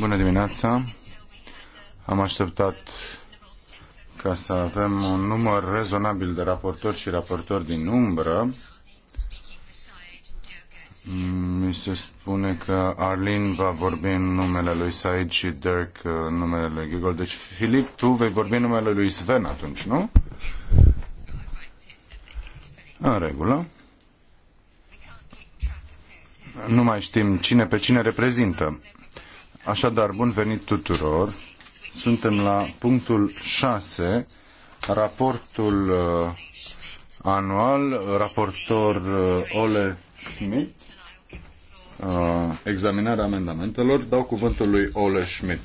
Bună dimineața. Am așteptat ca să avem un număr rezonabil de raportori și raportori din umbră. Mi se spune că Arlin va vorbi în numele lui Said și Dirk în numele lui Gigol. Deci, Filip, tu vei vorbi în numele lui Sven atunci, nu? În regulă nu mai știm cine pe cine reprezintă. Așadar, bun venit tuturor. Suntem la punctul 6, raportul uh, anual, raportor uh, Ole Schmidt, uh, examinarea amendamentelor. Dau cuvântul lui Ole Schmidt.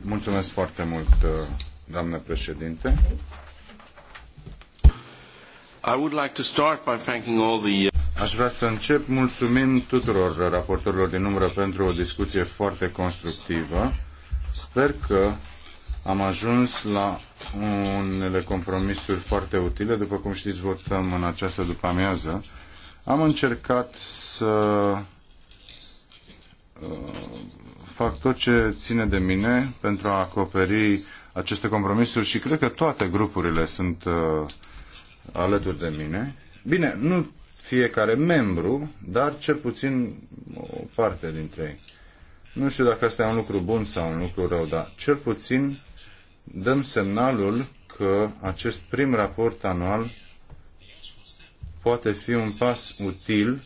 Mulțumesc foarte mult, doamnă președinte. I would like to start by thanking all the Aș vrea să încep mulțumind tuturor raportorilor din umbră pentru o discuție foarte constructivă. Sper că am ajuns la unele compromisuri foarte utile. După cum știți, votăm în această după-amiază. Am încercat să uh, fac tot ce ține de mine pentru a acoperi aceste compromisuri și cred că toate grupurile sunt uh, alături de mine. Bine, nu fiecare membru, dar cel puțin o parte dintre ei. Nu știu dacă asta e un lucru bun sau un lucru rău, dar cel puțin dăm semnalul că acest prim raport anual poate fi un pas util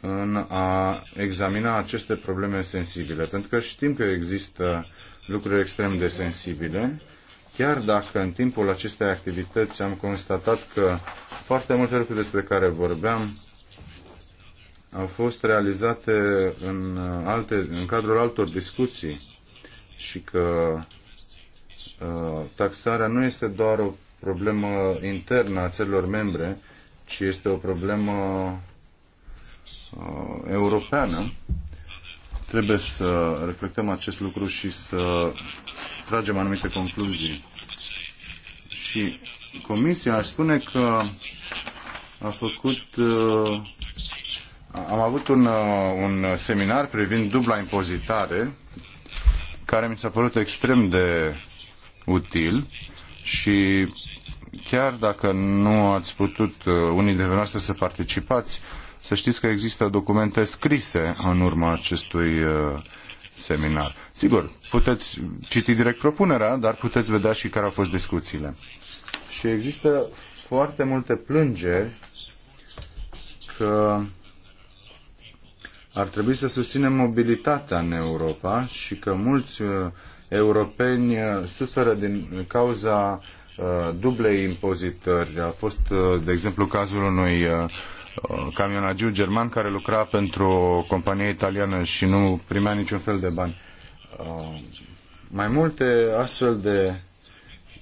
în a examina aceste probleme sensibile, pentru că știm că există lucruri extrem de sensibile chiar dacă în timpul acestei activități am constatat că foarte multe lucruri despre care vorbeam au fost realizate în, alte, în cadrul altor discuții și că uh, taxarea nu este doar o problemă internă a țărilor membre, ci este o problemă uh, europeană. Trebuie să reflectăm acest lucru și să tragem anumite concluzii. Și Comisia aș spune că a făcut uh, am avut un, uh, un seminar privind dubla impozitare care mi s-a părut extrem de util și chiar dacă nu ați putut uh, unii dintre noastre să participați, să știți că există documente scrise în urma acestui uh, seminar. Sigur, puteți citi direct propunerea, dar puteți vedea și care au fost discuțiile. Și există foarte multe plângeri că ar trebui să susținem mobilitatea în Europa și că mulți uh, europeni uh, suferă din cauza dublei impozitări. A fost, de exemplu, cazul unui camionagiu german care lucra pentru o companie italiană și nu primea niciun fel de bani. Uh, mai multe astfel de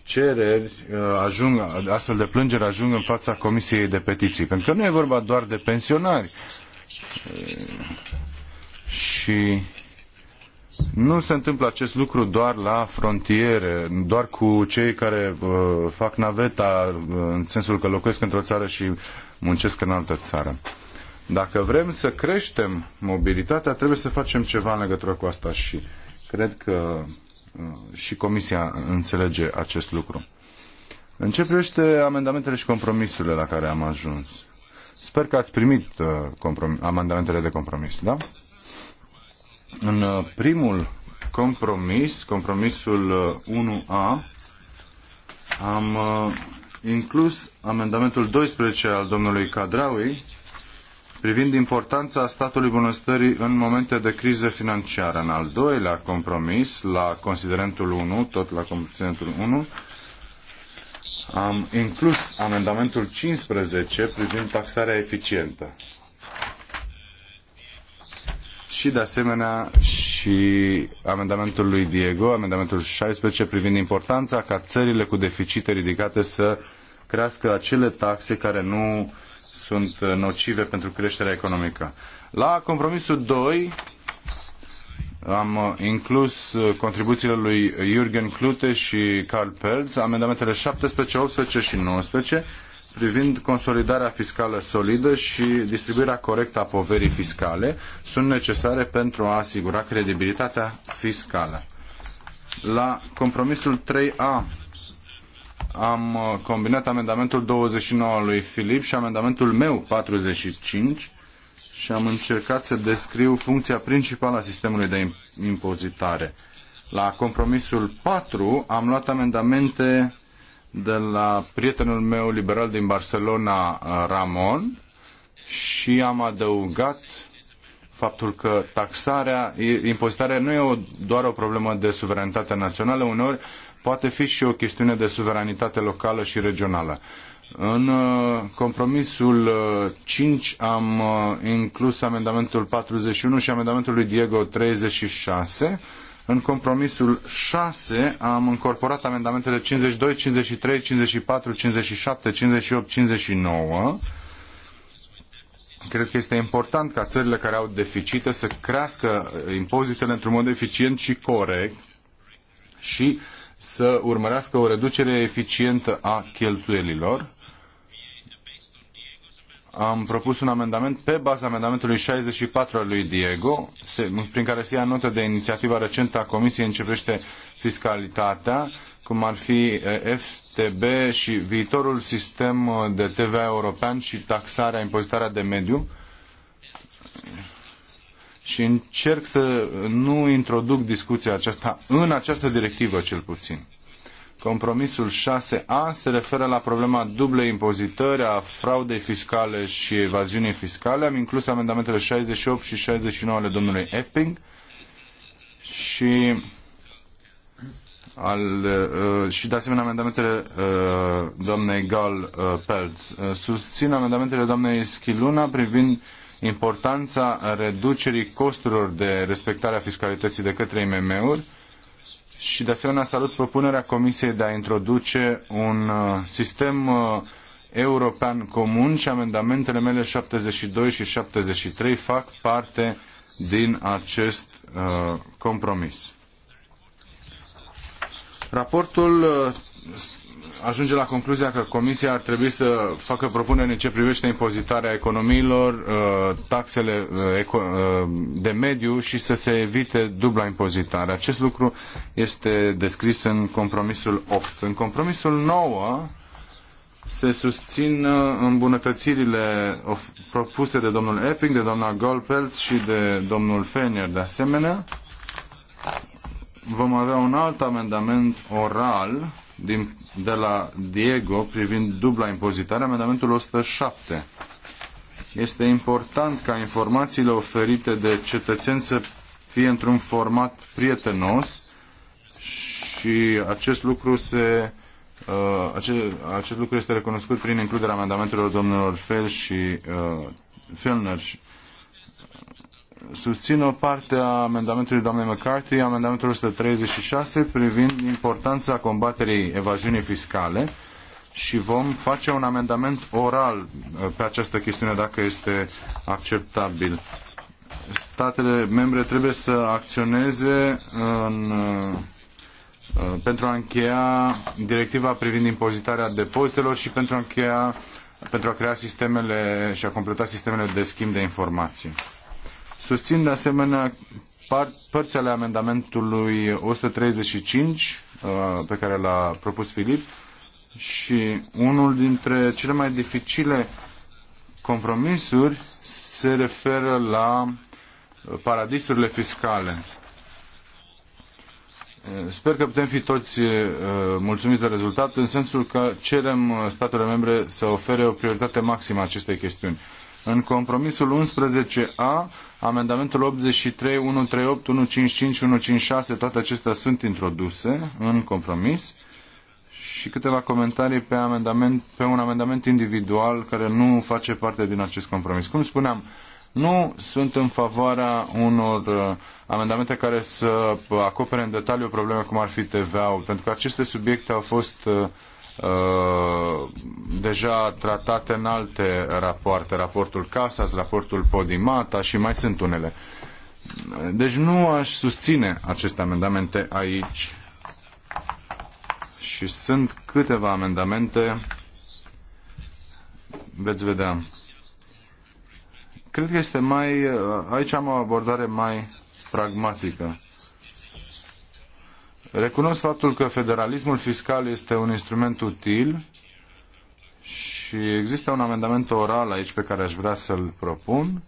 cereri uh, ajung, astfel de plângeri ajung în fața Comisiei de Petiții, pentru că nu e vorba doar de pensionari. Uh, și nu se întâmplă acest lucru doar la frontiere, doar cu cei care uh, fac naveta uh, în sensul că locuiesc într-o țară și muncesc în altă țară. Dacă vrem să creștem mobilitatea, trebuie să facem ceva în legătură cu asta și cred că uh, și Comisia înțelege acest lucru. În ce privește amendamentele și compromisurile la care am ajuns? Sper că ați primit uh, amendamentele de compromis, da? În uh, primul compromis, compromisul 1A, uh, am uh, inclus amendamentul 12 al domnului Cadraui privind importanța statului bunăstării în momente de criză financiară. În al doilea compromis, la considerentul 1, tot la considerentul 1, am inclus amendamentul 15 privind taxarea eficientă și de asemenea și amendamentul lui Diego, amendamentul 16 privind importanța ca țările cu deficite ridicate să crească acele taxe care nu sunt nocive pentru creșterea economică. La compromisul 2 am inclus contribuțiile lui Jürgen Klute și Karl Pelz, amendamentele 17, 18 și 19 privind consolidarea fiscală solidă și distribuirea corectă a poverii fiscale sunt necesare pentru a asigura credibilitatea fiscală. La compromisul 3A am combinat amendamentul 29 al lui Filip și amendamentul meu 45 și am încercat să descriu funcția principală a sistemului de impozitare. La compromisul 4 am luat amendamente de la prietenul meu liberal din Barcelona, uh, Ramon, și am adăugat faptul că taxarea, impozitarea nu e o, doar o problemă de suveranitate națională, uneori poate fi și o chestiune de suveranitate locală și regională. În uh, compromisul 5 uh, am inclus amendamentul 41 și amendamentul lui Diego 36, în compromisul 6 am incorporat amendamentele 52, 53, 54, 57, 58, 59. Cred că este important ca țările care au deficite să crească uh, impozitele într-un mod eficient și corect și să urmărească o reducere eficientă a cheltuielilor am propus un amendament pe baza amendamentului 64 al lui Diego, prin care se ia notă de inițiativa recentă a Comisiei începește fiscalitatea, cum ar fi eh, FTB și viitorul sistem eh, de TVA european și taxarea, impozitarea de mediu. Și încerc să nu introduc discuția aceasta în această directivă, cel puțin. Compromisul 6A se referă la problema dublei impozitări, a fraudei fiscale și evaziunii fiscale. Am inclus amendamentele 68 și 69 ale domnului Epping și, al, uh, și de asemenea amendamentele uh, doamnei Gal uh, Pelz. Uh, susțin amendamentele doamnei Schiluna privind importanța reducerii costurilor de respectare a fiscalității de către IMM-uri și de asemenea salut propunerea Comisiei de a introduce un uh, sistem uh, european comun și amendamentele mele 72 și 73 fac parte din acest uh, compromis. Raportul uh, ajunge la concluzia că Comisia ar trebui să facă propuneri în ce privește impozitarea economiilor, uh, taxele uh, uh, de mediu și să se evite dubla impozitare. Acest lucru este descris în compromisul 8. În compromisul 9 se susțin îmbunătățirile propuse de domnul Epping, de doamna Golpelz și de domnul Fenier de asemenea. Vom avea un alt amendament oral din, de la Diego privind dubla impozitare, amendamentul 107. Este important ca informațiile oferite de cetățeni să fie într-un format prietenos și acest lucru se uh, acest, acest lucru este recunoscut prin includerea amendamentelor domnilor Fel și uh, Felner și, susțin o parte a amendamentului doamnei McCarthy, amendamentul 136, privind importanța combaterii evaziunii fiscale și vom face un amendament oral uh, pe această chestiune dacă este acceptabil. Statele membre trebuie să acționeze în, uh, uh, pentru a încheia directiva privind impozitarea depozitelor și pentru a încheia pentru a crea sistemele și a completa sistemele de schimb de informații. Susțin de asemenea par, părți ale amendamentului 135 uh, pe care l-a propus Filip și unul dintre cele mai dificile compromisuri se referă la paradisurile fiscale. Uh, sper că putem fi toți uh, mulțumiți de rezultat, în sensul că cerem statele membre să ofere o prioritate maximă acestei chestiuni. În compromisul 11A, amendamentul 83, 138, 155, 156, toate acestea sunt introduse în compromis și câteva comentarii pe, amendament, pe un amendament individual care nu face parte din acest compromis. Cum spuneam, nu sunt în favoarea unor uh, amendamente care să acopere în detaliu probleme cum ar fi TVA-ul, pentru că aceste subiecte au fost uh, Uh, deja tratate în alte rapoarte, raportul Casas, raportul Podimata și mai sunt unele. Deci nu aș susține aceste amendamente aici și sunt câteva amendamente veți vedea. Cred că este mai uh, aici am o abordare mai pragmatică. Recunosc faptul că federalismul fiscal este un instrument util și există un amendament oral aici pe care aș vrea să-l propun.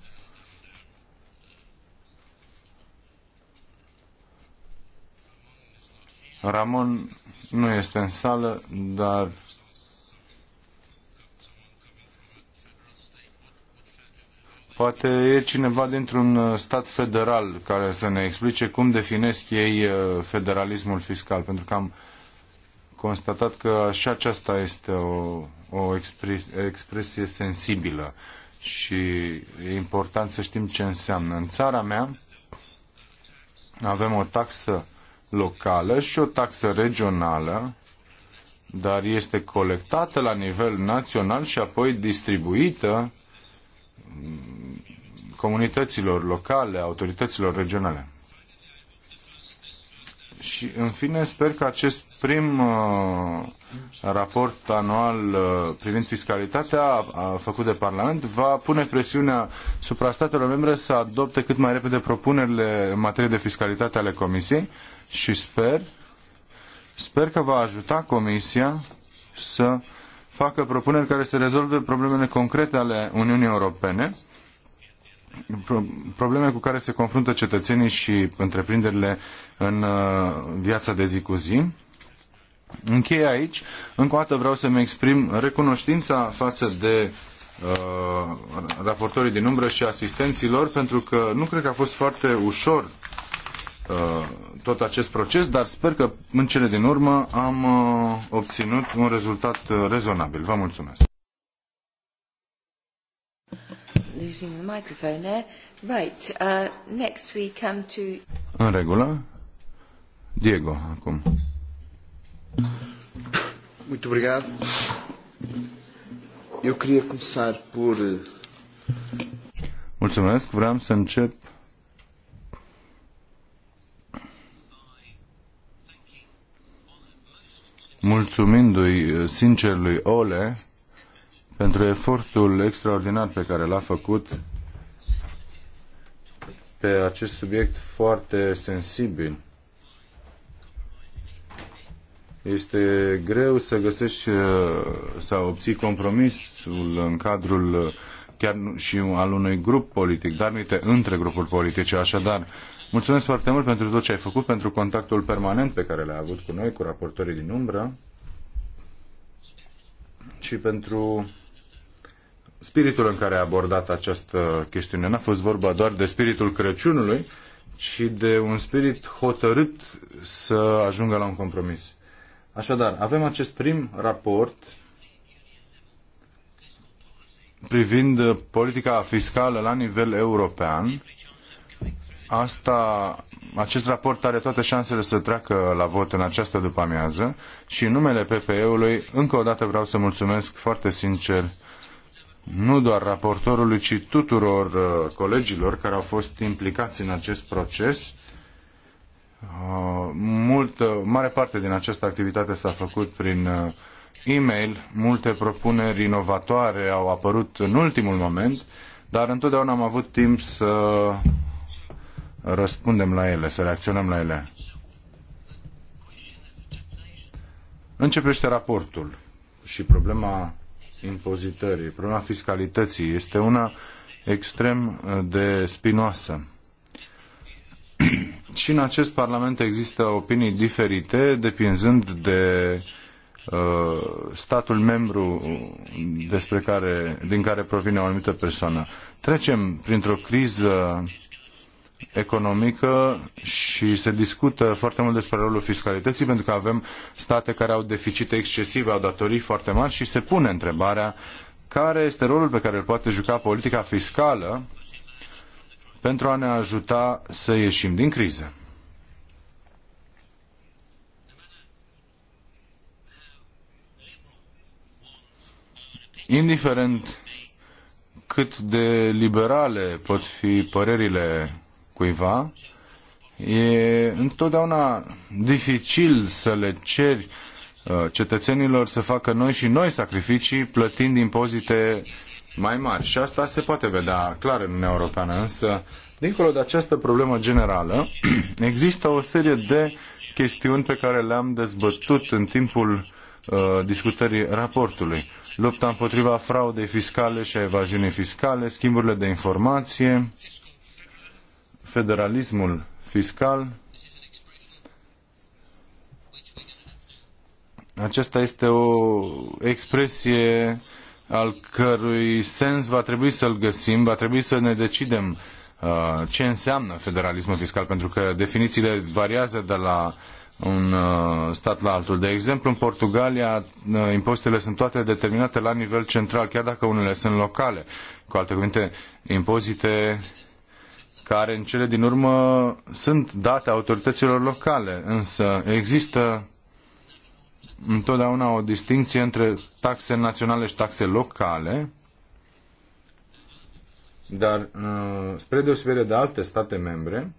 Ramon nu este în sală, dar Poate e cineva dintr-un uh, stat federal care să ne explice cum definesc ei uh, federalismul fiscal, pentru că am constatat că și aceasta este o, o expresie, sensibilă și e important să știm ce înseamnă. În țara mea avem o taxă locală și o taxă regională, dar este colectată la nivel național și apoi distribuită comunităților locale, autorităților regionale. Și, în fine, sper că acest prim uh, raport anual uh, privind fiscalitatea a, a făcut de Parlament va pune presiunea supra statelor membre să adopte cât mai repede propunerile în materie de fiscalitate ale Comisiei și sper, sper că va ajuta Comisia să facă propuneri care să rezolve problemele concrete ale Uniunii Europene, probleme cu care se confruntă cetățenii și întreprinderile în uh, viața de zi cu zi. Închei aici. Încă o dată vreau să-mi exprim recunoștința față de uh, raportorii din umbră și asistenților, pentru că nu cred că a fost foarte ușor uh, tot acest proces, dar sper că în cele din urmă am uh, obținut un rezultat uh, rezonabil. Vă mulțumesc! Losing the microphone there. Right, uh, next we come to... În regulă. Diego, acum. Muito obrigado. Eu queria começar por... Mulțumesc, vreau să încep mulțumindu-i eh, sincer lui Ole pentru efortul extraordinar pe care l-a făcut pe acest subiect foarte sensibil. Este greu să găsești eh, sau obții compromisul în cadrul eh, chiar și al unui grup politic, dar uite, între grupuri politice, așadar Mulțumesc foarte mult pentru tot ce ai făcut, pentru contactul permanent pe care l-ai avut cu noi, cu raportorii din umbră și pentru spiritul în care ai abordat această chestiune. N-a fost vorba doar de spiritul Crăciunului, ci de un spirit hotărât să ajungă la un compromis. Așadar, avem acest prim raport privind politica fiscală la nivel european asta, acest raport are toate șansele să treacă la vot în această după-amiază și în numele PPE-ului încă o dată vreau să mulțumesc foarte sincer nu doar raportorului, ci tuturor uh, colegilor care au fost implicați în acest proces. Uh, mult, uh, mare parte din această activitate s-a făcut prin uh, e-mail, multe propuneri inovatoare au apărut în ultimul moment, dar întotdeauna am avut timp să răspundem la ele, să reacționăm la ele. Începește raportul și problema impozitării, problema fiscalității este una extrem de spinoasă. și în acest Parlament există opinii diferite, depinzând de uh, statul membru despre care, din care provine o anumită persoană. Trecem printr-o criză uh, economică și se discută foarte mult despre rolul fiscalității pentru că avem state care au deficite excesive, au datorii foarte mari și se pune întrebarea care este rolul pe care îl poate juca politica fiscală pentru a ne ajuta să ieșim din criză. Indiferent cât de liberale pot fi părerile cuiva, e întotdeauna dificil să le ceri uh, cetățenilor să facă noi și noi sacrificii plătind impozite mai mari. Și asta se poate vedea clar în Uniunea Europeană, însă Dincolo de această problemă generală, există o serie de chestiuni pe care le-am dezbătut în timpul uh, discutării raportului. Lupta împotriva fraudei fiscale și a evaziunii fiscale, schimburile de informație, federalismul fiscal. Acesta este o expresie al cărui sens va trebui să-l găsim, va trebui să ne decidem uh, ce înseamnă federalismul fiscal, pentru că definițiile variază de la un uh, stat la altul. De exemplu, în Portugalia uh, impozitele sunt toate determinate la nivel central, chiar dacă unele sunt locale. Cu alte cuvinte, impozite care în cele din urmă sunt date autorităților locale, însă există întotdeauna o distinție între taxe naționale și taxe locale, dar uh, spre deosebire de alte state membre,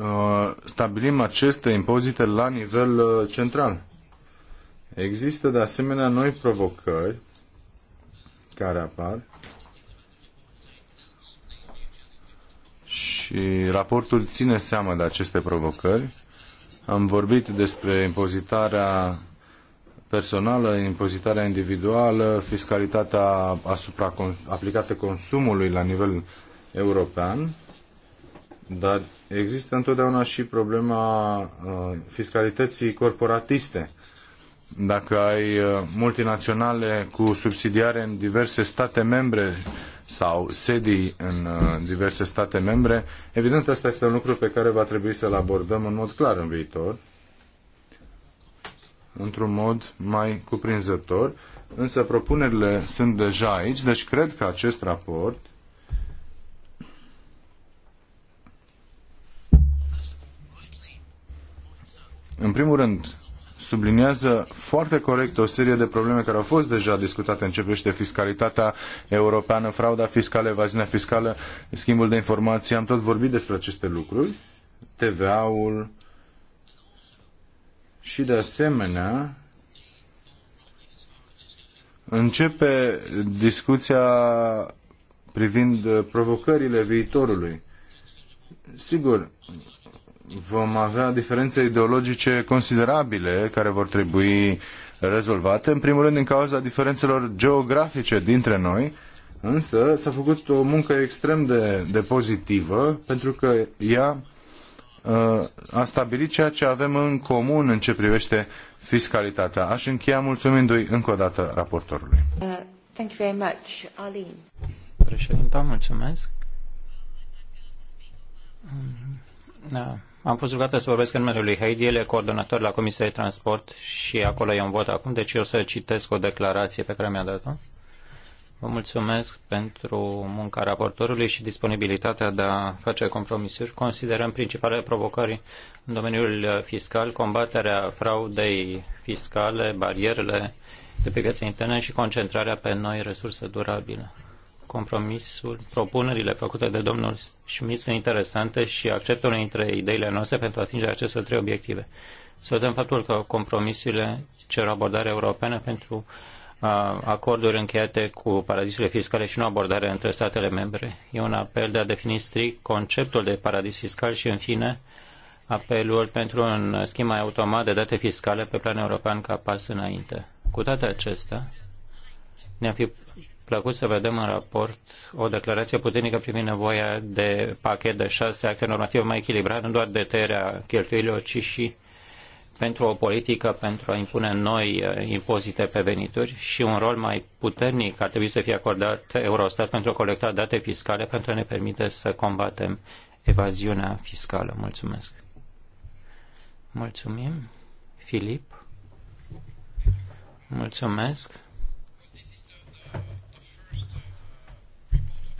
uh, stabilim aceste impozite la nivel uh, central. Există de asemenea noi provocări care apar. Și raportul ține seama de aceste provocări. Am vorbit despre impozitarea personală, impozitarea individuală, fiscalitatea asupra aplicată consumului la nivel european, dar există întotdeauna și problema uh, fiscalității corporatiste dacă ai uh, multinaționale cu subsidiare în diverse state membre sau sedii în uh, diverse state membre, evident asta este un lucru pe care va trebui să-l abordăm în mod clar în viitor, într-un mod mai cuprinzător, însă propunerile sunt deja aici, deci cred că acest raport în primul rând, subliniază foarte corect o serie de probleme care au fost deja discutate în ce privește fiscalitatea europeană, frauda fiscală, evaziunea fiscală, schimbul de informații. Am tot vorbit despre aceste lucruri, TVA-ul și de asemenea începe discuția privind provocările viitorului. Sigur, vom avea diferențe ideologice considerabile care vor trebui rezolvate, în primul rând din cauza diferențelor geografice dintre noi, însă s-a făcut o muncă extrem de, de pozitivă pentru că ea uh, a stabilit ceea ce avem în comun în ce privește fiscalitatea. Aș încheia mulțumindu-i încă o dată raportorului. Uh, thank you very much, Arlene. Președinta, mulțumesc. Mm, da, am fost rugată să vorbesc în numele lui Heidi, el e coordonator la Comisia de Transport și acolo e un vot acum, deci eu să citesc o declarație pe care mi-a dat-o. Vă mulțumesc pentru munca raportorului și disponibilitatea de a face compromisuri. Considerăm principalele provocări în domeniul uh, fiscal, combaterea fraudei fiscale, barierele de pe piața internă și concentrarea pe noi resurse durabile compromisul, propunerile făcute de domnul Schmidt sunt interesante și acceptă unele dintre ideile noastre pentru atingerea acestor trei obiective. Să vedem faptul că compromisurile cer abordare europeană pentru uh, acorduri încheiate cu paradisurile fiscale și nu abordare între statele membre. E un apel de a defini strict conceptul de paradis fiscal și, în fine, apelul pentru un schimb mai automat de date fiscale pe plan european ca pas înainte. Cu toate acestea, ne-am fi plăcut să vedem în raport o declarație puternică privind nevoia de pachet de șase acte normative mai echilibrate, nu doar de tăierea cheltuielilor, ci și pentru o politică pentru a impune noi eh, impozite pe venituri și un rol mai puternic ar trebui să fie acordat Eurostat pentru a colecta date fiscale pentru a ne permite să combatem evaziunea fiscală. Mulțumesc. Mulțumim. Filip. Mulțumesc.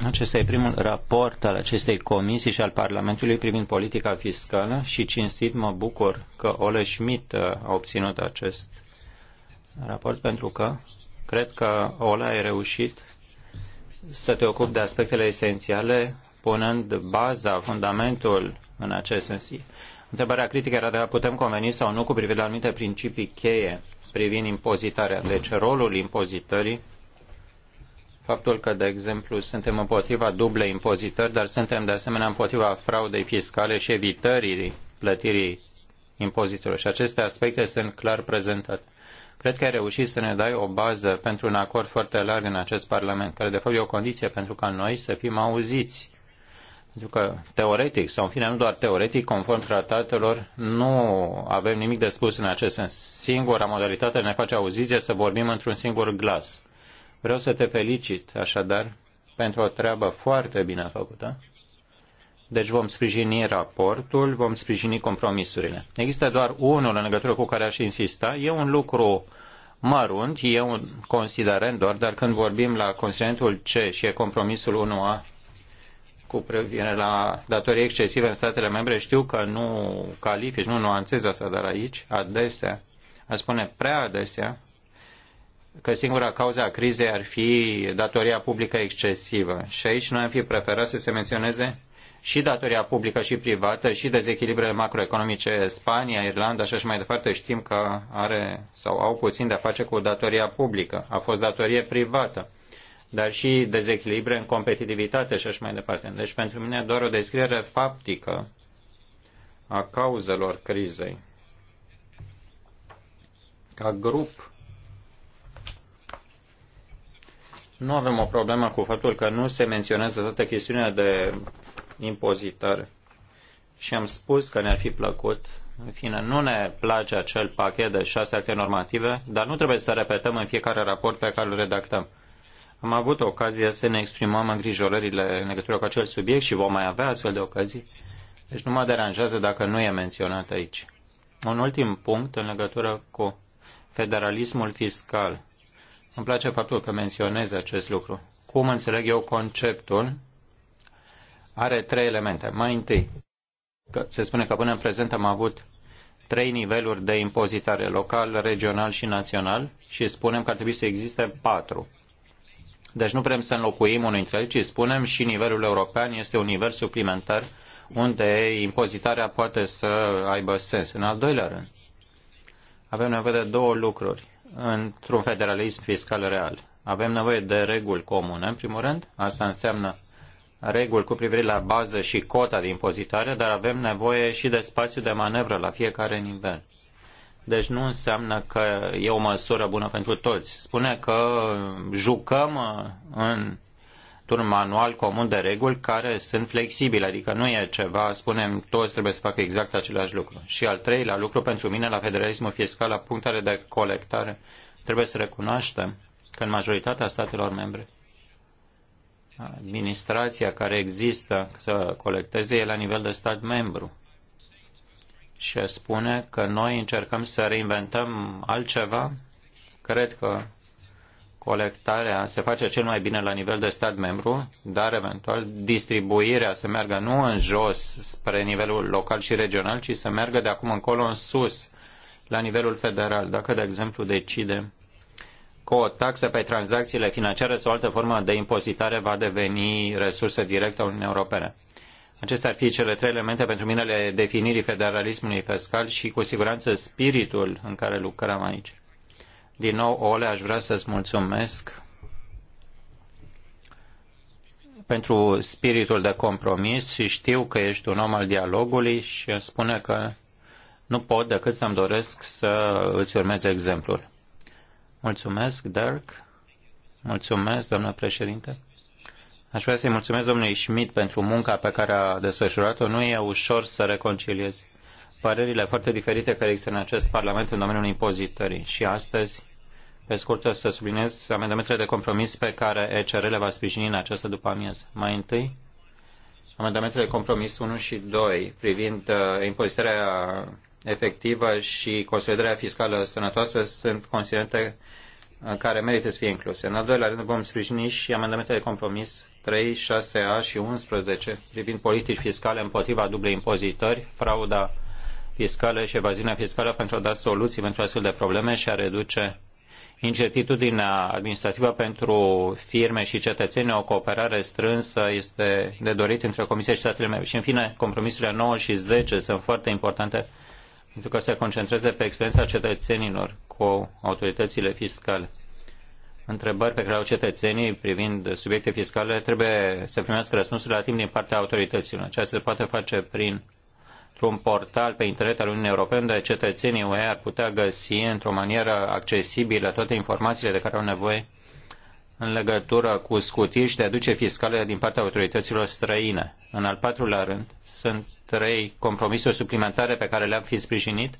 Acesta e primul raport al acestei comisii și al Parlamentului privind politica fiscală și cinstit mă bucur că Ole Schmidt uh, a obținut acest raport pentru că cred că Ole a reușit să te ocupi de aspectele esențiale punând baza, fundamentul în acest sens. Întrebarea critică era dacă putem conveni sau nu cu privire la anumite principii cheie privind impozitarea. Deci rolul impozitării faptul că, de exemplu, suntem împotriva dublei impozitări, dar suntem de asemenea împotriva fraudei fiscale și evitării plătirii impozitelor. Și aceste aspecte sunt clar prezentate. Cred că ai reușit să ne dai o bază pentru un acord foarte larg în acest Parlament, care de fapt e o condiție pentru ca noi să fim auziți. Pentru că teoretic, sau în fine nu doar teoretic, conform tratatelor, nu avem nimic de spus în acest sens. Singura modalitate de a ne face auziție să vorbim într-un singur glas Vreau să te felicit, așadar, pentru o treabă foarte bine făcută. Deci vom sprijini raportul, vom sprijini compromisurile. Există doar unul în legătură cu care aș insista. E un lucru mărunt, e un considerent doar, dar când vorbim la considerentul C și e compromisul 1A cu privire la datorii excesive în statele membre, știu că nu califici, nu nuanțez asta, dar aici adesea, a spune prea adesea, că singura cauza a crizei ar fi datoria publică excesivă. Și aici noi am fi preferat să se menționeze și datoria publică și privată și dezechilibrele macroeconomice Spania, Irlanda și așa mai departe știm că are sau au puțin de a face cu datoria publică. A fost datorie privată dar și dezechilibre în competitivitate și așa mai departe. Deci pentru mine doar o descriere faptică a cauzelor crizei. Ca grup Nu avem o problemă cu faptul că nu se menționează toată chestiunea de impozitare. Și am spus că ne-ar fi plăcut, în fine, nu ne place acel pachet de șase acte normative, dar nu trebuie să repetăm în fiecare raport pe care îl redactăm. Am avut ocazia să ne exprimăm îngrijorările în legătură cu acel subiect și vom mai avea astfel de ocazii. Deci nu mă deranjează dacă nu e menționat aici. Un ultim punct în legătură cu federalismul fiscal. Îmi place faptul că menționez acest lucru. Cum înțeleg eu conceptul? Are trei elemente. Mai întâi, că se spune că până în prezent am avut trei niveluri de impozitare, local, regional și național, și spunem că ar trebui să existe patru. Deci nu vrem să înlocuim unul dintre ele, ci spunem și nivelul european este un nivel suplimentar unde impozitarea poate să aibă sens. În al doilea rând, avem nevoie de două lucruri într-un federalism fiscal real. Avem nevoie de reguli comune, în primul rând. Asta înseamnă reguli cu privire la bază și cota de impozitare, dar avem nevoie și de spațiu de manevră la fiecare nivel. Deci nu înseamnă că e o măsură bună pentru toți. Spune că jucăm uh, în un manual comun de reguli care sunt flexibile, adică nu e ceva, spunem, toți trebuie să facă exact același lucru. Și al treilea lucru pentru mine la federalismul fiscal, la punctele de colectare, trebuie să recunoaștem că în majoritatea statelor membre administrația care există să colecteze e la nivel de stat membru. Și spune că noi încercăm să reinventăm altceva. Cred că colectarea se face cel mai bine la nivel de stat membru, dar eventual distribuirea să meargă nu în jos spre nivelul local și regional, ci să meargă de acum încolo în sus, la nivelul federal. Dacă, de exemplu, decidem că o taxă pe tranzacțiile financiare sau o altă formă de impozitare va deveni resursă directă a Uniunii Europene. Acestea ar fi cele trei elemente pentru mine ale definirii federalismului fiscal și cu siguranță spiritul în care lucrăm aici. Din nou, Ole, aș vrea să-ți mulțumesc pentru spiritul de compromis și știu că ești un om al dialogului și îmi spune că nu pot decât să-mi doresc să îți urmez exemplul. Mulțumesc, Dirk. Mulțumesc, doamnă președinte. Aș vrea să-i mulțumesc domnului Schmidt pentru munca pe care a desfășurat-o. Nu e ușor să reconciliezi părerile foarte diferite care există în acest Parlament în domeniul impozitării. Și astăzi pe scurt, o să subliniez amendamentele de compromis pe care ECR le va sprijini în această după amiază. Mai întâi, amendamentele de compromis 1 și 2 privind uh, impozitarea efectivă și consolidarea fiscală sănătoasă sunt considerente uh, care merită să fie incluse. În al doilea rând vom sprijini și amendamentele de compromis 3, 6A și 11 privind politici fiscale împotriva dublei impozitări, frauda fiscală și evaziunea fiscală pentru a da soluții pentru astfel de probleme și a reduce incertitudinea administrativă pentru firme și cetățeni, o cooperare strânsă este de dorit între Comisie și statele membre. Și în fine, compromisurile 9 și 10 sunt foarte importante pentru că se concentreze pe experiența cetățenilor cu autoritățile fiscale. Întrebări pe care le au cetățenii privind subiecte fiscale trebuie să primească răspunsuri la timp din partea autorităților. Ceea ce se poate face prin un portal pe internet al Uniunii Europene unde cetățenii UE ar putea găsi într-o manieră accesibilă toate informațiile de care au nevoie în legătură cu scutiri și deduce fiscale din partea autorităților străine. În al patrulea rând, sunt trei compromisuri suplimentare pe care le-am fi sprijinit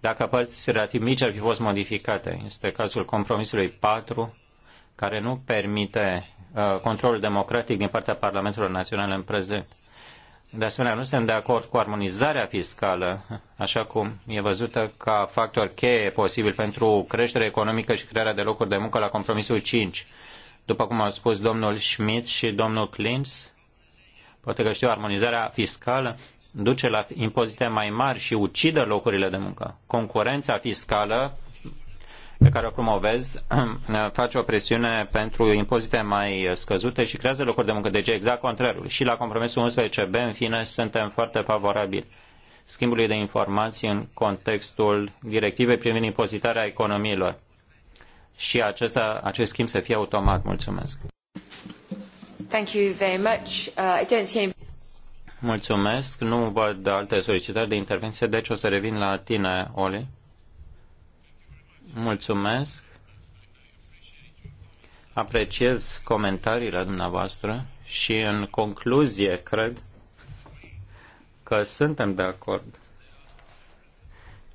dacă părți relativ mici ar fi fost modificate. Este cazul compromisului 4, care nu permite uh, controlul democratic din partea Parlamentelor Național în prezent. De asemenea, nu suntem de acord cu armonizarea fiscală, așa cum e văzută ca factor cheie posibil pentru creștere economică și crearea de locuri de muncă la compromisul 5. După cum au spus domnul Schmidt și domnul Klintz, poate că știu, armonizarea fiscală duce la impozite mai mari și ucide locurile de muncă. Concurența fiscală pe care o promovezi face o presiune pentru impozite mai scăzute și creează locuri de muncă. Deci exact contrarul. Și la compromisul 11B, în fine, suntem foarte favorabili schimbului de informații în contextul directivei privind impozitarea economiilor. Și acesta, acest schimb să fie automat. Mulțumesc. Thank you very much. Uh, I don't see any... Mulțumesc. Nu văd alte solicitări de intervenție, deci o să revin la tine, Oli. Mulțumesc. Apreciez comentariile dumneavoastră și în concluzie cred că suntem de acord.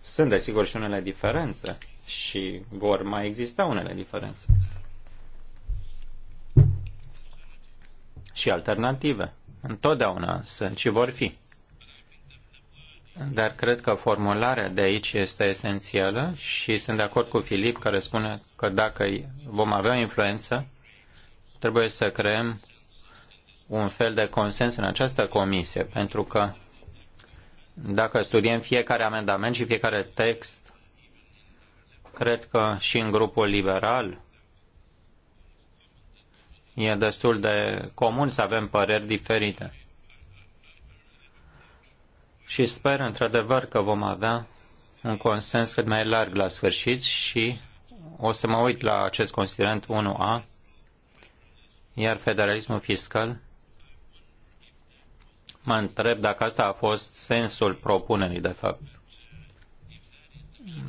Sunt desigur și unele diferențe și vor mai exista unele diferențe. Și alternative. Întotdeauna sunt și vor fi dar cred că formularea de aici este esențială și sunt de acord cu Filip care spune că dacă vom avea o influență, trebuie să creăm un fel de consens în această comisie, pentru că dacă studiem fiecare amendament și fiecare text, cred că și în grupul liberal e destul de comun să avem păreri diferite și sper într-adevăr că vom avea un consens cât mai larg la sfârșit și o să mă uit la acest considerent 1A, iar federalismul fiscal mă întreb dacă asta a fost sensul propunerii, de fapt.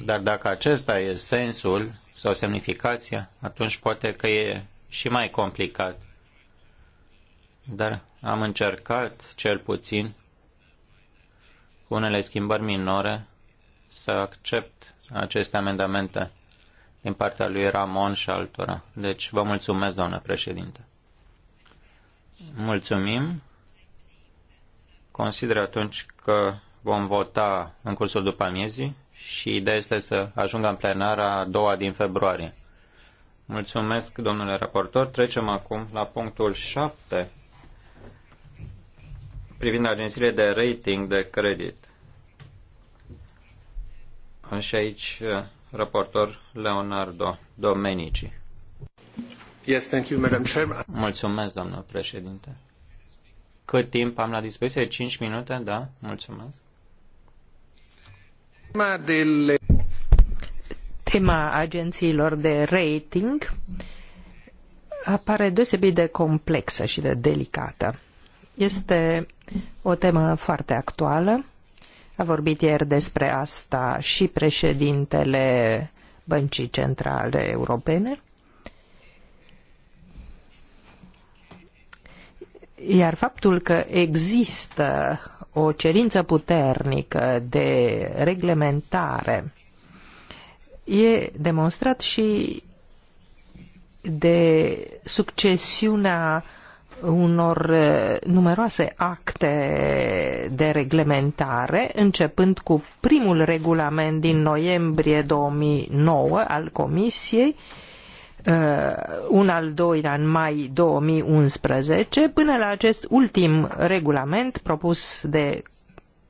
Dar dacă acesta e sensul sau semnificația, atunci poate că e și mai complicat. Dar am încercat, cel puțin, unele schimbări minore, să accept aceste amendamente din partea lui Ramon și altora. Deci vă mulțumesc, doamnă președinte. Mulțumim. Consider atunci că vom vota în cursul după amiezii și ideea este să ajungă în plenara a doua din februarie. Mulțumesc, domnule raportor. Trecem acum la punctul 7 privind agențiile de rating de credit. Și aici uh, raportor Leonardo Domenici. Yes, thank you, Madam Chair. Mulțumesc, doamnă președinte. Cât timp am la dispoziție? 5 minute, da? Mulțumesc. Tema agențiilor de rating apare deosebit de complexă și de delicată. Este o temă foarte actuală. A vorbit ieri despre asta și președintele Băncii Centrale Europene. Iar faptul că există o cerință puternică de reglementare e demonstrat și de succesiunea uh, unor eh, numeroase acte de reglementare, începând cu primul regulament din noiembrie 2009 al Comisiei, eh, un al doilea în mai 2011, până la acest ultim regulament propus de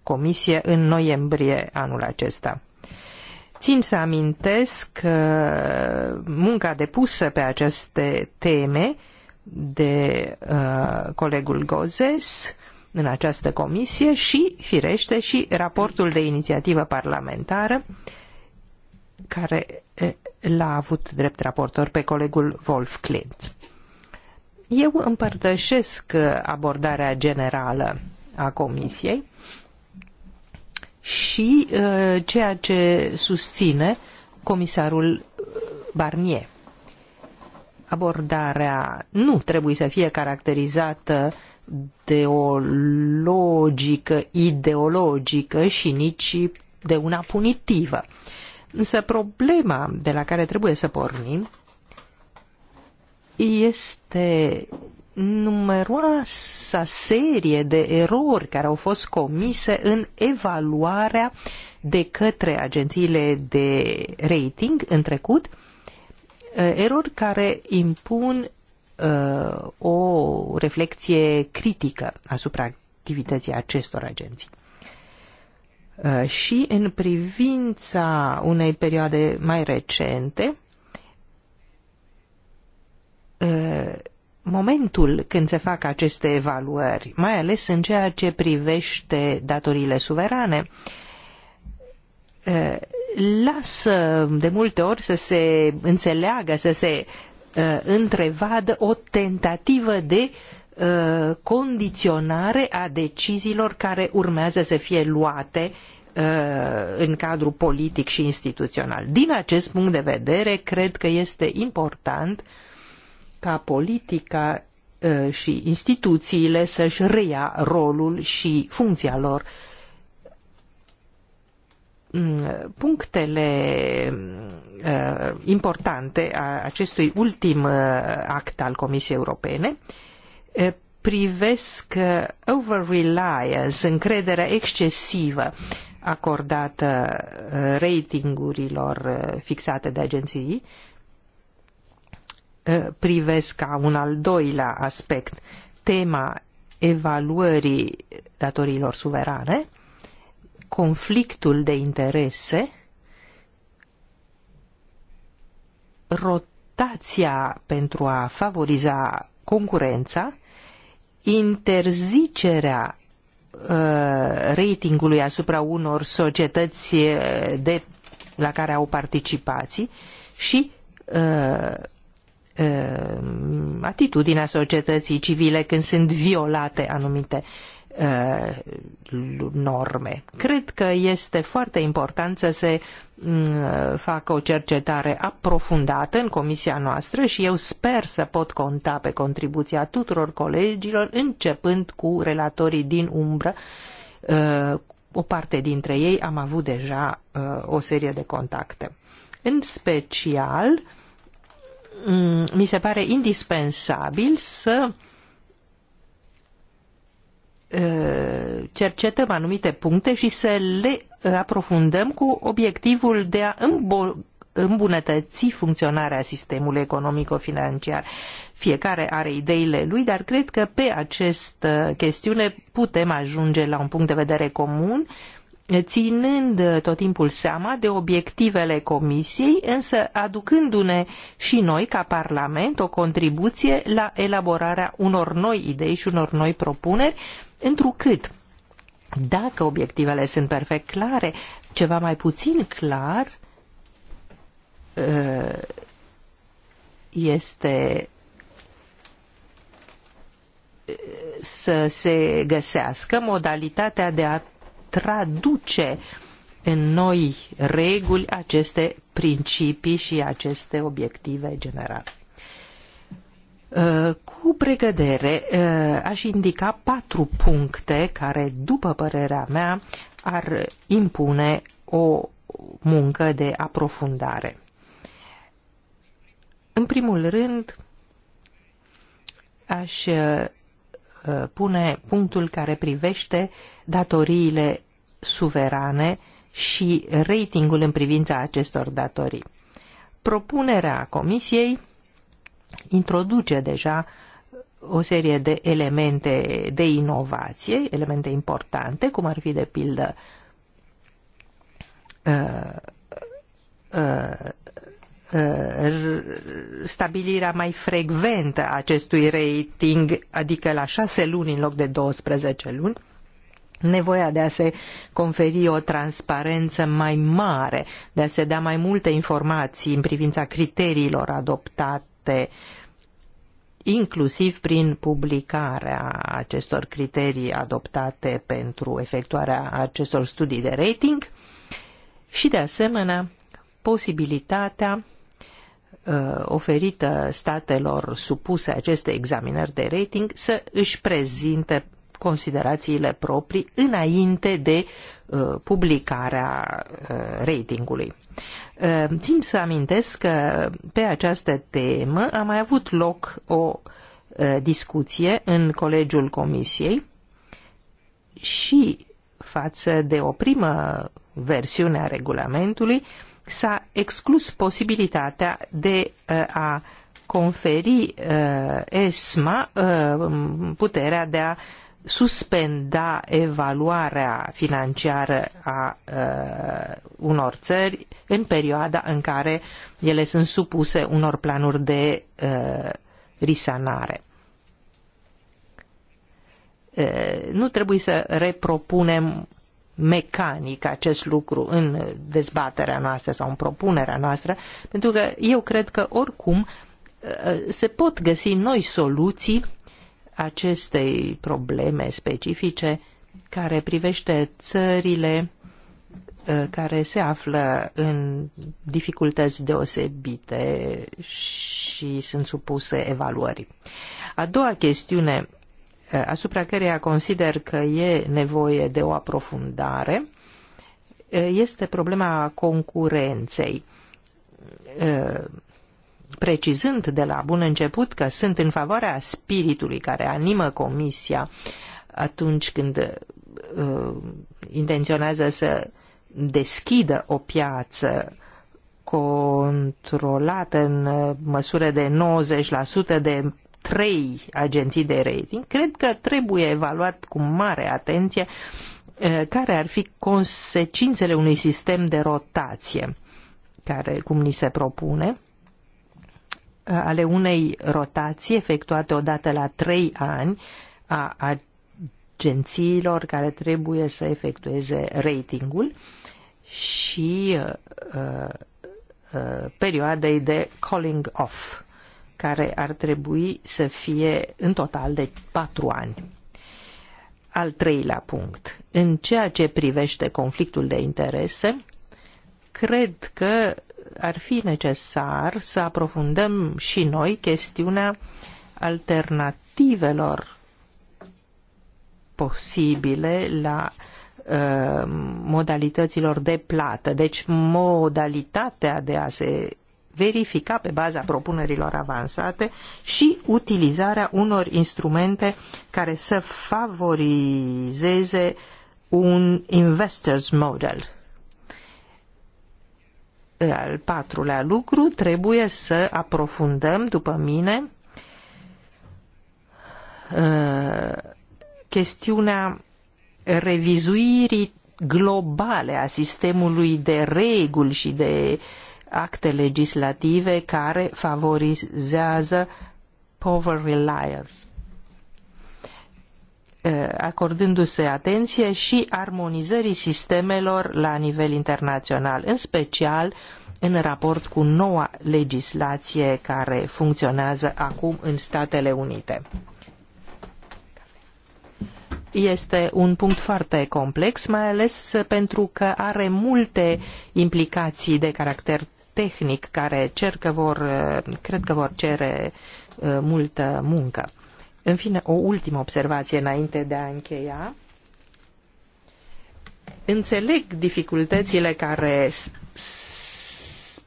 Comisie în noiembrie anul acesta. Țin să amintesc eh, munca depusă pe aceste teme de uh, colegul Gozes în această comisie și, firește, și raportul de inițiativă parlamentară care uh, l-a avut drept raportor pe colegul Wolf Klintz. Eu împărtășesc uh, abordarea generală a comisiei și uh, ceea ce susține comisarul uh, Barnier abordarea nu trebuie să fie caracterizată de o logică ideologică și nici de una punitivă. Însă problema de la care trebuie să pornim este numeroasa serie de erori care au fost comise în evaluarea de către agențiile de rating în trecut Uh, erori care impun uh, o reflexie critică asupra activității acestor agenții. Uh, și în privința unei perioade mai recente, momentul când se fac aceste evaluări, mai ales în ceea ce privește datorile suverane, lasă de multe ori să se înțeleagă, să se uh, întrevadă o tentativă de uh, condiționare a deciziilor care urmează să fie luate uh, în cadrul politic și instituțional. Din acest punct de vedere, cred că este important ca politica uh, și instituțiile să-și reia rolul și funcția lor uh, Mm, punctele mm, uh, importante a acestui ultim uh, act al Comisiei Europene uh, privesc over-reliance, încrederea excesivă acordată ratingurilor fixate de agenții, privesc ca un al doilea aspect tema evaluării datoriilor suverane, conflictul de interese, rotația pentru a favoriza concurența, interzicerea uh, ratingului asupra unor societăți uh, de, la care au participații și uh, uh, atitudinea societății civile când sunt violate anumite Uh, norme. Cred că este foarte important să se mm, facă o cercetare aprofundată în comisia noastră și eu sper să pot conta pe contribuția tuturor colegilor, începând cu relatorii din umbră. Uh, o parte dintre ei am avut deja uh, o serie de contacte. În special, mm, mi se pare indispensabil să uh, Eh, cercetăm anumite puncte și să le eh, aprofundăm cu obiectivul de a îmbunătăți funcționarea sistemului economico-financiar. Fiecare are ideile lui, dar cred că pe această chestiune putem ajunge la un punct de vedere comun, ținând tot timpul seama de obiectivele comisiei, însă aducându-ne și noi, ca Parlament, o contribuție la elaborarea unor noi idei și unor noi propuneri întrucât dacă obiectivele sunt perfect clare, ceva mai puțin clar uh, este uh, să se găsească modalitatea de a traduce în noi reguli aceste principii și aceste obiective generale. Uh, cu pregădere, uh, aș indica patru puncte care, după părerea mea, ar impune o muncă de aprofundare. În primul rând, aș uh, pune punctul care privește datoriile suverane și ratingul în privința acestor datorii. Propunerea Comisiei introduce deja o serie de elemente de inovație, elemente importante, cum ar fi de pildă uh, uh, uh, stabilirea mai frecventă a acestui rating, adică la șase luni în loc de 12 luni, nevoia de a se conferi o transparență mai mare, de a se da mai multe informații în privința criteriilor adoptate, date, inclusiv prin publicarea acestor criterii adoptate pentru efectuarea acestor studii de rating și, de asemenea, posibilitatea uh, oferită statelor supuse aceste examinări de rating să își prezinte considerațiile proprii înainte de uh, publicarea uh, ratingului. Uh, țin să amintesc că pe această temă a mai avut loc o uh, discuție în colegiul comisiei și față de o primă versiune a regulamentului s-a exclus posibilitatea de uh, a conferi uh, ESMA uh, puterea de a uh, suspenda evaluarea financiară a uh, unor țări în perioada în care ele sunt supuse unor planuri de uh, risanare. nu trebuie să repropunem mecanic acest lucru în dezbaterea noastră sau în propunerea noastră, pentru că eu cred că oricum se pot găsi noi soluții acestei probleme specifice care privește țările uh, care se află în dificultăți deosebite și sunt supuse evaluării. A doua chestiune uh, asupra căreia consider că e nevoie de o aprofundare uh, este problema concurenței precizând de la bun început că sunt în favoarea spiritului care animă Comisia atunci când uh, intenționează să deschidă o piață controlată în măsură de 90% de trei agenții de rating, cred că trebuie evaluat cu mare atenție uh, care ar fi consecințele unui sistem de rotație care, cum ni se propune, Uh, ale unei rotații efectuate odată la trei ani a agențiilor care trebuie să efectueze ratingul și uh, uh, perioadei de calling off, care ar trebui să fie în total de patru ani. Al treilea punct. În ceea ce privește conflictul de interese, cred că ar fi necesar să aprofundăm și noi chestiunea alternativelor posibile la uh, modalităților de plată. Deci modalitatea de a se verifica pe baza propunerilor avansate și utilizarea unor instrumente care să favorizeze un investors model al patrulea lucru, trebuie să aprofundăm, după mine, uh, chestiunea revizuirii globale a sistemului de reguli și de acte legislative care favorizează power reliance. Eh, acordându-se atenție și armonizării sistemelor la nivel internațional, în special în raport cu noua legislație care funcționează acum în Statele Unite. Este un punct foarte complex, mai ales pentru că are multe implicații de caracter tehnic care cer că vor, eh, cred că vor cere eh, multă muncă. În fine, o ultimă observație înainte de a încheia. Înțeleg dificultățile care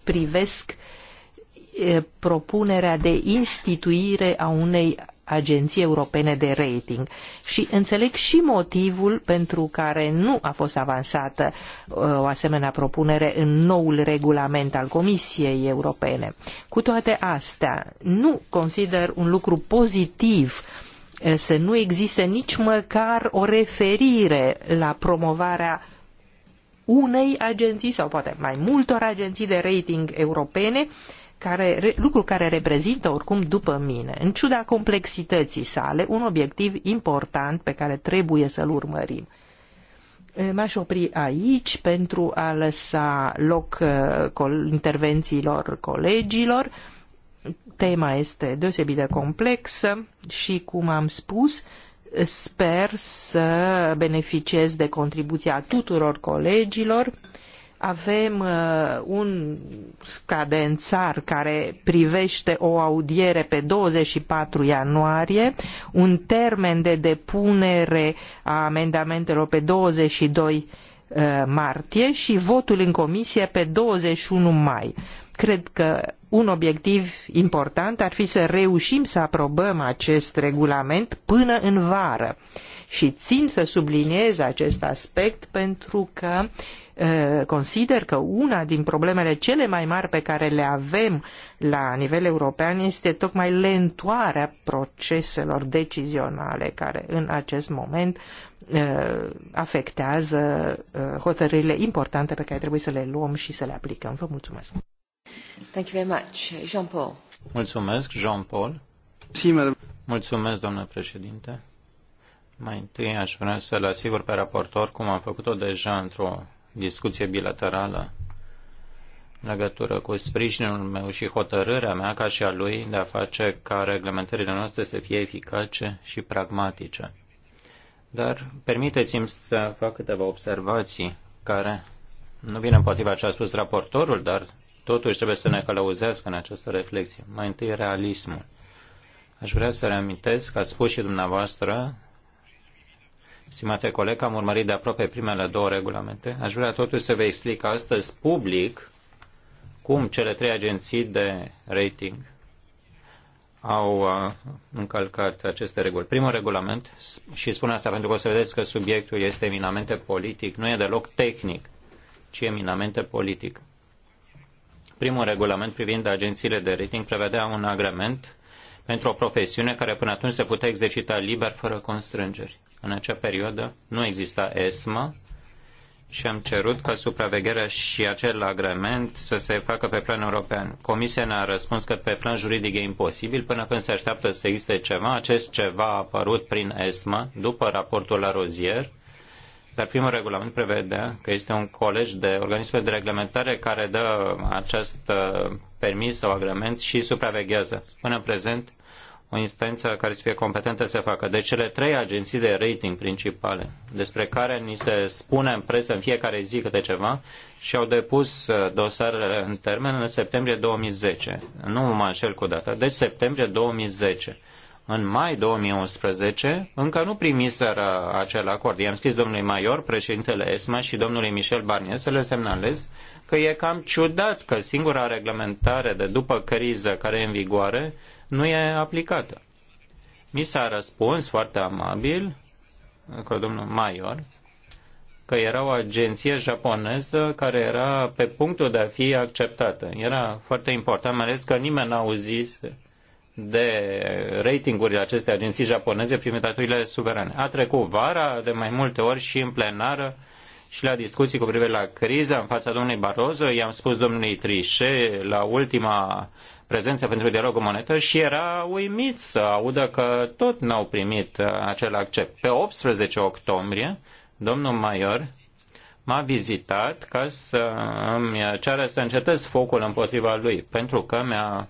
privesc propunerea de instituire a unei agenții europene de rating și înțeleg și motivul pentru care nu a fost avansată uh, o asemenea propunere în noul regulament al Comisiei Europene. Cu toate astea, nu consider un lucru pozitiv uh, să nu existe nici măcar o referire la promovarea unei agenții sau poate mai multor agenții de rating europene care, lucru care reprezintă oricum după mine, în ciuda complexității sale, un obiectiv important pe care trebuie să-l urmărim. M-aș opri aici pentru a lăsa loc intervențiilor colegilor. Tema este deosebit de complexă și, cum am spus, sper să beneficiez de contribuția tuturor colegilor avem uh, un cadențar care privește o audiere pe 24 ianuarie, un termen de depunere a amendamentelor pe 22 uh, martie și votul în comisie pe 21 mai. Cred că un obiectiv important ar fi să reușim să aprobăm acest regulament până în vară. Și țin să subliniez acest aspect pentru că Eh, consider că una din problemele cele mai mari pe care le avem la nivel european este tocmai lentoarea proceselor decizionale care în acest moment eh, afectează eh, hotărârile importante pe care trebuie să le luăm și să le aplicăm. Vă mulțumesc! Thank you very much. Jean-Paul. Mulțumesc, Jean-Paul. Mulțumesc, domnule președinte. Mai întâi aș vrea să-l asigur pe raportor, cum am făcut-o deja într-o discuție bilaterală în legătură cu sprijinul meu și hotărârea mea ca și a lui de a face ca reglementările noastre să fie eficace și pragmatice. Dar permiteți-mi să fac câteva observații care nu vin împotriva ce a spus raportorul, dar totuși trebuie să ne călăuzească în această reflexie. Mai întâi realismul. Aș vrea să reamintesc că a spus și dumneavoastră Stimate coleg, am urmărit de aproape primele două regulamente. Aș vrea totuși să vă explic astăzi public cum cele trei agenții de rating au uh, încălcat aceste reguli. Primul regulament, și spun asta pentru că o să vedeți că subiectul este eminamente politic, nu e deloc tehnic, ci eminamente politic. Primul regulament privind agențiile de rating prevedea un agrement pentru o profesiune care până atunci se putea exercita liber fără constrângeri. În acea perioadă nu exista ESMA și am cerut ca supravegherea și acel agrement să se facă pe plan european. Comisia ne-a răspuns că pe plan juridic e imposibil până când se așteaptă să existe ceva. Acest ceva a apărut prin ESMA după raportul la rozier, dar primul regulament prevedea că este un colegi de organisme de reglementare care dă acest uh, permis sau agrement și supraveghează. Până în prezent, o instanță care să fie competentă să facă. Deci cele trei agenții de rating principale, despre care ni se spune în presă în fiecare zi câte ceva, și au depus uh, dosarele în termen în septembrie 2010. Nu mă înșel cu data. Deci septembrie 2010. În mai 2011 încă nu primiseră acel acord. I-am scris domnului Maior, președintele ESMA și domnului Michel Barnier să le semnalez că e cam ciudat că singura reglementare de după criză care e în vigoare nu e aplicată. Mi s-a răspuns foarte amabil, că domnul Maior, că era o agenție japoneză care era pe punctul de a fi acceptată. Era foarte important, mai ales că nimeni n-a auzit de ratingurile acestei agenții japoneze prin suverane. A trecut vara de mai multe ori și în plenară și la discuții cu privire la criză în fața domnului Barroso, i-am spus domnului Trișe la ultima prezență pentru dialogul monetar și era uimit să audă că tot n-au primit uh, acel accept. Pe 18 octombrie, domnul Maior m-a vizitat ca să îmi ceară să încetez focul împotriva lui, pentru că mi-a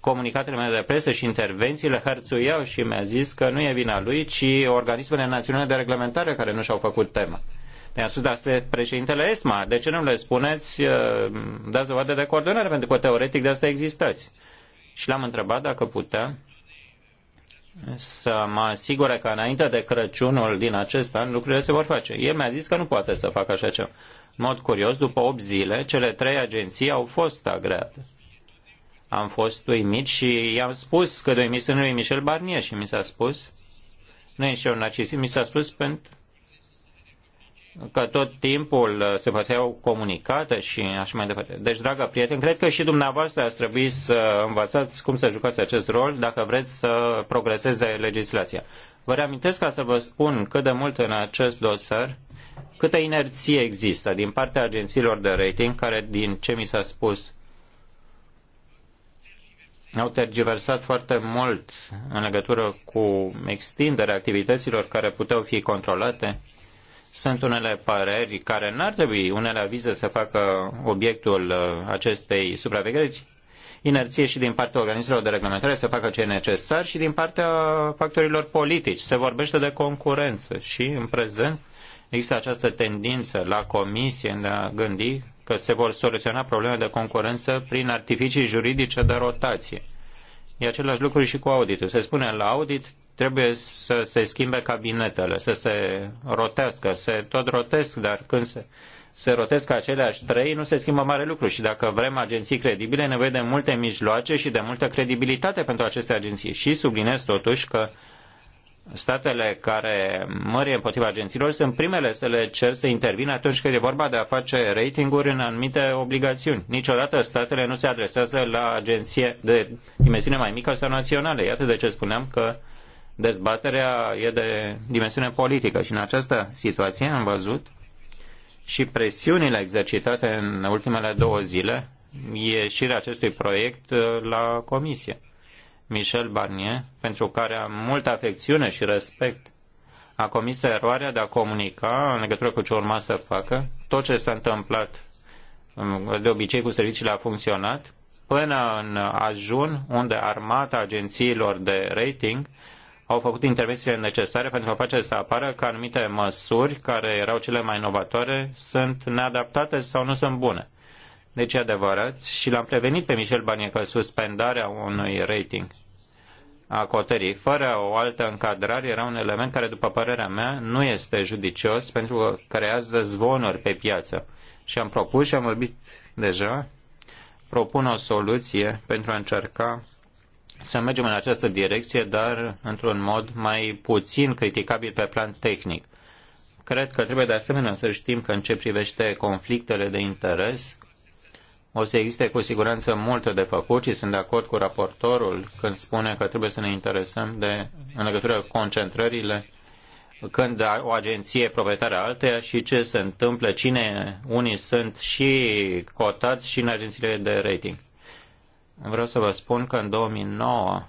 comunicatele mele de presă și intervențiile hărțuiau și mi-a zis că nu e vina lui, ci organismele naționale de reglementare care nu și-au făcut tema mi a spus, dar președintele ESMA, de ce nu le spuneți, uh, dați dovadă de coordonare, pentru că teoretic de asta existați. Și l-am întrebat dacă putea să mă asigure că înainte de Crăciunul din acest an lucrurile se vor face. El mi-a zis că nu poate să facă așa ceva. În mod curios, după 8 zile, cele trei agenții au fost agreate. Am fost uimit și i-am spus că de uimit sunt lui Michel Barnier și mi s-a spus, nu e și eu narcisist, mi s-a spus pentru că tot timpul uh, se făceau comunicate și așa mai departe. Deci, dragă prieten, cred că și dumneavoastră ați trebui să învățați cum să jucați acest rol dacă vreți să progreseze legislația. Vă reamintesc ca să vă spun cât de mult în acest dosar, câtă inerție există din partea agențiilor de rating care, din ce mi s-a spus, au tergiversat foarte mult în legătură cu extinderea activităților care puteau fi controlate sunt unele păreri care n-ar trebui, unele avize să facă obiectul uh, acestei supravegheri, inerție și din partea organismelor de reglementare să facă ce e necesar și din partea factorilor politici. Se vorbește de concurență și în prezent există această tendință la comisie de a gândi că se vor soluționa probleme de concurență prin artificii juridice de rotație. E același lucru și cu auditul. Se spune la audit trebuie să se schimbe cabinetele, să se rotească, se tot rotesc, dar când se, se rotesc aceleași trei, nu se schimbă mare lucru și dacă vrem agenții credibile, e nevoie de multe mijloace și de multă credibilitate pentru aceste agenții. Și subliniez totuși că statele care mărie împotriva agențiilor sunt primele să le cer să intervină atunci când e vorba de a face ratinguri în anumite obligațiuni. Niciodată statele nu se adresează la agenție de dimensiune mai mică sau naționale. Iată de ce spuneam că dezbaterea e de dimensiune politică și în această situație am văzut și presiunile exercitate în ultimele două zile ieșirea acestui proiect uh, la comisie. Michel Barnier, pentru care am multă afecțiune și respect, a comis eroarea de a comunica în legătură cu ce urma să facă, tot ce s-a întâmplat um, de obicei cu serviciile a funcționat, până în ajun, unde armata agențiilor de rating au făcut intervențiile necesare pentru a face să apară că anumite măsuri care erau cele mai inovatoare sunt neadaptate sau nu sunt bune. Deci e adevărat și l-am prevenit pe Michel Barnier că suspendarea unui rating a cotării fără o altă încadrare era un element care, după părerea mea, nu este judicios pentru că creează zvonuri pe piață. Și am propus și am vorbit deja, propun o soluție pentru a încerca să mergem în această direcție, dar într-un mod mai puțin criticabil pe plan tehnic. Cred că trebuie de asemenea să știm că în ce privește conflictele de interes, o să existe cu siguranță multe de făcut și sunt de acord cu raportorul când spune că trebuie să ne interesăm de, în legătură cu concentrările când o agenție e proprietară alteia și ce se întâmplă, cine unii sunt și cotați și în agențiile de rating. Vreau să vă spun că în 2009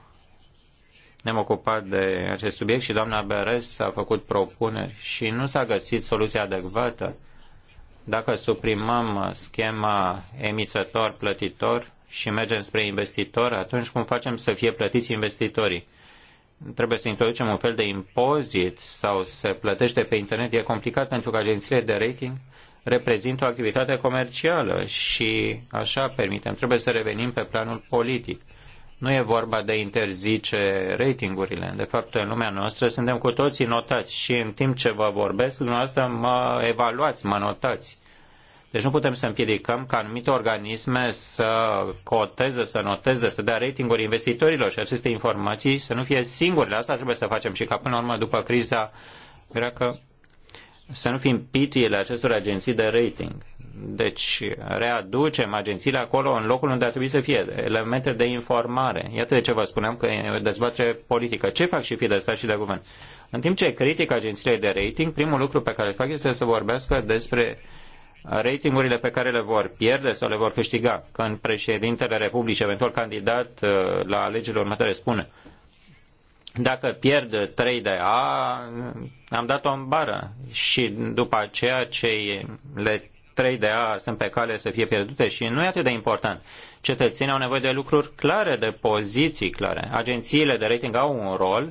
ne-am ocupat de acest subiect și doamna Beres a făcut propuneri și nu s-a găsit soluția adecvată. Dacă suprimăm schema emițător-plătitor și mergem spre investitor, atunci cum facem să fie plătiți investitorii? Trebuie să introducem un fel de impozit sau se plătește pe internet. E complicat pentru că agențiile de rating reprezintă o activitate comercială și așa permitem. Trebuie să revenim pe planul politic. Nu e vorba de interzice ratingurile. De fapt, în lumea noastră suntem cu toții notați și în timp ce vă vorbesc, dumneavoastră mă evaluați, mă notați. Deci nu putem să împiedicăm ca anumite organisme să coteze, să noteze, să dea ratinguri investitorilor și aceste informații să nu fie singure. Asta trebuie să facem și ca până la urmă, după criza că să nu fim pitiile acestor agenții de rating. Deci readucem agențiile acolo în locul unde ar trebui să fie, elemente de informare. Iată de ce vă spuneam că e o dezbatere politică. Ce fac și fi de stat și de guvern? În timp ce critic agențiile de rating, primul lucru pe care îl fac este să vorbească despre ratingurile pe care le vor pierde sau le vor câștiga. Când președintele Republicii, eventual candidat uh, la alegerile următoare, spune dacă pierd 3 de A, am dat-o în bară și după aceea cei le 3 de A sunt pe cale să fie pierdute și nu e atât de important. Cetățenii au nevoie de lucruri clare, de poziții clare. Agențiile de rating au un rol,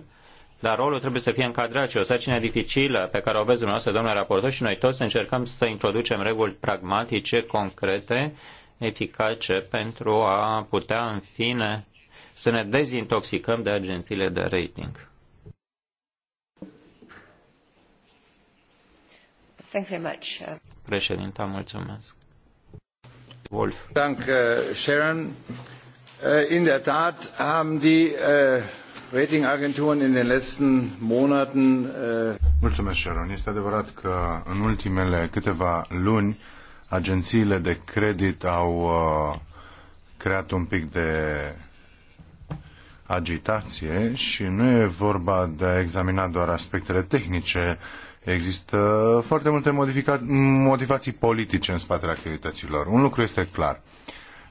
dar rolul trebuie să fie încadrat și o sarcină dificilă pe care o vezi dumneavoastră, domnule raportor, și noi toți să încercăm să introducem reguli pragmatice, concrete, eficace pentru a putea, în fine, să ne dezintoxicăm de agențiile de rating. Thank you much. Uh, Președinta, mulțumesc. Wolf. Thank Dank, uh, Sharon. Uh, in der Tat haben die Ratingagenturen in den letzten Monaten. Mulțumesc, Sharon. Este adevărat că în ultimele câteva luni agențiile de credit au uh, creat un pic de agitație și nu e vorba de a examina doar aspectele tehnice. Există foarte multe motivații politice în spatele activităților. Un lucru este clar.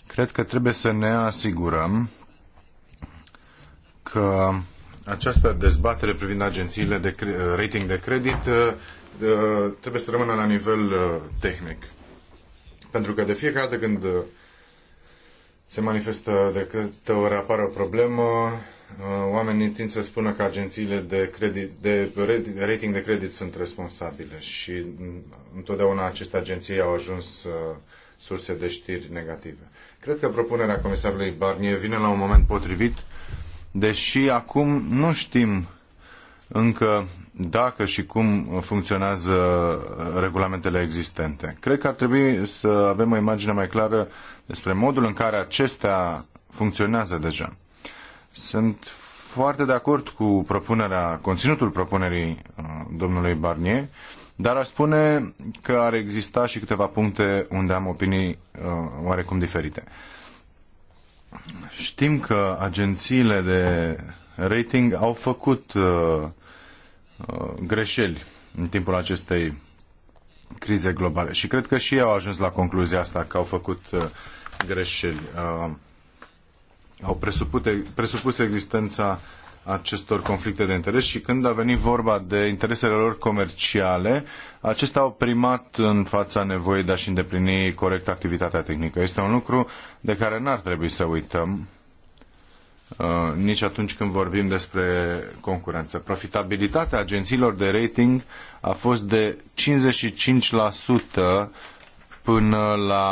Cred că trebuie să ne asigurăm că această dezbatere privind agențiile de rating de credit uh, uh, trebuie să rămână la nivel uh, tehnic. Pentru că de fiecare dată când se manifestă de câte ori apare o problemă, uh, oamenii tind să spună că agențiile de, credit, de rating de credit sunt responsabile și mm, întotdeauna aceste agenții au ajuns uh, surse de știri negative. Cred că propunerea comisarului Barnier vine la un moment potrivit, deși acum nu știm încă dacă și cum funcționează uh, regulamentele existente. Cred că ar trebui să avem o imagine mai clară despre modul în care acestea funcționează deja. Sunt foarte de acord cu propunerea, conținutul propunerii uh, domnului Barnier, dar aș spune că ar exista și câteva puncte unde am opinii uh, oarecum diferite. Știm că agențiile de rating au făcut uh, uh, greșeli în timpul acestei crize globale. Și cred că și ei au ajuns la concluzia asta, că au făcut uh, greșeli. Uh, au presupus existența acestor conflicte de interes și când a venit vorba de interesele lor comerciale, acestea au primat în fața nevoii de a-și îndeplini corect activitatea tehnică. Este un lucru de care n-ar trebui să uităm uh, nici atunci când vorbim despre concurență. Profitabilitatea agențiilor de rating a fost de 55% până la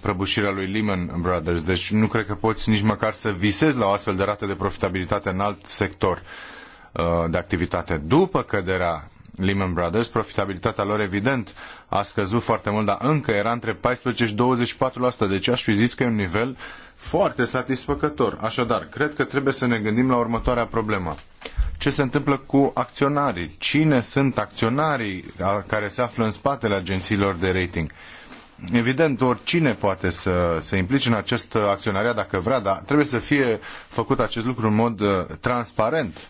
prăbușirea lui Lehman Brothers. Deci nu cred că poți nici măcar să visezi la o astfel de rată de profitabilitate în alt sector uh, de activitate. După căderea Lehman Brothers. Profitabilitatea lor, evident, a scăzut foarte mult, dar încă era între 14 și 24%, deci aș fi zis că e un nivel foarte satisfăcător. Așadar, cred că trebuie să ne gândim la următoarea problemă. Ce se întâmplă cu acționarii? Cine sunt acționarii care se află în spatele agențiilor de rating? Evident, oricine poate să se implice în acest acționariat dacă vrea, dar trebuie să fie făcut acest lucru în mod uh, transparent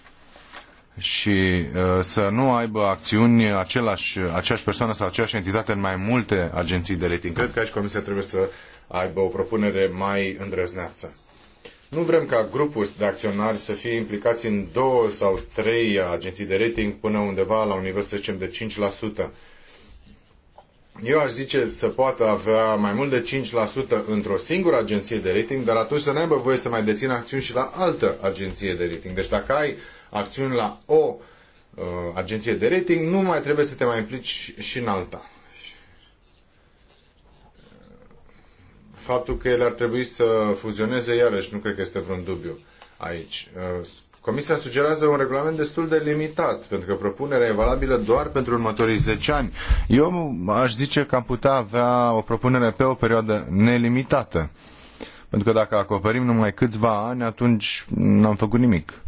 și uh, să nu aibă acțiuni același, aceeași persoană sau aceeași entitate în mai multe agenții de rating. Cred că aici Comisia trebuie să aibă o propunere mai îndrăzneață. Nu vrem ca grupuri de acționari să fie implicați în două sau trei agenții de rating până undeva la un nivel, să zicem, de 5%. Eu aș zice să poată avea mai mult de 5% într-o singură agenție de rating, dar atunci să n-aibă voie să mai dețină acțiuni și la altă agenție de rating. Deci dacă ai acțiuni la o uh, agenție de rating, nu mai trebuie să te mai implici și în alta. Faptul că ele ar trebui să fuzioneze, iarăși, nu cred că este vreun dubiu aici. Uh, Comisia sugerează un regulament destul de limitat, pentru că propunerea e valabilă doar pentru următorii zece ani. Eu aș zice că am putea avea o propunere pe o perioadă nelimitată. Pentru că dacă acoperim numai câțiva ani, atunci n-am făcut nimic.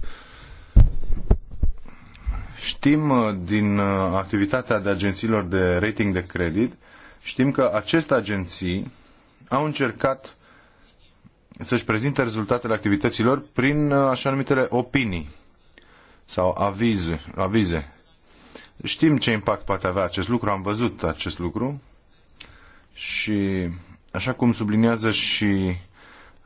Știm uh, din uh, activitatea de agențiilor de rating de credit, știm că aceste agenții au încercat să-și prezinte rezultatele activităților prin uh, așa numitele opinii sau avize, avize. Știm ce impact poate avea acest lucru, am văzut acest lucru și așa cum subliniază și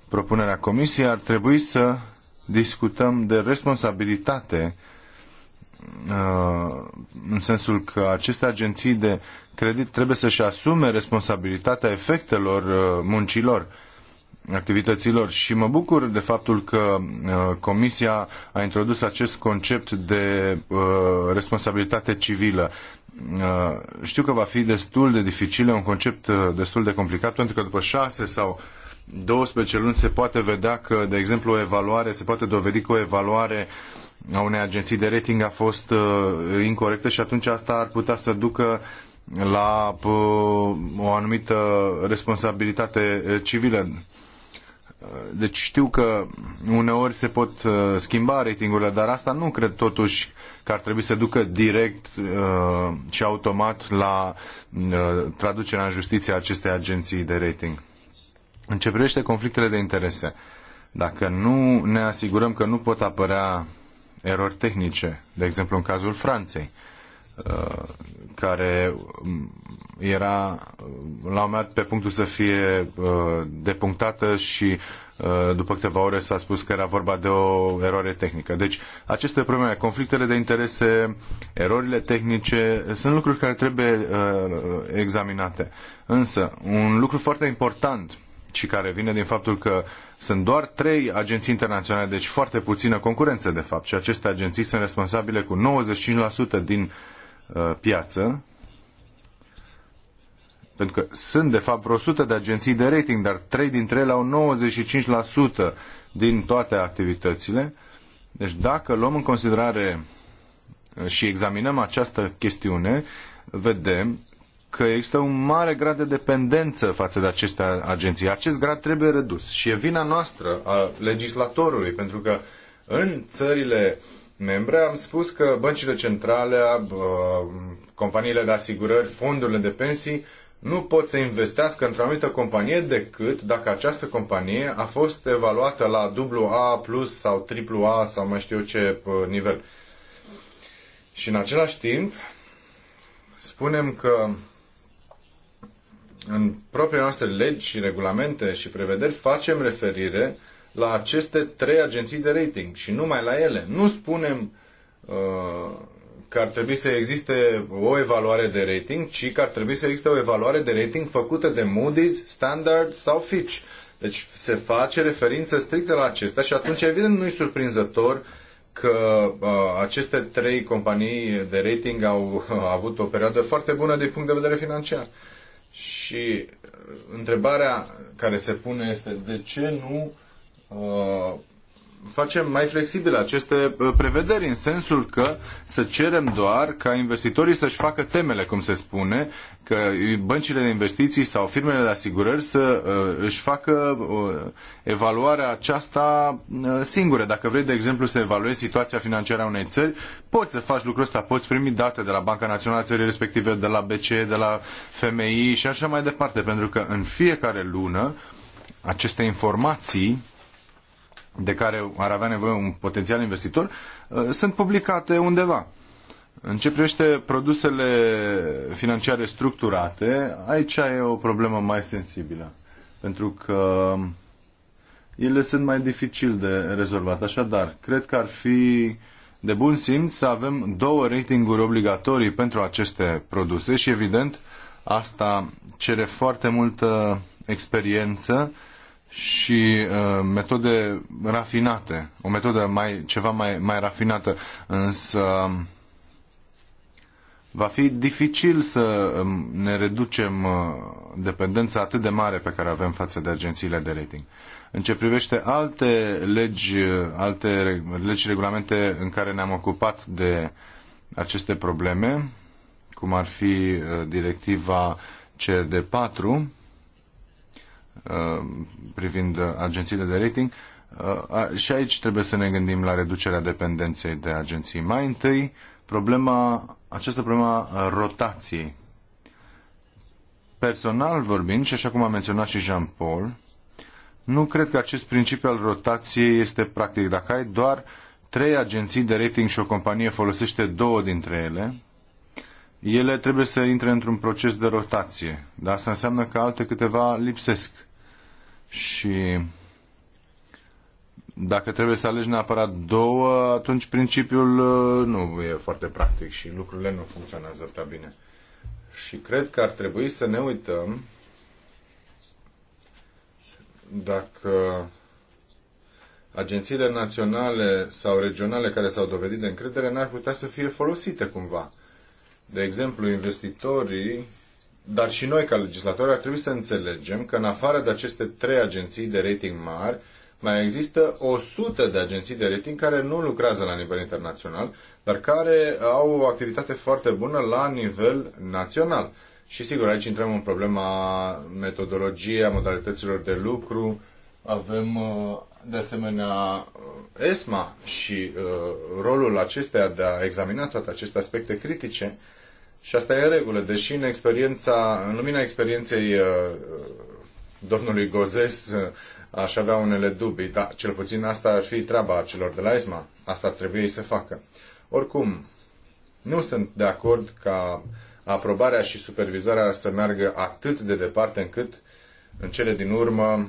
propunerea comisiei, ar trebui să discutăm de responsabilitate Uh, în sensul că aceste agenții de credit trebuie să-și asume responsabilitatea efectelor uh, muncilor activităților și mă bucur de faptul că uh, Comisia a introdus acest concept de responsabilitate civilă. Știu că va fi destul de dificil, un concept destul de complicat, pentru că după șase sau 12 luni se poate vedea că, de exemplu, o evaluare, se poate dovedi că o evaluare uh, a unei agenții de rating a fost uh, incorrectă și atunci asta ar putea să ducă la uh, o anumită responsabilitate uh, civilă. Deci știu că uneori se pot schimba ratingurile, dar asta nu cred totuși că ar trebui să ducă direct și automat la traducerea în justiție a acestei agenții de rating. În ce privește conflictele de interese, dacă nu ne asigurăm că nu pot apărea erori tehnice, de exemplu în cazul Franței, uh, care um, era uh, la un moment pe punctul să fie uh, depunctată și după câteva ore s-a spus că era vorba de o eroare tehnică. Deci aceste probleme, conflictele de interese, erorile tehnice, sunt lucruri care trebuie examinate. Însă, un lucru foarte important ci care vine din faptul că sunt doar trei agenții internaționale, deci foarte puțină concurență de fapt. Și aceste agenții sunt responsabile cu 95% din uh, piață, pentru că sunt de fapt vreo 100 de agenții de rating, dar trei dintre ele au 95% din toate activitățile. Deci dacă luăm în considerare uh, și examinăm această chestiune, vedem că există un mare grad de dependență față de aceste agenții. Acest grad trebuie redus și e vina noastră a legislatorului, pentru că în țările membre am spus că băncile centrale, companiile de asigurări, fondurile de pensii nu pot să investească într-o anumită companie decât dacă această companie a fost evaluată la AA plus sau AAA sau mai știu eu ce nivel. Și în același timp, spunem că în propriile noastre legi și regulamente și prevederi facem referire la aceste trei agenții de rating și numai la ele. Nu spunem uh, că ar trebui să existe o evaluare de rating, ci că ar trebui să existe o evaluare de rating făcută de Moody's, Standard sau Fitch. Deci se face referință strictă la acestea și atunci evident nu e surprinzător că uh, aceste trei companii de rating au uh, avut o perioadă foarte bună din punct de vedere financiar. Uh, și uh, întrebarea care se pune este de ce nu uh, facem mai flexibile aceste uh, prevederi, în sensul că să cerem doar ca investitorii să-și facă temele, cum se spune, că băncile de investiții sau firmele de asigurări să uh, își facă uh, evaluarea aceasta uh, singure. Dacă vrei, de exemplu, să evaluezi situația financiară a unei țări, poți să faci lucrul ăsta, poți primi date de la Banca Națională a țării respective, de la BCE, de la FMI și așa mai departe, pentru că în fiecare lună aceste informații de care ar avea nevoie un potențial investitor uh, sunt publicate undeva. În ce privește produsele financiare structurate, aici e o problemă mai sensibilă, pentru că ele sunt mai dificil de rezolvat. Așadar, cred că ar fi de bun simț să avem două ratinguri obligatorii pentru aceste produse și, evident, asta cere foarte multă experiență și uh, metode rafinate, o metodă mai, ceva mai, mai rafinată, însă va fi dificil să um, ne reducem uh, dependența atât de mare pe care avem față de agențiile de rating. În ce privește alte legi, alte legi regulamente în care ne-am ocupat de aceste probleme, cum ar fi uh, directiva CRD 4, Uh, privind agențiile de rating. Uh, și aici trebuie să ne gândim la reducerea dependenței de agenții. Mai întâi, problema, această problema rotației. Personal vorbind, și așa cum a menționat și Jean-Paul, nu cred că acest principiu al rotației este practic. Dacă ai doar trei agenții de rating și o companie folosește două dintre ele, ele trebuie să intre într-un proces de rotație. Dar asta înseamnă că alte câteva lipsesc. Și dacă trebuie să alegi neapărat două, atunci principiul uh, nu e foarte practic și lucrurile nu funcționează prea bine. Și cred că ar trebui să ne uităm dacă agențiile naționale sau regionale care s-au dovedit de încredere n-ar putea să fie folosite cumva de exemplu, investitorii, dar și noi ca legislatori ar trebui să înțelegem că în afară de aceste trei agenții de rating mari, mai există 100 de agenții de rating care nu lucrează la nivel internațional, dar care au o activitate foarte bună la nivel național. Și sigur, aici intrăm în problema metodologiei, a modalităților de lucru. Avem uh, de asemenea uh, ESMA și uh, rolul acesteia de a examina toate aceste aspecte critice și asta e în regulă, deși în, experiența, în lumina experienței uh, uh domnului Gozes uh, aș avea unele dubii, dar cel puțin asta ar fi treaba celor de la ESMA, asta ar trebui ei să facă. Oricum, nu sunt de acord ca aprobarea și supervizarea să meargă atât de departe încât în cele din urmă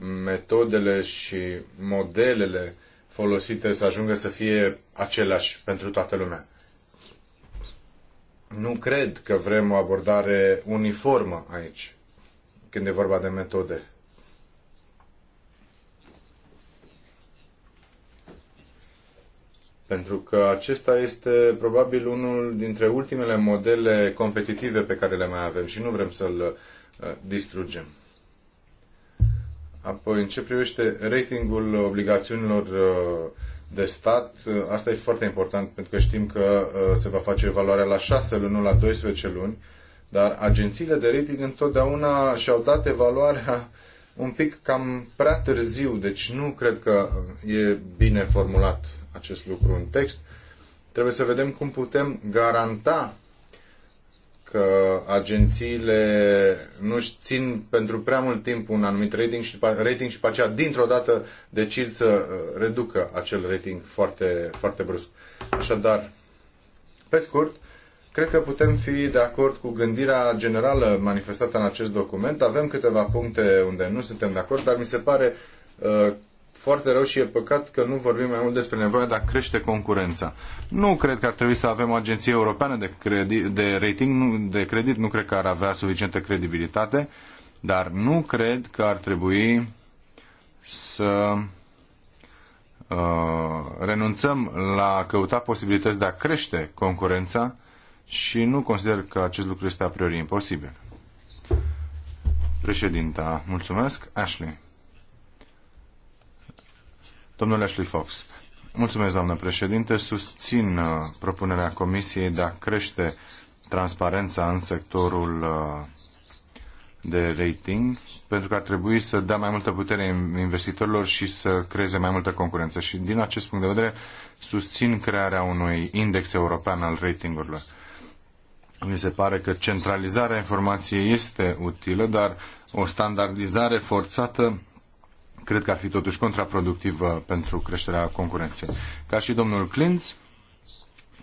metodele și modelele folosite să ajungă să fie aceleași pentru toată lumea. Nu cred că vrem o abordare uniformă aici, când e vorba de metode. Pentru că acesta este probabil unul dintre ultimele modele competitive pe care le mai avem și nu vrem să-l uh, distrugem. Apoi, în ce privește ratingul obligațiunilor uh, de stat, uh, asta e foarte important pentru că știm că uh, se va face evaluarea la 6 luni, nu la 12 luni, dar agențiile de rating întotdeauna și-au dat evaluarea un pic cam prea târziu, deci nu cred că e bine formulat acest lucru în text. Trebuie să vedem cum putem garanta că agențiile nu își țin pentru prea mult timp un anumit rating și, rating și pe aceea dintr-o dată decid să uh, reducă acel rating foarte, foarte brusc. Așadar, pe scurt, cred că putem fi de acord cu gândirea generală manifestată în acest document. Avem câteva puncte unde nu suntem de acord, dar mi se pare uh, foarte rău și e păcat că nu vorbim mai mult despre nevoia de a crește concurența. Nu cred că ar trebui să avem agenție europeană de, credit, de rating, de credit, nu cred că ar avea suficientă credibilitate, dar nu cred că ar trebui să uh, renunțăm la căuta posibilități de a crește concurența și nu consider că acest lucru este a priori imposibil. Președinta, mulțumesc. Ashley. Domnule Ashley Fox, mulțumesc, doamnă președinte. Susțin uh, propunerea Comisiei de a crește transparența în sectorul uh, de rating, pentru că ar trebui să dea mai multă putere investitorilor și să creeze mai multă concurență. Și din acest punct de vedere susțin crearea unui index european al ratingurilor. Mi se pare că centralizarea informației este utilă, dar o standardizare forțată cred că ar fi totuși contraproductivă pentru creșterea concurenței. Ca și domnul Clintz,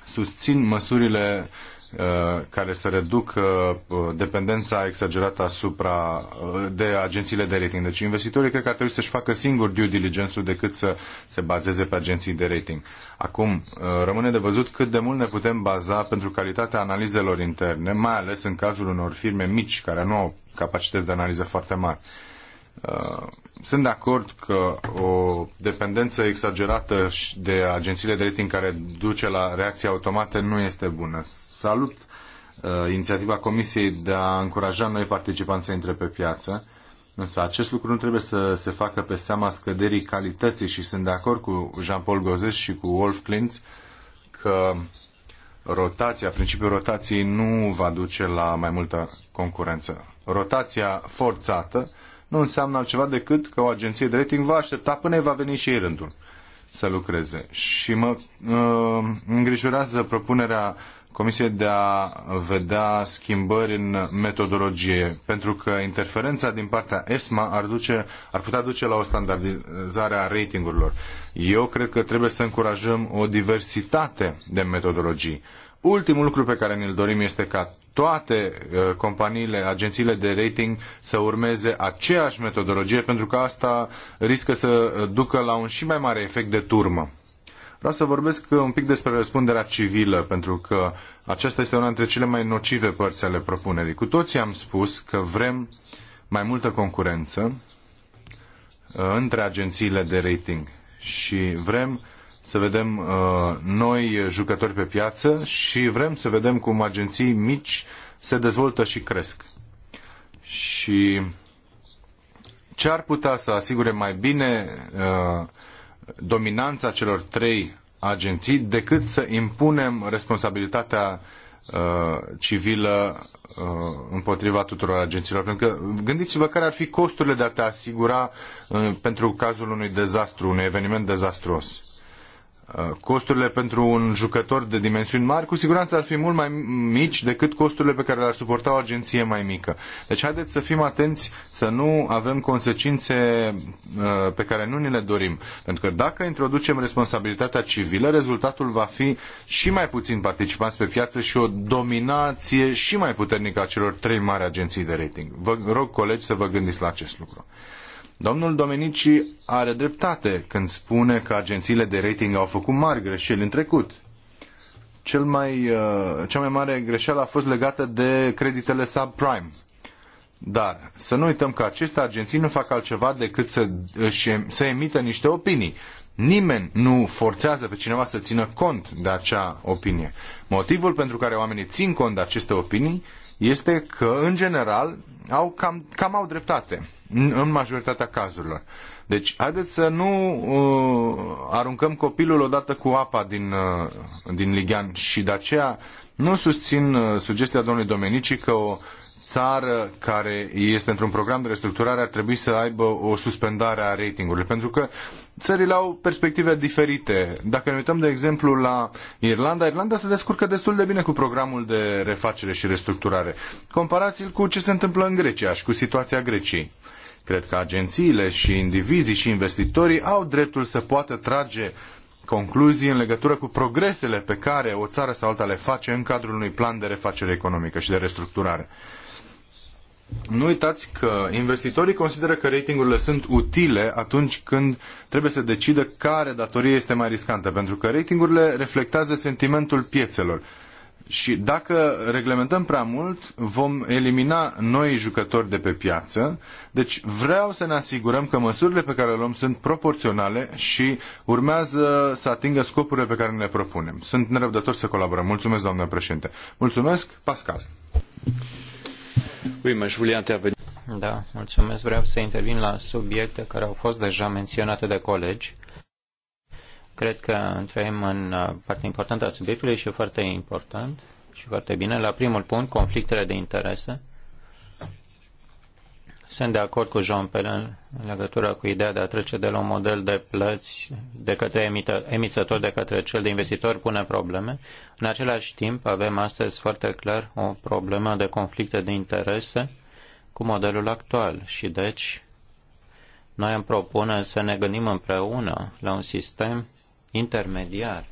susțin măsurile uh, care să reducă uh, dependența exagerată asupra uh, de agențiile de rating. Deci investitorii cred că ar trebui să-și facă singur due diligence-ul decât să se bazeze pe agenții de rating. Acum, rămâne de văzut cât de mult ne putem baza pentru calitatea analizelor interne, mai ales în cazul unor firme mici care nu au capacități de analiză foarte mari. Uh, sunt de acord că o dependență exagerată de agențiile de rating care duce la reacții automate nu este bună. Salut uh, inițiativa Comisiei de a încuraja noi participanți să intre pe piață, însă acest lucru nu trebuie să se facă pe seama scăderii calității și sunt de acord cu Jean-Paul Gozes și cu Wolf Klintz că rotația, principiul rotației nu va duce la mai multă concurență. Rotația forțată nu înseamnă altceva decât că o agenție de rating va aștepta până va veni și ei rândul să lucreze. Și mă uh, îngrijorează propunerea Comisiei de a vedea schimbări în metodologie, pentru că interferența din partea ESMA ar, duce, ar putea duce la o standardizare a ratingurilor. Eu cred că trebuie să încurajăm o diversitate de metodologii. Ultimul lucru pe care ne-l dorim este ca toate uh, companiile, agențiile de rating să urmeze aceeași metodologie, pentru că asta riscă să uh, ducă la un și mai mare efect de turmă. Vreau să vorbesc uh, un pic despre răspunderea civilă, pentru că aceasta este una dintre cele mai nocive părți ale propunerii. Cu toții am spus că vrem mai multă concurență între agențiile de rating și vrem să vedem uh, noi jucători pe piață și vrem să vedem cum agenții mici se dezvoltă și cresc. Și ce ar putea să asigure mai bine uh, dominanța celor trei agenții decât să impunem responsabilitatea uh, civilă uh, împotriva tuturor agențiilor. Pentru că gândiți-vă care ar fi costurile de a te asigura uh, pentru cazul unui dezastru, unui eveniment dezastruos Uh, costurile pentru un jucător de dimensiuni mari cu siguranță ar fi mult mai mici decât costurile pe care le-ar suporta o agenție mai mică. Deci haideți să fim atenți să nu avem consecințe uh, pe care nu ni le dorim. Pentru că dacă introducem responsabilitatea civilă, rezultatul va fi și mai puțin participanți pe piață și o dominație și mai puternică a celor trei mari agenții de rating. Vă rog, colegi, să vă gândiți la acest lucru. Domnul Domenici are dreptate când spune că agențiile de rating au făcut mari greșeli în trecut. Cel mai, uh, cea mai mare greșeală a fost legată de creditele subprime. Dar să nu uităm că aceste agenții nu fac altceva decât să, să emită niște opinii. Nimeni nu forțează pe cineva să țină cont de acea opinie. Motivul pentru care oamenii țin cont de aceste opinii este că, în general, au cam, cam au dreptate în majoritatea cazurilor. Deci, haideți să nu uh, aruncăm copilul odată cu apa din, uh, din ligian și de aceea nu susțin uh, sugestia domnului Domenici că o țară care este într-un program de restructurare ar trebui să aibă o suspendare a ratingului, pentru că țările au perspective diferite. Dacă ne uităm, de exemplu, la Irlanda, Irlanda se descurcă destul de bine cu programul de refacere și restructurare. Comparați-l cu ce se întâmplă în Grecia și cu situația Greciei. Cred că agențiile și indivizii și investitorii au dreptul să poată trage concluzii în legătură cu progresele pe care o țară sau alta le face în cadrul unui plan de refacere economică și de restructurare. Nu uitați că investitorii consideră că ratingurile sunt utile atunci când trebuie să decidă care datorie este mai riscantă, pentru că ratingurile reflectează sentimentul piețelor. Și dacă reglementăm prea mult, vom elimina noi jucători de pe piață. Deci vreau să ne asigurăm că măsurile pe care le luăm sunt proporționale și urmează să atingă scopurile pe care ne le propunem. Sunt nerăbdător să colaborăm. Mulțumesc, doamnă președinte. Mulțumesc, Pascal. Da, mulțumesc. Vreau să intervin la subiecte care au fost deja menționate de colegi. Cred că trăim în partea uh, importantă a subiectului și foarte important și foarte bine. La primul punct, conflictele de interese. Sunt de acord cu Jean Pellin în legătură cu ideea de a trece de la un model de plăți de către emițător de către cel de investitor pune probleme. În același timp avem astăzi foarte clar o problemă de conflicte de interese cu modelul actual și deci noi îmi propune să ne gândim împreună la un sistem intermediar,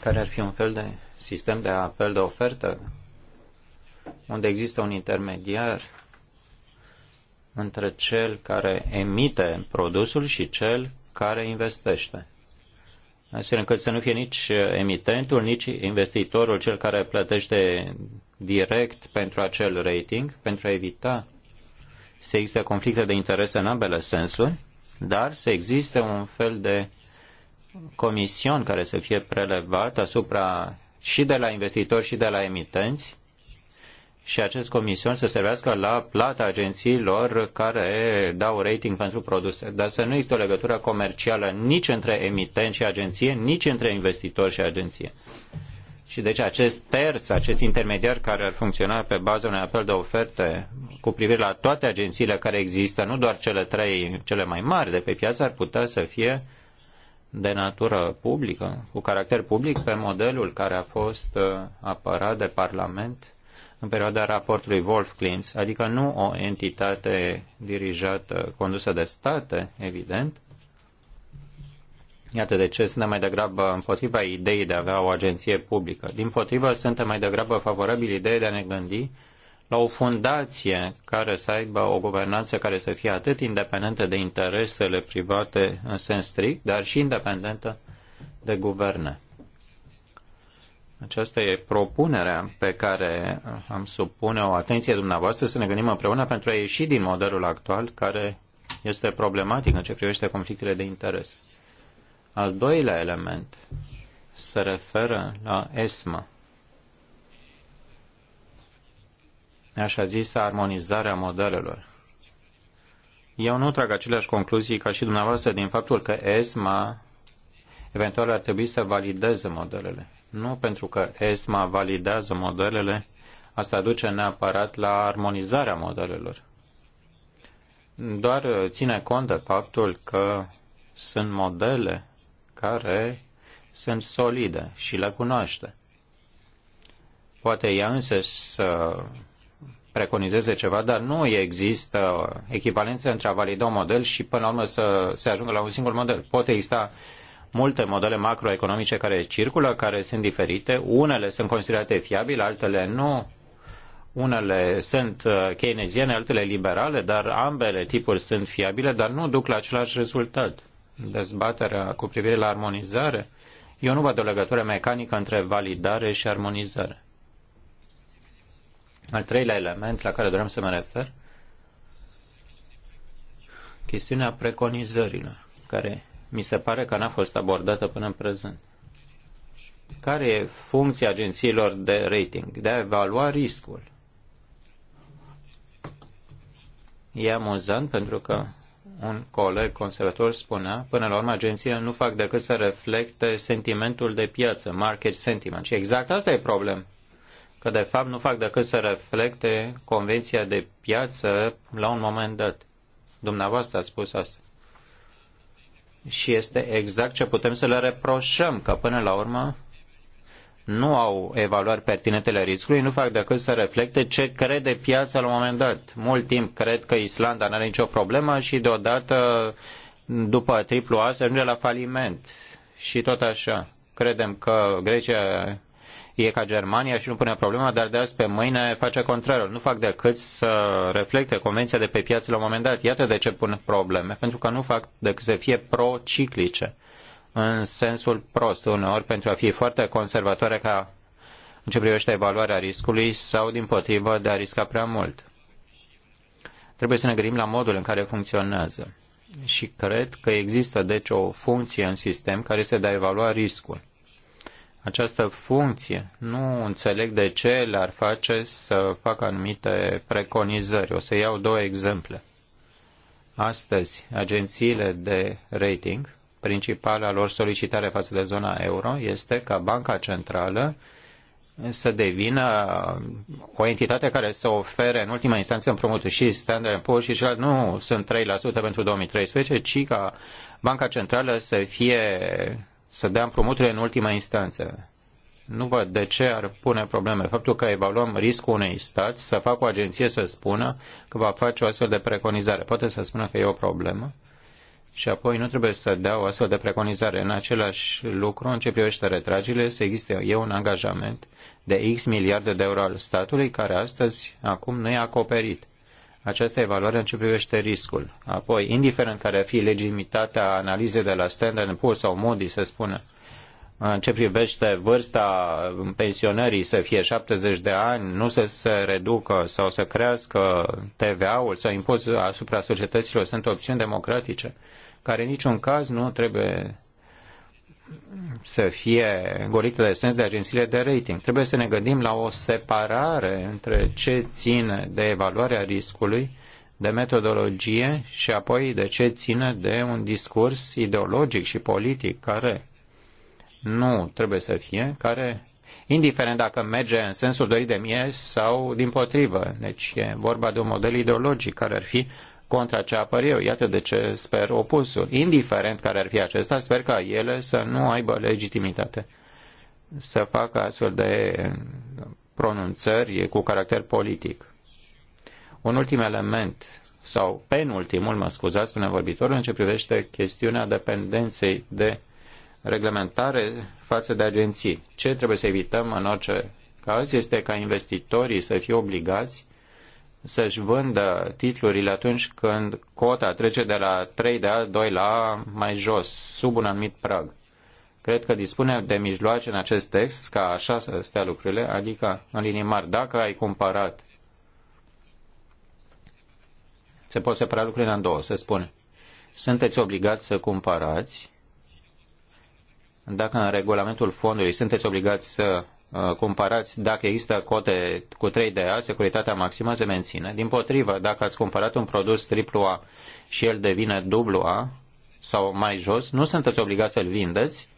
care ar fi un fel de sistem de apel de ofertă, unde există un intermediar între cel care emite produsul și cel care investește. Astfel încât să nu fie nici emitentul, nici investitorul cel care plătește direct pentru acel rating, pentru a evita să existe conflicte de interese în ambele sensuri, dar să existe un fel de comision care să fie prelevat asupra și de la investitori și de la emitenți și acest comision să servească la plata agențiilor care dau rating pentru produse. Dar să nu există o legătură comercială nici între emitent și agenție, nici între investitor și agenție. Și deci acest terț, acest intermediar care ar funcționa pe baza unui apel de oferte cu privire la toate agențiile care există, nu doar cele trei, cele mai mari de pe piață, ar putea să fie uh, de natură publică, cu caracter public, pe modelul care a fost uh, apărat de Parlament în perioada raportului Wolf Klintz, adică nu o entitate dirijată, condusă de state, evident. Iată de ce suntem mai degrabă împotriva ideii de a avea o agenție publică. Din potrivă, suntem mai degrabă favorabili ideii de a ne gândi la o fundație care să aibă o guvernanță care să fie atât independentă de interesele private în sens strict, dar și independentă de guverne. Aceasta e propunerea pe care am supune o atenție dumneavoastră să ne gândim împreună pentru a ieși din modelul actual care este problematic în ce privește conflictele de interes. Al doilea element se referă la ESMA, așa zisă armonizare a modelelor. Eu nu trag aceleași concluzii ca și dumneavoastră din faptul că ESMA eventual ar trebui să valideze modelele. Nu pentru că ESMA validează modelele, asta duce neapărat la armonizarea modelelor. Doar ține cont de faptul că sunt modele care sunt solide și le cunoaște. Poate ea însă să preconizeze ceva, dar nu există echivalență între a valida un model și până la urmă să se ajungă la un singur model. Pot exista multe modele macroeconomice care circulă, care sunt diferite, unele sunt considerate fiabile, altele nu, unele sunt uh, keynesiene, altele liberale, dar ambele tipuri sunt fiabile, dar nu duc la același rezultat. Dezbaterea cu privire la armonizare, eu nu văd o legătură mecanică între validare și armonizare. Al treilea element la care doream să mă refer, chestiunea preconizărilor, care mi se pare că n-a fost abordată până în prezent. Care e funcția agențiilor de rating? De a evalua riscul. E amuzant pentru că un coleg conservator spunea, până la urmă agențiile nu fac decât să reflecte sentimentul de piață, market sentiment. Și exact asta e problema că de fapt nu fac decât să reflecte convenția de piață la un moment dat. Dumneavoastră ați spus asta. Și este exact ce putem să le reproșăm, că până la urmă nu au evaluări pertinentele riscului, nu fac decât să reflecte ce crede piața la un moment dat. Mult timp cred că Islanda nu are nicio problemă și deodată după triplu A se ajunge la faliment. Și tot așa. Credem că Grecia e ca Germania și nu pune problema, dar de azi pe mâine face contrarul. Nu fac decât să reflecte convenția de pe piață la un moment dat. Iată de ce pun probleme, pentru că nu fac decât să fie prociclice în sensul prost uneori pentru a fi foarte conservatoare ca în ce privește evaluarea riscului sau din potrivă de a risca prea mult. Trebuie să ne gândim la modul în care funcționează și cred că există deci o funcție în sistem care este de a evalua riscul această funcție. Nu înțeleg de ce le-ar face să facă anumite preconizări. O să iau două exemple. Astăzi, agențiile de rating, principala lor solicitare față de zona euro este ca Banca Centrală să devină o entitate care să ofere în ultima instanță împrumuturi și Standard Poor's și nu sunt 3% pentru 2013, ci ca Banca Centrală să fie să dea împrumuturile în ultima instanță. Nu văd de ce ar pune probleme faptul că evaluăm riscul unei stat să facă o agenție să spună că va face o astfel de preconizare. Poate să spună că e o problemă și apoi nu trebuie să dea o astfel de preconizare. În același lucru, în ce privește retragile, se există e un angajament de X miliarde de euro al statului care astăzi, acum, nu e acoperit. Aceasta e valoarea în ce privește riscul. Apoi, indiferent care ar fi legitimitatea analizei de la Standard Poor's sau modi, să spună, în ce privește vârsta pensionării să fie 70 de ani, nu să se reducă sau să crească TVA-ul sau impozitul asupra societăților, sunt opțiuni democratice care în niciun caz nu trebuie să fie golită de sens de agențiile de rating. Trebuie să ne gândim la o separare între ce ține de evaluarea riscului, de metodologie și apoi de ce ține de un discurs ideologic și politic care nu trebuie să fie, care indiferent dacă merge în sensul dorit de mie sau din potrivă. Deci e vorba de un model ideologic care ar fi contra ce apăr eu. Iată de ce sper opusul. Indiferent care ar fi acesta, sper ca ele să nu aibă legitimitate să facă astfel de pronunțări cu caracter politic. Un ultim element, sau penultimul, mă scuzați, spune vorbitorul, în ce privește chestiunea dependenței de reglementare față de agenții. Ce trebuie să evităm în orice caz este ca investitorii să fie obligați să-și vândă titlurile atunci când cota trece de la 3 de la 2 la mai jos, sub un anumit prag. Cred că dispune de mijloace în acest text ca așa să stea lucrurile, adică în linii mari, dacă ai cumpărat, se pot separa lucrurile în două, se spune. Sunteți obligați să cumpărați dacă în regulamentul fondului sunteți obligați să Uh, cumpărați, dacă există cote cu 3 de securitatea maximă se menține. Din potrivă, dacă ați cumpărat un produs AAA și el devine dublu A sau mai jos, nu sunteți obligați să-l vindeți,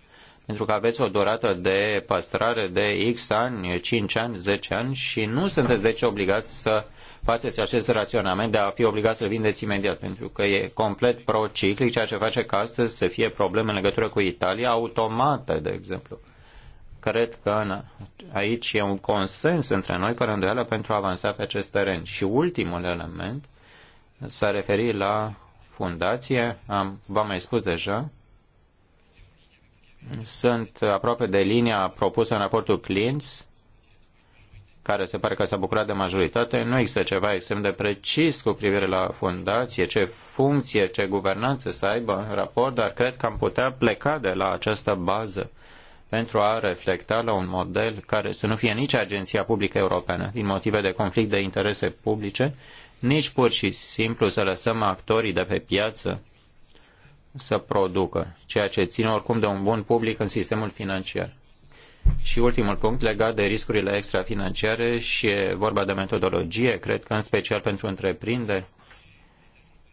pentru că aveți o durată de păstrare de X ani, 5 ani, 10 ani și nu sunteți deci obligați să faceți acest raționament de a fi obligat să-l vindeți imediat, pentru că e complet prociclic, ceea ce face ca astăzi să fie probleme în legătură cu Italia automată, de exemplu Cred că aici e un consens între noi fără îndoială pentru a avansa pe acest teren. Și ultimul element s-a referit la fundație, am, v-am mai spus deja, sunt aproape de linia propusă în raportul Clintz, care se pare că s-a bucurat de majoritate. Nu există ceva extrem de precis cu privire la fundație, ce funcție, ce guvernanță să aibă în raport, dar cred că am putea pleca de la această bază pentru a reflecta la un model care să nu fie nici Agenția Publică Europeană, din motive de conflict de interese publice, nici pur și simplu să lăsăm actorii de pe piață să producă, ceea ce ține oricum de un bun public în sistemul financiar. Și ultimul punct legat de riscurile extrafinanciare și e vorba de metodologie, cred că în special pentru întreprinderi,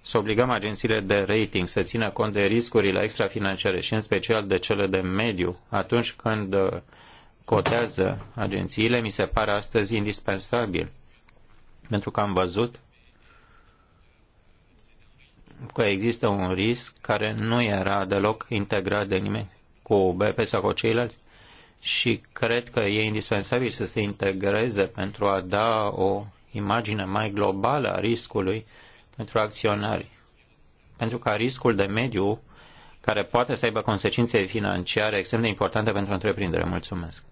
să obligăm agențiile de rating să țină cont de riscurile extrafinanciare și în special de cele de mediu atunci când uh, cotează agențiile, mi se pare astăzi indispensabil. Pentru că am văzut că există un risc care nu era deloc integrat de nimeni cu BP sau cu ceilalți și cred că e indispensabil să se integreze pentru a da o imagine mai globală a riscului pentru acționari, pentru ca riscul de mediu, care poate să aibă consecințe financiare extrem de importante pentru întreprindere. Mulțumesc.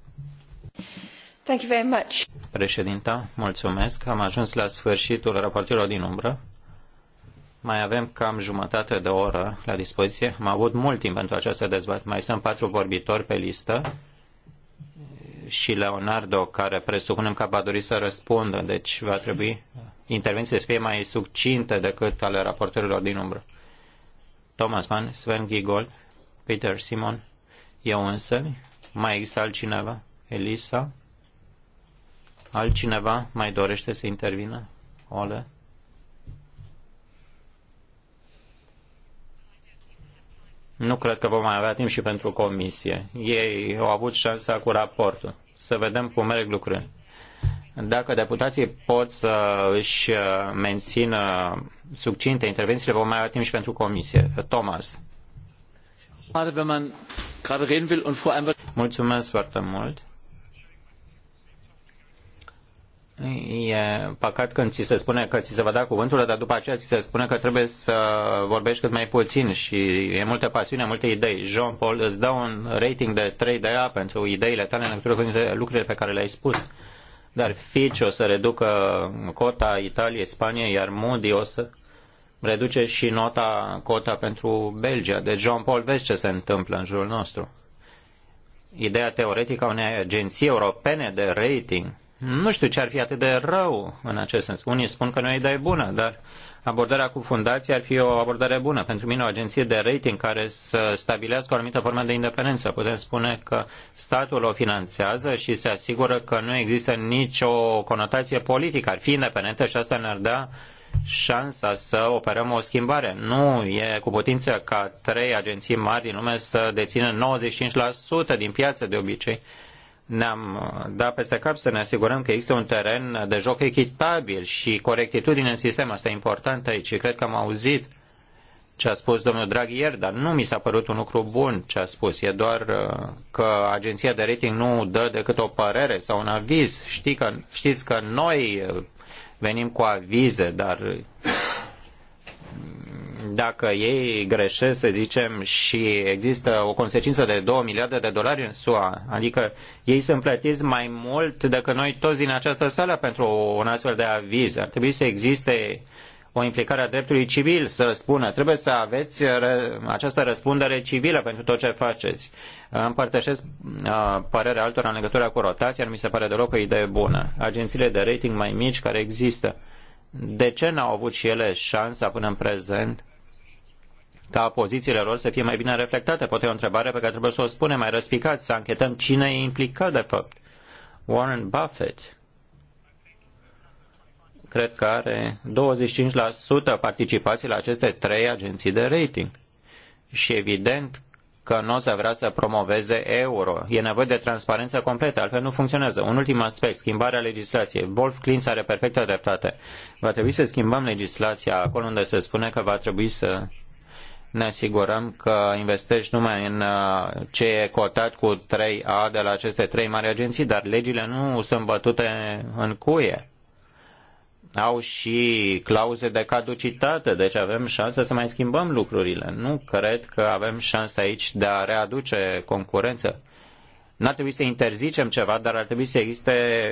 Thank you very much. Președinta, mulțumesc. Am ajuns la sfârșitul raportelor din umbră. Mai avem cam jumătate de oră la dispoziție. Am avut mult timp pentru această dezbatere. Mai sunt patru vorbitori pe listă și Leonardo, care presupunem că va dori să răspundă, deci va trebui intervenție să fie mai succintă decât ale raportorilor din umbră. Thomas Mann, Sven Giegold, Peter Simon, eu însă, mai există altcineva? Elisa? Altcineva mai dorește să intervină? Ole? Nu cred că vom mai avea timp și pentru comisie. Ei au avut șansa cu raportul. Să vedem cum merg lucrurile. Dacă deputații pot să își uh, mențină succinte intervențiile, vom mai avea timp și pentru comisie. Thomas. Mulțumesc foarte mult. E păcat când ți se spune că ți se va da cuvântul, dar după aceea ți se spune că trebuie să vorbești cât mai puțin și e multă pasiune, multe idei. Jean-Paul îți dă un rating de 3 de A pentru ideile tale în legătură cu lucrurile pe care le-ai spus dar Fitch o să reducă cota Italiei, Spaniei, iar Moody o să reduce și nota, cota pentru Belgia. Deci, Jean-Paul, vezi ce se întâmplă în jurul nostru. Ideea teoretică a unei agenții europene de rating. Nu știu ce ar fi atât de rău în acest sens. Unii spun că nu e idee bună, dar abordarea cu fundații ar fi o abordare bună. Pentru mine o agenție de rating care să stabilească o anumită formă de independență. Putem spune că statul o finanțează și se asigură că nu există nicio conotație politică. Ar fi independentă și asta ne-ar da șansa să operăm o schimbare. Nu e cu putință ca trei agenții mari din lume să dețină 95% din piață de obicei ne-am uh, dat peste cap să ne asigurăm că există un teren de joc echitabil și corectitudine în sistem. Asta e important aici cred că am auzit ce a spus domnul Draghi ieri, dar nu mi s-a părut un lucru bun ce a spus. E doar uh, că agenția de rating nu dă decât o părere sau un aviz. Știi că, știți că noi uh, venim cu avize, dar dacă ei greșesc, să zicem, și există o consecință de 2 miliarde de dolari în SUA, adică ei sunt plătiți mai mult decât noi toți din această sală pentru un astfel de aviz. Ar trebui să existe o implicare a dreptului civil să spună Trebuie să aveți această răspundere civilă pentru tot ce faceți. Împărtășesc uh, părerea altora în legătură cu rotația, nu mi se pare deloc o idee bună. Agențiile de rating mai mici care există, de ce n-au avut și ele șansa până în prezent ca pozițiile lor să fie mai bine reflectate. Poate e o întrebare pe care trebuie să o spunem mai răspicat, să anchetăm cine e implicat de fapt. Warren Buffett cred că are 25% participații la aceste trei agenții de rating. Și evident că nu o să vrea să promoveze euro. E nevoie de transparență completă, altfel nu funcționează. Un ultim aspect, schimbarea legislației. Wolf Klins are perfectă dreptate. Va trebui să schimbăm legislația acolo unde se spune că va trebui să ne asigurăm că investești numai în uh, ce e cotat cu 3A de la aceste trei mari agenții, dar legile nu sunt bătute în cuie. Au și clauze de caducitate, deci avem șansa să mai schimbăm lucrurile. Nu cred că avem șansa aici de a readuce concurență. N-ar trebui să interzicem ceva, dar ar trebui să existe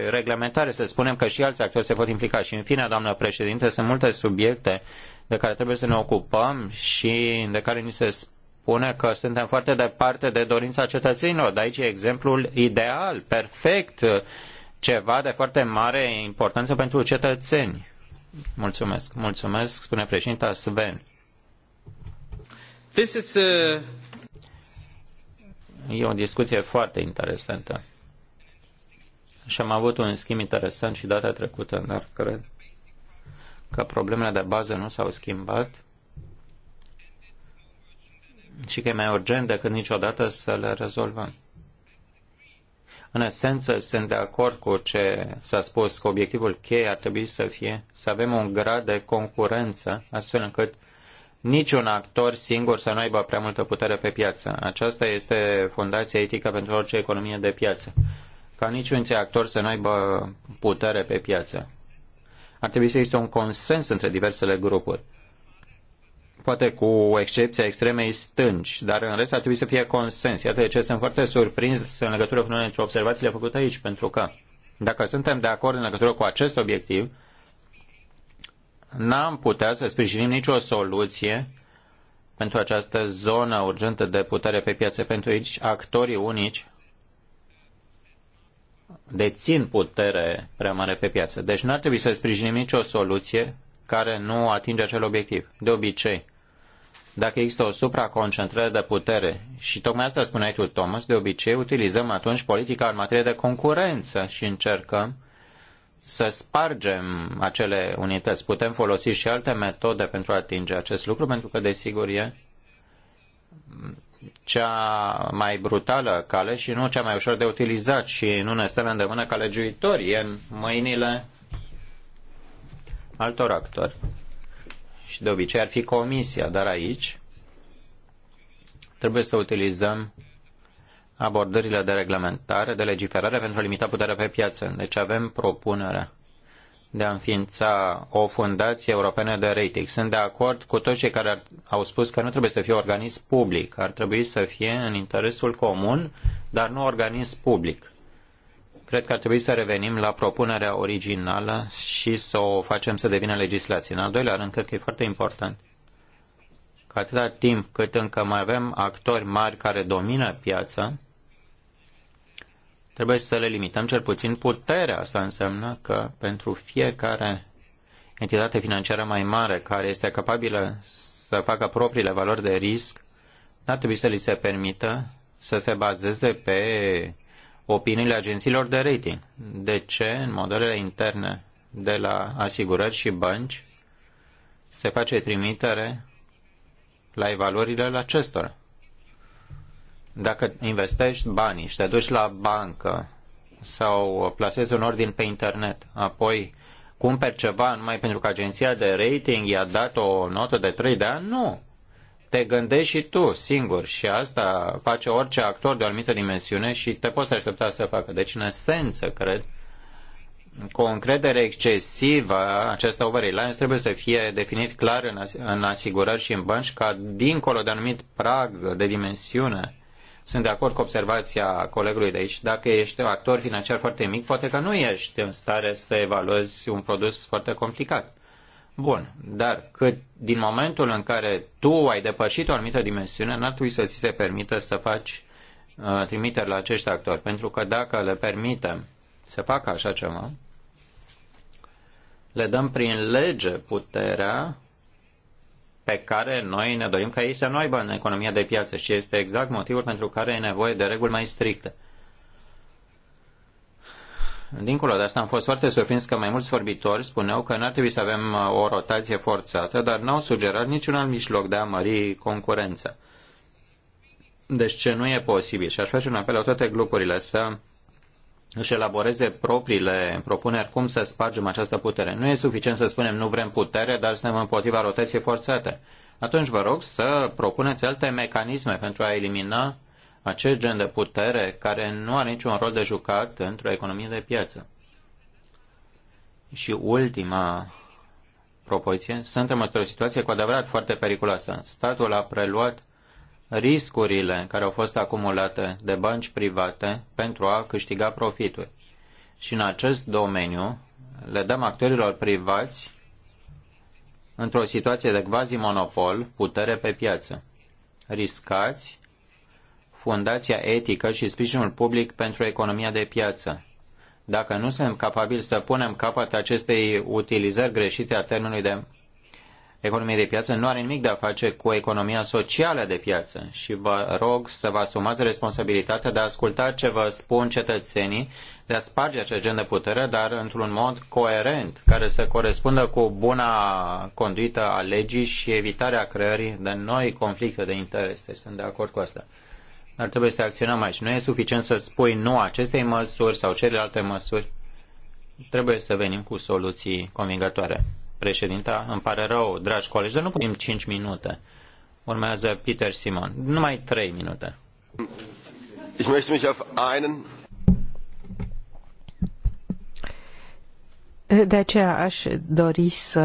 reglementare, să spunem că și alți actori se pot implica. Și în fine, doamnă președinte, sunt multe subiecte de care trebuie să ne ocupăm și de care ni se spune că suntem foarte departe de dorința cetățenilor. De aici e exemplul ideal, perfect, ceva de foarte mare importanță pentru cetățeni. Mulțumesc. Mulțumesc, spune președinta Sven. This is a... E o discuție foarte interesantă. Și am avut un schimb interesant și data trecută, dar cred că problemele de bază nu s-au schimbat și că e mai urgent decât niciodată să le rezolvăm. În esență, sunt de acord cu ce s-a spus, că obiectivul cheie ar trebui să fie să avem un grad de concurență, astfel încât niciun actor singur să nu aibă prea multă putere pe piață. Aceasta este fundația etică pentru orice economie de piață. Ca niciun dintre actori să nu aibă putere pe piață ar trebui să existe un consens între diversele grupuri. Poate cu excepția extremei stângi, dar în rest ar trebui să fie consens. Iată de ce sunt foarte surprins în legătură cu unele dintre observațiile făcute aici, pentru că dacă suntem de acord în legătură cu acest obiectiv, n-am putea să sprijinim nicio soluție pentru această zonă urgentă de putere pe piață. Pentru aici, actorii unici dețin putere prea mare pe piață. Deci nu ar trebui să sprijinim nicio soluție care nu atinge acel obiectiv. De obicei, dacă există o supraconcentrare de putere, și tocmai asta spuneai tu, Thomas, de obicei utilizăm atunci politica în materie de concurență și încercăm să spargem acele unități. Putem folosi și alte metode pentru a atinge acest lucru, pentru că, desigur, e cea mai brutală cale și nu cea mai ușor de utilizat și nu ne stă la îndemână ca legiuitori. E în mâinile altor actori. Și de obicei ar fi comisia, dar aici trebuie să utilizăm abordările de reglementare, de legiferare pentru a limita puterea pe piață. Deci avem propunerea de a înființa o fundație europeană de rating. Sunt de acord cu toți cei care au spus că nu trebuie să fie organism public, ar trebui să fie în interesul comun, dar nu organism public. Cred că ar trebui să revenim la propunerea originală și să o facem să devină legislație. În al doilea rând, cred că e foarte important că atâta timp cât încă mai avem actori mari care domină piața, Trebuie să le limităm cel puțin puterea. Asta înseamnă că pentru fiecare entitate financiară mai mare care este capabilă să facă propriile valori de risc, n-ar trebui să li se permită să se bazeze pe opiniile agențiilor de rating. De ce în modelele interne de la asigurări și bănci se face trimitere la evaluările acestora? Dacă investești banii și te duci la bancă sau plasezi un ordin pe internet, apoi cumperi ceva numai pentru că agenția de rating i-a dat o notă de 3 de ani, nu. Te gândești și tu singur și asta face orice actor de o anumită dimensiune și te poți aștepta să facă. Deci, în esență, cred, cu o încredere excesivă, acest over trebuie să fie definit clar în, as- în asigurări și în bănci ca dincolo de anumit prag de dimensiune sunt de acord cu observația colegului de aici. Dacă ești un actor financiar foarte mic, poate că nu ești în stare să evaluezi un produs foarte complicat. Bun, dar cât din momentul în care tu ai depășit o anumită dimensiune, n-ar trebui să ți se permită să faci uh, trimiteri la acești actori. Pentru că dacă le permitem să facă așa ceva, le dăm prin lege puterea pe care noi ne dorim ca ei să nu aibă în economia de piață și este exact motivul pentru care e nevoie de reguli mai stricte. Dincolo de asta, am fost foarte surprins că mai mulți vorbitori spuneau că n-ar trebui să avem uh, o rotație forțată, dar n-au sugerat niciun alt mijloc de a mări concurența. Deci ce nu e posibil. Și aș face un apel la toate grupurile să își elaboreze propriile propuneri cum să spargem această putere. Nu e suficient să spunem nu vrem putere, dar suntem împotriva rotației forțate. Atunci vă rog să propuneți alte mecanisme pentru a elimina acest gen de putere care nu are niciun rol de jucat într-o economie de piață. Și ultima propoziție, suntem într-o situație cu adevărat foarte periculoasă. Statul a preluat riscurile care au fost acumulate de bănci private pentru a câștiga profituri. Și în acest domeniu le dăm actorilor privați într-o situație de quasi-monopol putere pe piață. Riscați fundația etică și sprijinul public pentru economia de piață. Dacă nu suntem capabili să punem capăt acestei utilizări greșite a termenului de economiei de piață nu are nimic de a face cu economia socială de piață și vă rog să vă asumați responsabilitatea de a asculta ce vă spun cetățenii, de a sparge acest gen de putere, dar într-un mod coerent, care să corespundă cu buna conduită a legii și evitarea creării de noi conflicte de interese. Sunt de acord cu asta. Dar trebuie să acționăm aici. Nu e suficient să spui nu acestei măsuri sau celelalte măsuri. Trebuie să venim cu soluții convingătoare. Președinta, îmi pare rău, dragi colegi, dar nu putem 5 minute. Urmează Peter Simon. Numai 3 minute. Ich möchte mich auf einen De aceea aș dori să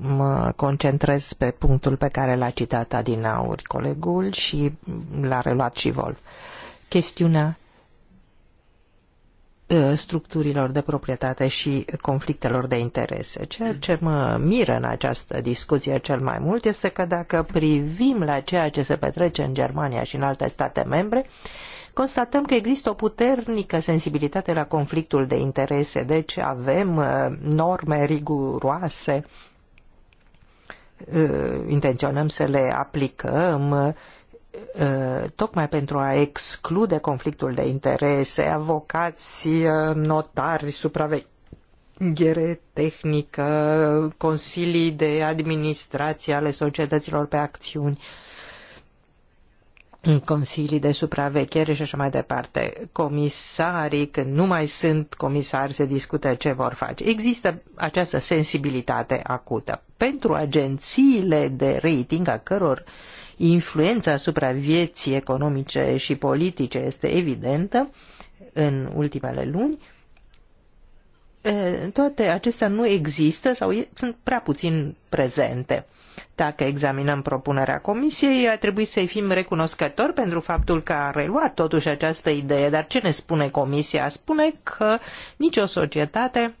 mă concentrez pe punctul pe care l-a citat Adinaur colegul și l-a reluat și Wolf. Chestiunea Uh, structurilor de proprietate și conflictelor de interese. Ceea ce mă miră în această discuție cel mai mult este că dacă privim la ceea ce se petrece în Germania și în alte state membre, constatăm că există o puternică sensibilitate la conflictul de interese, deci avem uh, norme riguroase, uh, intenționăm să le aplicăm, tocmai pentru a exclude conflictul de interese, avocați, notari, supraveghere tehnică, consilii de administrație ale societăților pe acțiuni, consilii de supraveghere și așa mai departe. Comisarii, când nu mai sunt comisari, se discută ce vor face. Există această sensibilitate acută. Pentru agențiile de rating, a căror uh, influența asupra vieții economice și politice este evidentă în ultimele luni, toate acestea nu există sau sunt prea puțin prezente. Dacă examinăm propunerea comisiei, ar trebui să-i fim recunoscători pentru faptul că a reluat totuși această idee. Dar ce ne spune comisia? Spune că nicio societate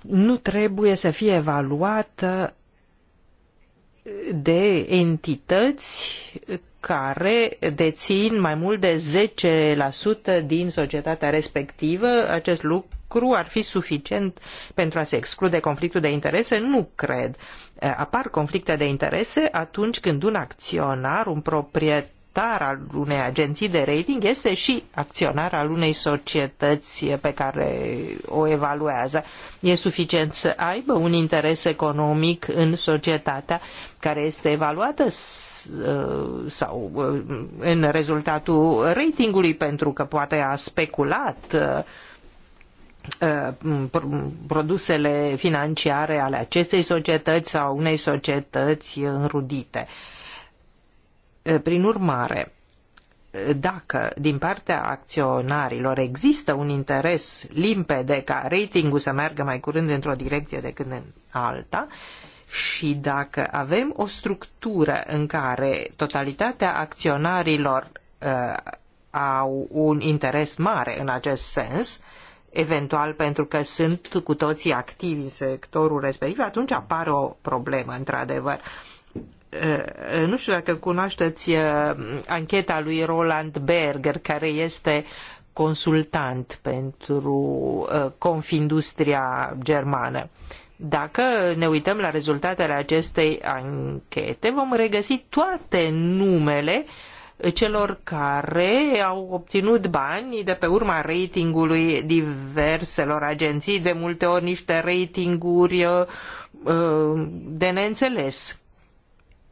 nu trebuie să fie evaluată de entități care dețin mai mult de 10% din societatea respectivă. Acest lucru ar fi suficient pentru a se exclude conflictul de interese? Nu cred. Apar conflicte de interese atunci când un acționar, un proprietar, proprietar al unei agenții de rating, este și acționar al unei societăți pe care o evaluează. E suficient să aibă un interes economic în societatea care este evaluată uh, sau uh, în rezultatul ratingului pentru că poate a speculat uh, produsele financiare ale acestei societăți sau unei societăți înrudite. Uh, prin urmare, dacă din partea acționarilor există un interes limpede ca ratingul să meargă mai curând într-o direcție decât în alta și dacă avem o structură în care totalitatea acționarilor uh, au un interes mare în acest sens, eventual pentru că sunt cu toții activi în sectorul respectiv, atunci apare o problemă, într-adevăr. Uh, Eh, nu știu dacă cunoașteți eh, ancheta lui Roland Berger, care este consultant pentru eh, confindustria germană. Dacă ne uităm la rezultatele acestei anchete, vom regăsi toate numele celor care au obținut bani de pe urma ratingului diverselor agenții, de multe ori niște ratinguri de neînțeles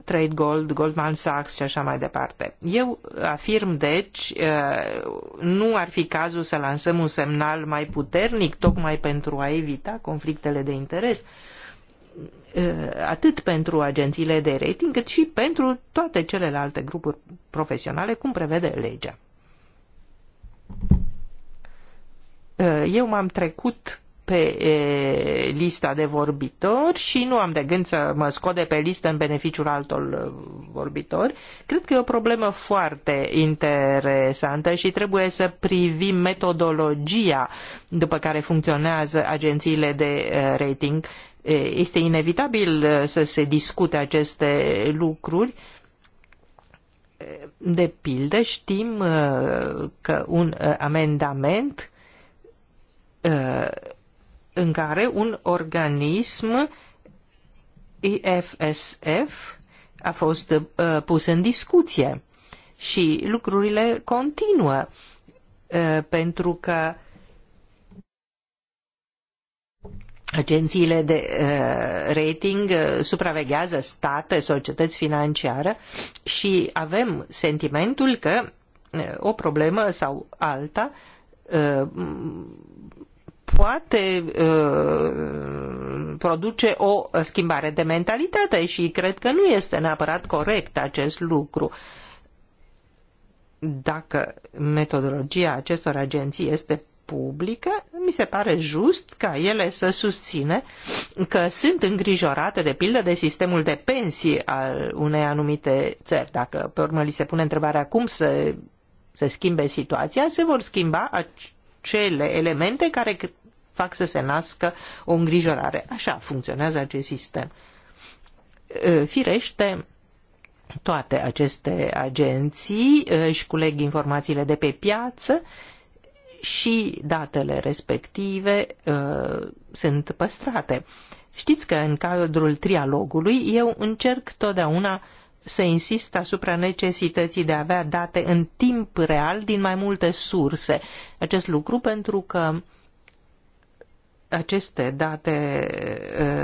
Trade Gold, Goldman Sachs și așa mai departe. Eu afirm, deci, uh, nu ar fi cazul să lansăm un semnal mai puternic tocmai pentru a evita conflictele de interes, uh, atât pentru agențiile de rating, cât și pentru toate celelalte grupuri profesionale, cum prevede legea. Uh, eu m-am trecut pe e, lista de vorbitori și nu am de gând să mă scot de pe listă în beneficiul altor vorbitori. Cred că e o problemă foarte interesantă și trebuie să privim metodologia după care funcționează agențiile de rating. Este inevitabil să se discute aceste lucruri. De pildă, știm că un amendament în care un organism IFSF a fost uh, pus în discuție și lucrurile continuă uh, pentru că agențiile de uh, rating uh, supraveghează state, societăți financiare și avem sentimentul că uh, o problemă sau alta uh, poate uh, produce o schimbare de mentalitate și cred că nu este neapărat corect acest lucru. Dacă metodologia acestor agenții este publică, mi se pare just ca ele să susțină că sunt îngrijorate de pildă de sistemul de pensii al unei anumite țări. Dacă pe urmă li se pune întrebarea cum să se schimbe situația, se vor schimba acele elemente care fac să se nască o îngrijorare. Așa funcționează acest sistem. Firește, toate aceste agenții își culeg informațiile de pe piață și datele respective sunt păstrate. Știți că în cadrul trialogului eu încerc totdeauna să insist asupra necesității de a avea date în timp real din mai multe surse. Acest lucru pentru că aceste date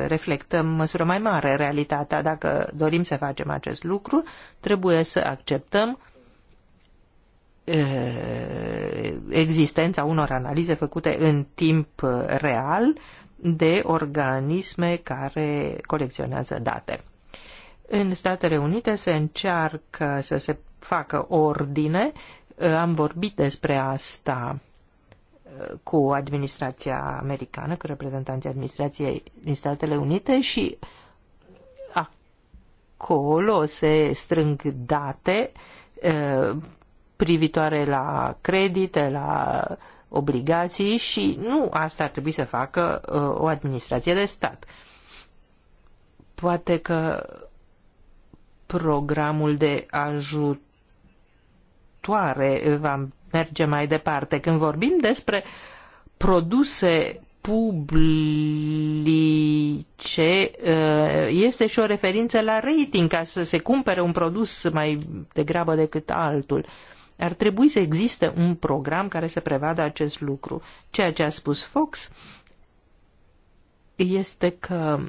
reflectă în măsură mai mare realitatea. Dacă dorim să facem acest lucru, trebuie să acceptăm existența unor analize făcute în timp real de organisme care colecționează date. În Statele Unite se încearcă să se facă ordine, am vorbit despre asta cu administrația americană, cu reprezentanții administrației din Statele Unite și acolo se strâng date privitoare la credite, la obligații și nu asta ar trebui să facă o administrație de stat. Poate că programul de ajutoare va merge mai departe. Când vorbim despre produse publice eh, este și o referință la rating ca să se cumpere un produs mai degrabă decât altul. Ar trebui să existe un program care să prevadă acest lucru. Ceea ce a spus Fox este că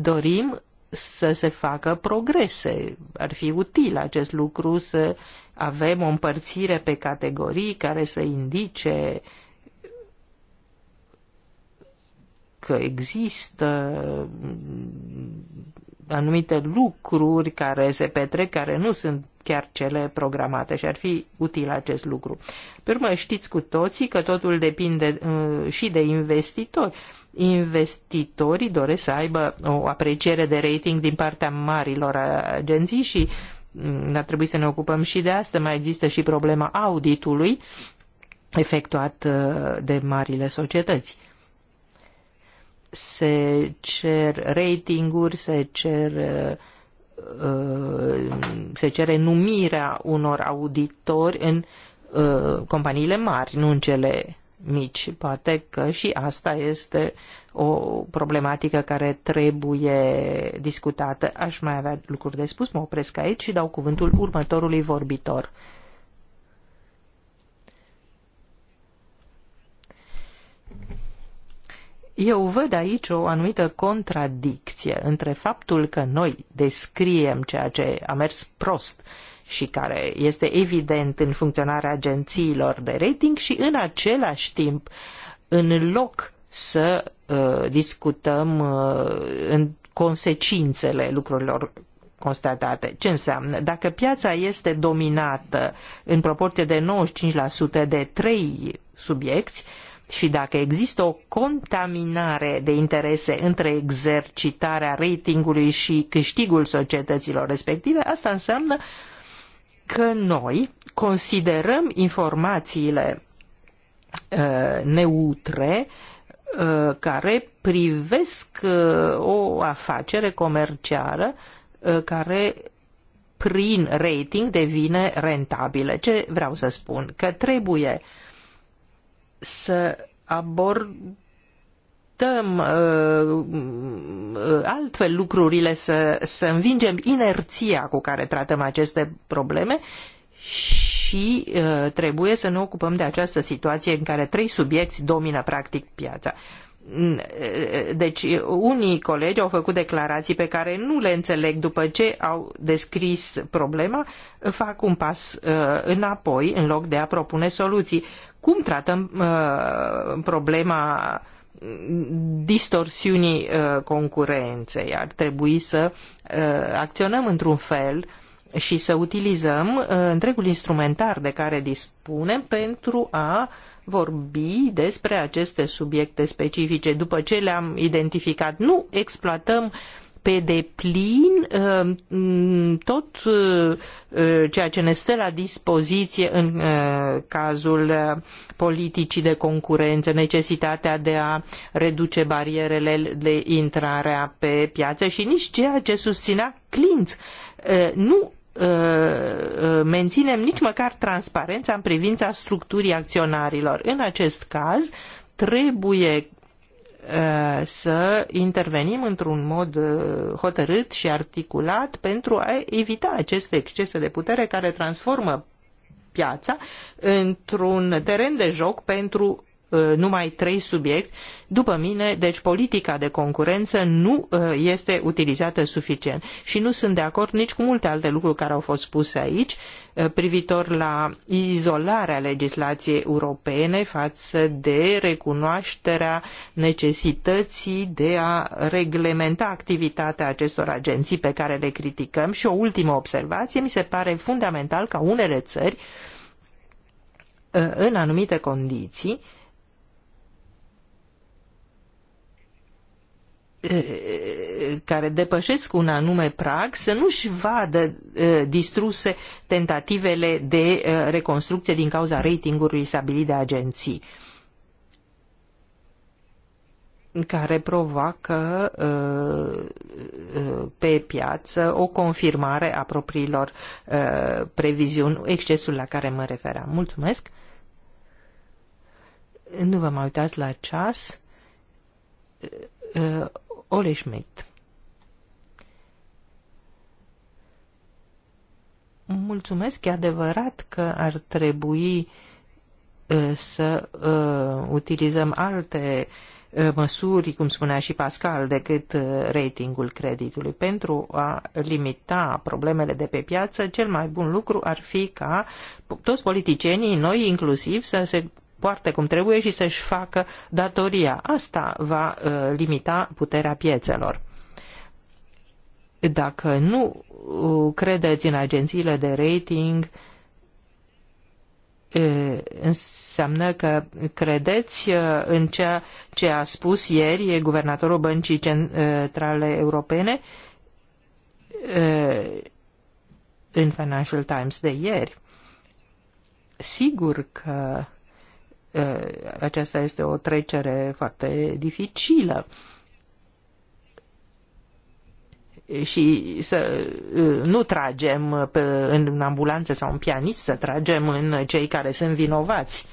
dorim să se facă progrese. Ar fi util acest lucru să avem o împărțire pe categorii care să indice că există anumite lucruri care se petrec, care nu sunt chiar cele programate și ar fi util acest lucru. Pe urmă, știți cu toții că totul depinde uh, și de investitori. Investitorii doresc să aibă o apreciere de rating din partea marilor agenții și ar trebui să ne ocupăm și de asta. Mai există și problema auditului efectuat uh, de marile societăți. Se cer ratinguri, se cer uh, se cere numirea unor auditori în uh, companiile mari, nu în cele mici. Poate că și asta este o problematică care trebuie discutată. Aș mai avea lucruri de spus, mă opresc aici și dau cuvântul următorului vorbitor. Eu văd aici o anumită contradicție între faptul că noi descriem ceea ce a mers prost și care este evident în funcționarea agențiilor de rating și în același timp, în loc să uh, discutăm uh, în consecințele lucrurilor constatate. Ce înseamnă? Dacă piața este dominată în proporție de 95% de trei subiecti și dacă există o contaminare de interese între exercitarea ratingului și câștigul societăților respective, asta înseamnă că noi considerăm informațiile uh, neutre uh, Uh, care privesc uh, o afacere comercială uh, care prin rating devine rentabilă. Ce vreau să spun? Că trebuie să abordăm uh, altfel lucrurile, să, să învingem inerția cu care tratăm aceste probleme și și uh, trebuie să ne ocupăm de această situație în care trei subiecti domină practic piața. Uh, deci, unii colegi au făcut declarații pe care nu le înțeleg după ce au descris problema, fac un pas uh, înapoi în loc de a propune soluții. Cum tratăm uh, problema distorsiunii uh, concurenței? Ar trebui să uh, acționăm într-un fel uh, și să utilizăm uh, întregul instrumentar de care dispunem pentru a vorbi despre aceste subiecte specifice. După ce le-am identificat, nu exploatăm pe deplin uh, tot uh, ceea ce ne stă la dispoziție în cazul politicii de concurență, necesitatea de a reduce barierele de intrare pe piață și nici ceea ce susținea Clint. Nu Uh, uh, menținem nici măcar transparența în privința structurii acționarilor. În acest caz, trebuie uh, să intervenim într-un mod hotărât și articulat pentru a evita aceste excese de putere care transformă piața într-un teren de joc pentru Uh, numai trei subiect. După mine, deci politica de concurență nu uh, este utilizată suficient și nu sunt de acord nici cu multe alte lucruri care au fost spuse aici uh, privitor la izolarea legislației europene față de recunoașterea necesității de a reglementa activitatea acestor agenții pe care le criticăm și o ultimă observație, mi se pare fundamental ca unele țări în anumite condiții Eh, care depășesc un anume prag să nu-și vadă eh, distruse tentativele de eh, reconstrucție din cauza ratingului stabilit de agenții care provoacă pe piață o confirmare a propriilor previziuni, excesul la care mă referam. Mulțumesc! Nu vă mai uitați la ceas Ole Schmidt. Mulțumesc, e adevărat că ar trebui să uh, utilizăm alte măsuri, cum spunea și Pascal, decât ratingul creditului. Pentru a limita problemele de pe piață, cel mai bun lucru ar fi ca toți politicienii, noi inclusiv, să se poarte cum trebuie și să-și facă datoria. Asta va uh, limita puterea piețelor. Dacă nu uh, credeți în agențiile de rating, uh, înseamnă că credeți în ceea ce a spus ieri guvernatorul Băncii Centrale Europene în Financial Times de ieri. Sigur că Eh, aceasta este o trecere foarte dificilă și să eh, nu tragem pe, în ambulanță sau în pianist, să tragem în cei care sunt vinovați.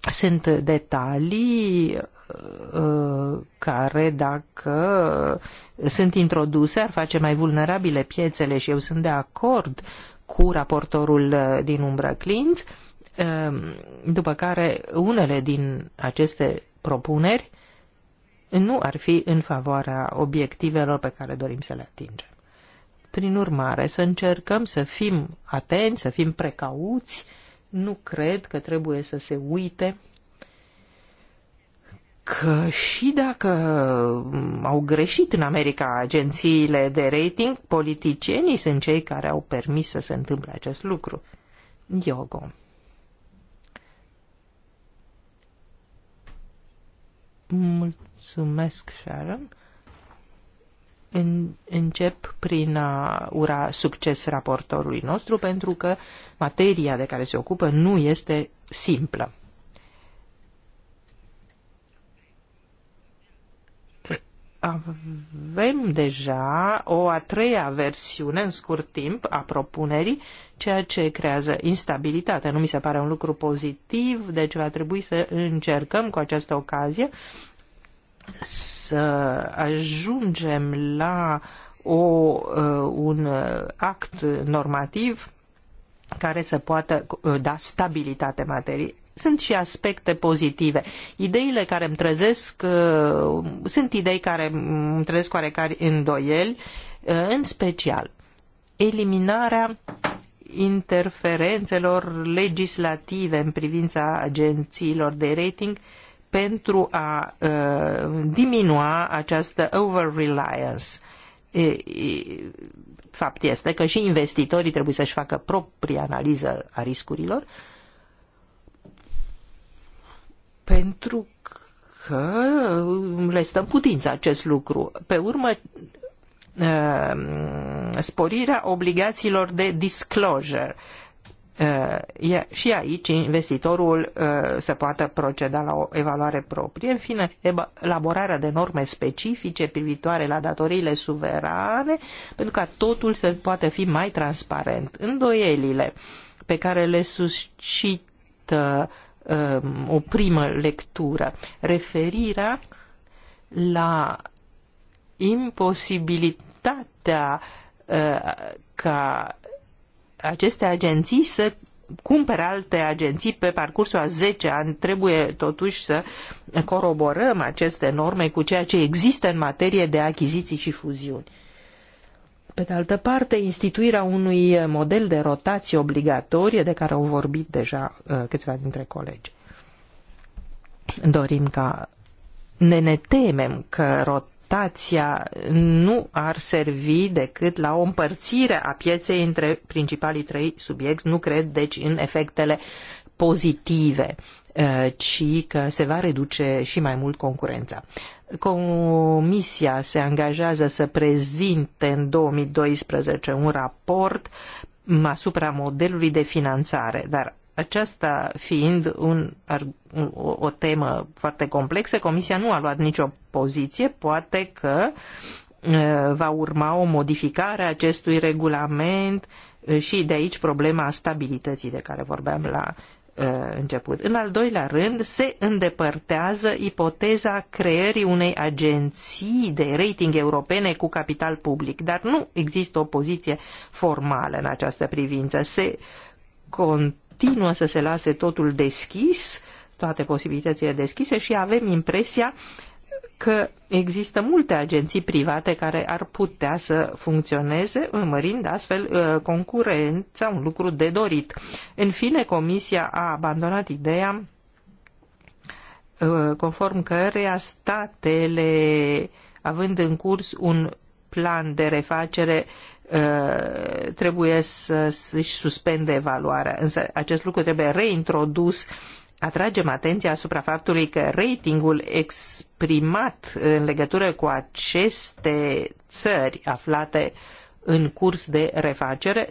Sunt detalii eh, care, dacă sunt introduse, ar face mai vulnerabile piețele și eu sunt de acord cu raportorul din umbră Clint uh, Ehm, după care unele din aceste propuneri nu ar fi în favoarea obiectivelor pe care dorim să le atingem. Prin urmare, să încercăm să fim atenți, să fim precauți, nu cred că trebuie să se uite că și dacă mm, au greșit în America agențiile de rating, politicienii sunt cei care au permis să se întâmple acest lucru. Iogo. Mulțumesc, Sharon. În, încep prin a ura succes raportorului nostru, pentru că materia de care se ocupă nu este simplă. avem deja o a treia versiune în scurt timp a propunerii, ceea ce creează instabilitate. Nu mi se pare un lucru pozitiv, deci va trebui să încercăm cu această ocazie să ajungem la o, uh, un act normativ care să poată uh, da stabilitate materii sunt și aspecte pozitive. Ideile care îmi trezesc uh, sunt idei care îmi trezesc oarecare îndoieli, uh, în special eliminarea interferențelor legislative în privința agențiilor de rating pentru a uh, diminua această over-reliance. Fapt este că și investitorii trebuie să-și facă propria analiză a riscurilor, pentru că le stă în putință acest lucru. Pe urmă, ehm, sporirea obligațiilor de disclosure. Eh, și aici investitorul eh, se poate proceda la o evaluare proprie, în fine, elaborarea de norme specifice privitoare la datoriile suverane, pentru ca totul să poate fi mai transparent. Îndoielile pe care le suscită Um, o primă lectură. Referirea la imposibilitatea uh, ca aceste agenții să cumpere alte agenții pe parcursul a 10 ani. Trebuie totuși să coroborăm aceste norme cu ceea ce există în materie de achiziții și fuziuni. Pe de altă parte, instituirea unui model de rotație obligatorie, de care au vorbit deja uh, câțiva dintre colegi. Dorim ca ne ne temem că rotația nu ar servi decât la o împărțire a pieței între principalii trei subiecti, nu cred deci în efectele pozitive Uh, ci că se va reduce și mai mult concurența. Comisia se angajează să prezinte în 2012 un raport asupra modelului de finanțare, dar aceasta fiind un, o, temă foarte complexă, Comisia nu a luat nicio poziție, poate că uh, va urma o modificare a acestui regulament uh, și de aici problema stabilității de care vorbeam la Uh, început. În al doilea rând, se îndepărtează ipoteza creării unei agenții de rating europene cu capital public, dar nu există o poziție formală în această privință. Se continuă să se lase totul deschis, toate posibilitățile deschise și avem impresia uh, că există multe agenții private care ar putea să funcționeze, înmărind astfel uh, concurența, un lucru de dorit. În fine, Comisia a abandonat ideea uh, conform căreia statele, având în curs un plan de refacere, uh, trebuie să își suspende evaluarea. Însă acest lucru trebuie reintrodus atragem atenția asupra faptului că ratingul exprimat în legătură cu aceste țări aflate în curs de refacere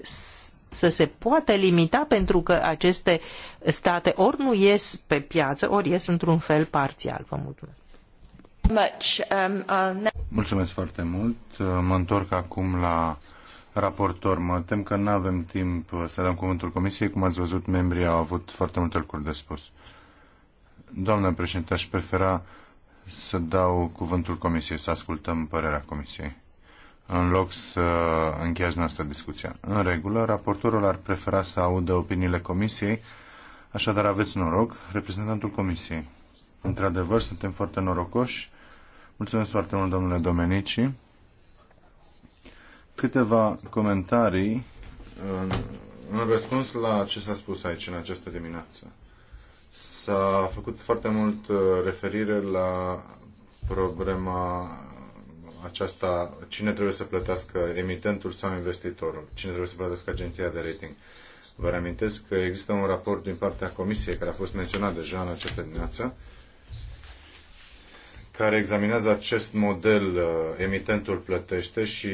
să se poată limita pentru că aceste state ori nu ies pe piață, ori ies într-un fel parțial. Vă mulțumesc. Um, mulțumesc foarte mult. Mă întorc acum la raportor. Mă tem că nu avem timp să dăm cuvântul Comisiei. Cum ați văzut, membrii au avut foarte multe lucruri de spus. Doamnă președinte, aș prefera să dau cuvântul Comisiei, să ascultăm părerea Comisiei, în loc să încheiați noastră discuția. În regulă, raportorul ar prefera să audă opiniile Comisiei, așadar aveți noroc, reprezentantul Comisiei. Într-adevăr, suntem foarte norocoși. Mulțumesc foarte mult, domnule Domenici. Câteva comentarii în, în răspuns la ce s-a spus aici în această dimineață. S-a făcut foarte mult uh, referire la problema aceasta, cine trebuie să plătească emitentul sau investitorul, cine trebuie să plătească agenția de rating. Vă reamintesc că există un raport din partea Comisiei care a fost menționat deja în această dimineață care examinează acest model uh, emitentul plătește și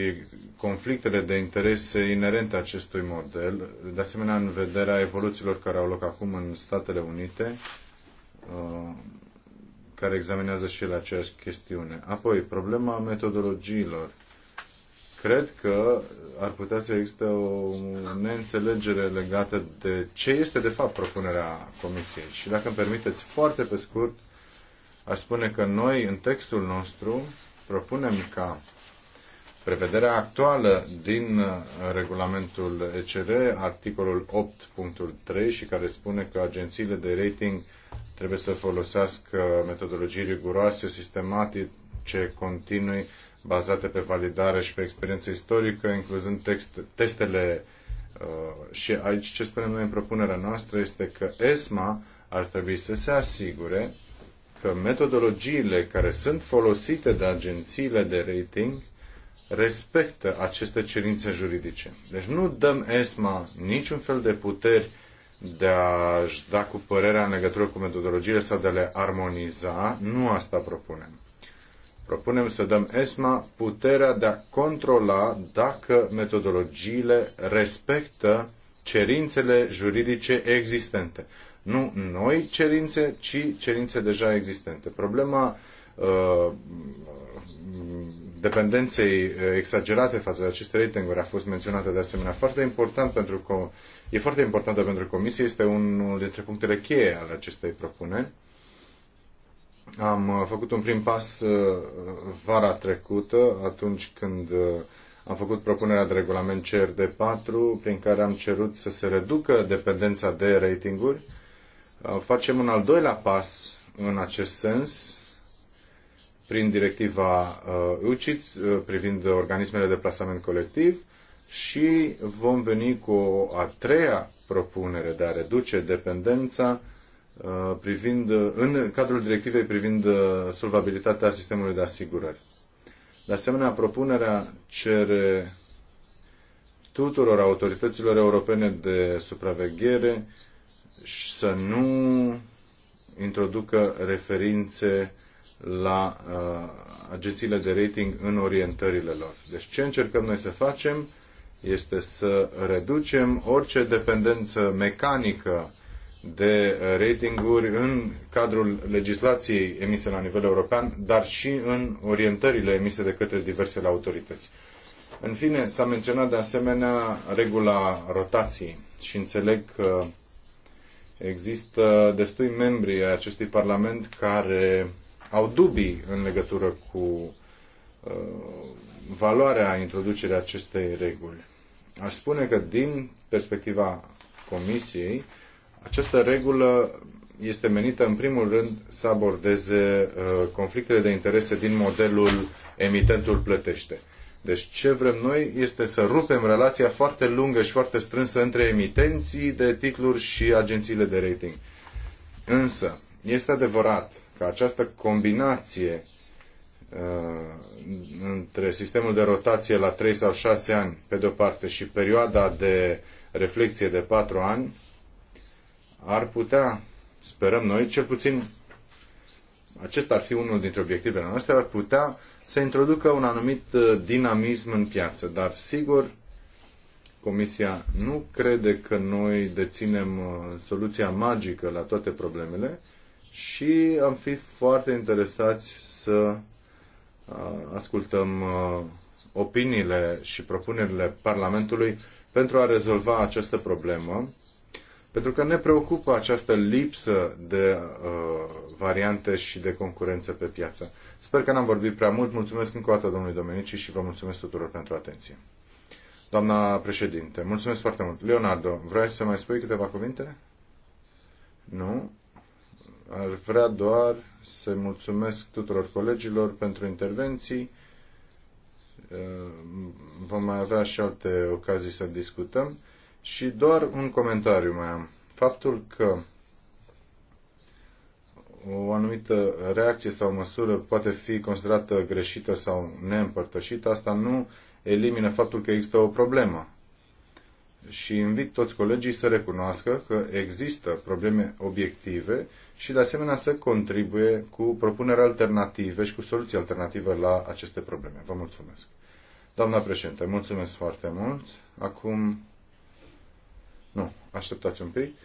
conflictele de interese inerente acestui model, de asemenea în vederea evoluțiilor care au loc acum în Statele Unite, uh, care examinează și la aceeași chestiune. Apoi, problema metodologiilor. Cred că ar putea să existe o neînțelegere legată de ce este de fapt propunerea Comisiei. Și dacă îmi permiteți foarte pe scurt, a spune că noi, în textul nostru, propunem ca prevederea actuală din uh, regulamentul ECR, articolul 8.3 și care spune că agențiile de rating trebuie să folosească metodologii riguroase, sistematice, continui, bazate pe validare și pe experiență istorică, incluzând text, testele uh, și aici ce spunem noi în propunerea noastră este că ESMA ar trebui să se asigure că metodologiile care sunt folosite de agențiile de rating respectă aceste cerințe juridice. Deci nu dăm ESMA niciun fel de puteri de a-și da cu părerea în legătură cu metodologiile sau de a le armoniza. Nu asta propunem. Propunem să dăm ESMA puterea de a controla dacă metodologiile respectă cerințele juridice existente. Nu noi cerințe, ci cerințe deja existente. Problema uh, dependenței uh, exagerate față de aceste ratinguri a fost menționată de asemenea. Foarte important pentru că e foarte importantă pentru Comisie, este unul dintre punctele cheie ale acestei propuneri. Am uh, făcut un prim pas vara trecută, atunci când am făcut propunerea de regulament CRD4, prin care am cerut să se reducă dependența de ratinguri Uh, facem un al doilea pas în acest sens prin directiva uh, UCITS uh, privind organismele de plasament colectiv și vom veni cu o a treia propunere de a reduce dependența privind, în cadrul directivei privind solvabilitatea sistemului de asigurări. De asemenea, propunerea cere tuturor autorităților europene de supraveghere și să nu introducă referințe la uh, agențiile de rating în orientările lor. Deci ce încercăm noi să facem este să reducem orice dependență mecanică de ratinguri în cadrul legislației emise la nivel european, dar și în orientările emise de către diversele autorități. În fine, s-a menționat de asemenea regula rotației și înțeleg că Există destui membri ai acestui Parlament care au dubii în legătură cu uh, valoarea introducerii acestei reguli. Aș spune că din perspectiva Comisiei, această regulă este menită în primul rând să abordeze uh, conflictele de interese din modelul emitentul plătește. Deci ce vrem noi este să rupem relația foarte lungă și foarte strânsă între emitenții de titluri și agențiile de rating. Însă, este adevărat că această combinație uh, între sistemul de rotație la 3 sau 6 ani, pe de-o parte, și perioada de reflexie de 4 ani, ar putea, sperăm noi, cel puțin acesta ar fi unul dintre obiectivele noastre, ar putea să introducă un anumit uh, dinamism în piață. Dar, sigur, Comisia nu crede că noi deținem uh, soluția magică la toate problemele și am fi foarte interesați să uh, ascultăm opiniile și propunerile Parlamentului pentru a rezolva această problemă pentru că ne preocupă această lipsă de uh, variante și de concurență pe piață. Sper că n-am vorbit prea mult. Mulțumesc încă o dată domnului Domenici și vă mulțumesc tuturor pentru atenție. Doamna președinte, mulțumesc foarte mult. Leonardo, vrei să mai spui câteva cuvinte? Nu? Ar vrea doar să mulțumesc tuturor colegilor pentru intervenții. Uh, vom mai avea și alte ocazii să discutăm. Și doar un comentariu mai am. Faptul că o anumită reacție sau măsură poate fi considerată greșită sau neîmpărtășită, asta nu elimină faptul că există o problemă. Și invit toți colegii să recunoască că există probleme obiective și de asemenea să contribuie cu propuneri alternative și cu soluții alternative la aceste probleme. Vă mulțumesc. Doamna președinte, mulțumesc foarte mult. Acum nu, așteptați un pic.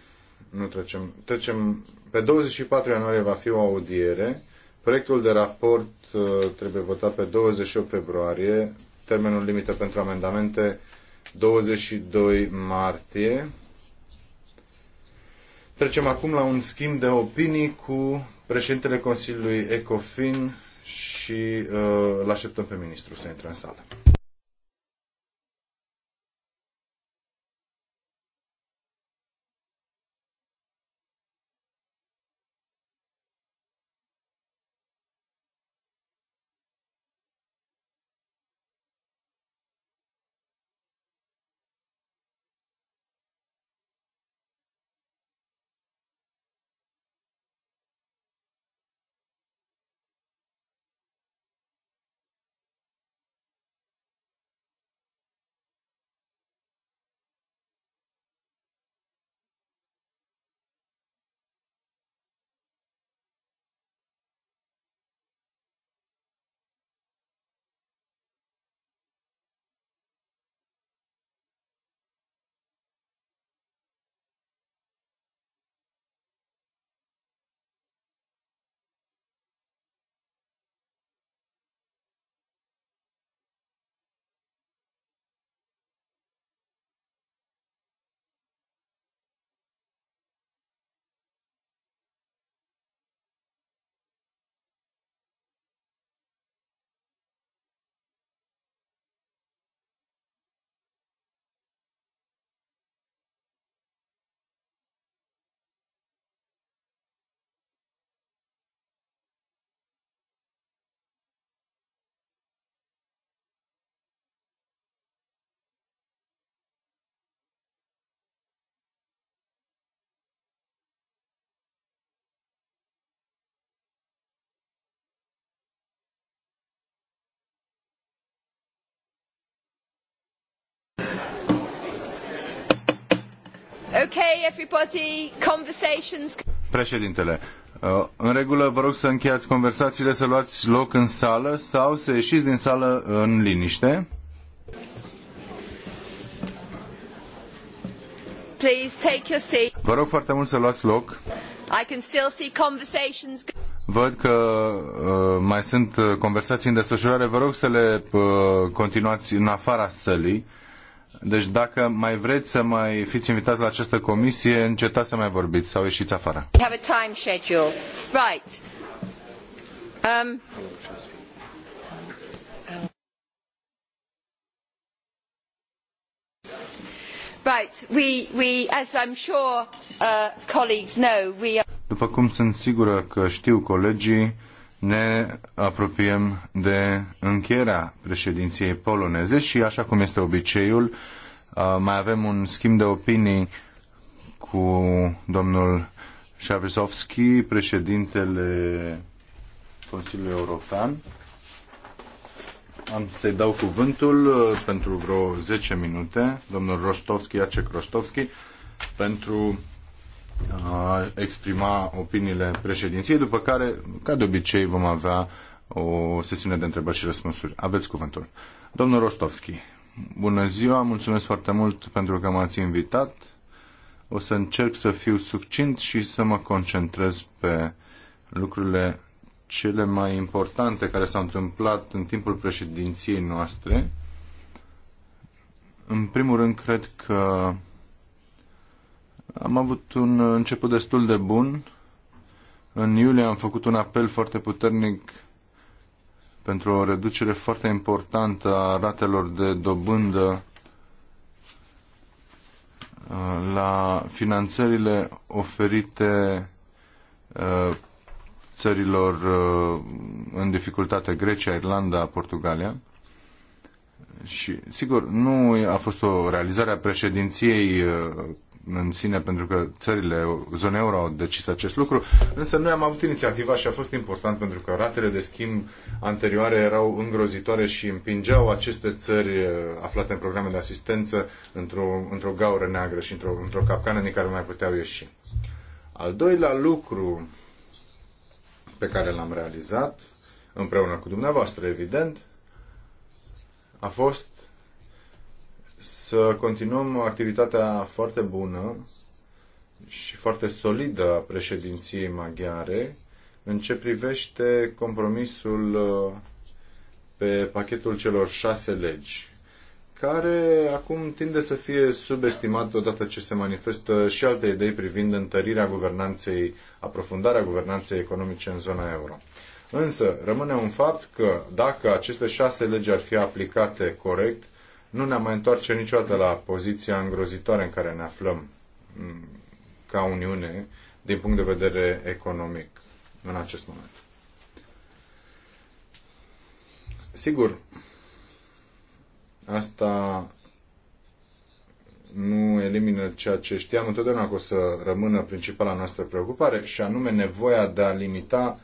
Nu trecem. Trecem. Pe 24 ianuarie va fi o audiere. Proiectul de raport uh, trebuie votat pe 28 februarie. Termenul limită pentru amendamente 22 martie. Trecem acum la un schimb de opinii cu președintele Consiliului ECOFIN și uh, îl așteptăm pe ministru să intre în sală. Okay, everybody, conversations. Președintele, uh, în regulă vă rog să încheiați conversațiile, să luați loc în sală sau să ieșiți din sală în liniște. Please take your seat. Vă rog foarte mult să luați loc. I can still see conversations. Văd că uh, mai sunt uh, conversații în desfășurare. Vă rog să le uh, continuați în afara sălii. Deci dacă mai vreți să mai fiți invitați la această comisie, încetați să mai vorbiți sau ieșiți afară. We have a time schedule. Right. Um... Right, we, we, as I'm sure uh, colleagues know, we are... După cum sunt sigură că știu colegii, ne apropiem de încheierea președinției poloneze și, așa cum este obiceiul, mai avem un schimb de opinii cu domnul Șavisovski, președintele Consiliului European. Am să-i dau cuvântul pentru vreo 10 minute, domnul Roștovski, Acek Roștovski, pentru a exprima opiniile președinției, după care, ca de obicei, vom avea o sesiune de întrebări și răspunsuri. Aveți cuvântul. Domnul Rostovski, bună ziua, mulțumesc foarte mult pentru că m-ați invitat. O să încerc să fiu succint și să mă concentrez pe lucrurile cele mai importante care s-au întâmplat în timpul președinției noastre. În primul rând, cred că am avut un început destul de bun. În iulie am făcut un apel foarte puternic pentru o reducere foarte importantă a ratelor de dobândă uh, la finanțările oferite uh, țărilor uh, în dificultate, Grecia, Irlanda, Portugalia. Și, sigur, nu a fost o realizare a președinției în sine, pentru că țările, zone euro au decis acest lucru, însă noi am avut inițiativa și a fost important pentru că ratele de schimb anterioare erau îngrozitoare și împingeau aceste țări eh, aflate în programe de asistență într-o, într-o gaură neagră și într-o, într-o capcană din care nu mai puteau ieși. Al doilea lucru pe care l-am realizat, împreună cu dumneavoastră, evident, a fost să continuăm activitatea foarte bună și foarte solidă a președinției maghiare în ce privește compromisul uh, pe pachetul celor șase legi, care acum tinde să fie subestimat odată ce se manifestă și alte idei privind întărirea guvernanței, aprofundarea guvernanței economice în zona euro. Însă rămâne un fapt că dacă aceste șase legi ar fi aplicate corect, nu ne-am mai întoarce niciodată la poziția îngrozitoare în care ne aflăm mm, ca Uniune din punct de vedere economic în acest moment. Sigur, asta nu elimină ceea ce știam întotdeauna că o să rămână principala noastră preocupare și anume nevoia de a limita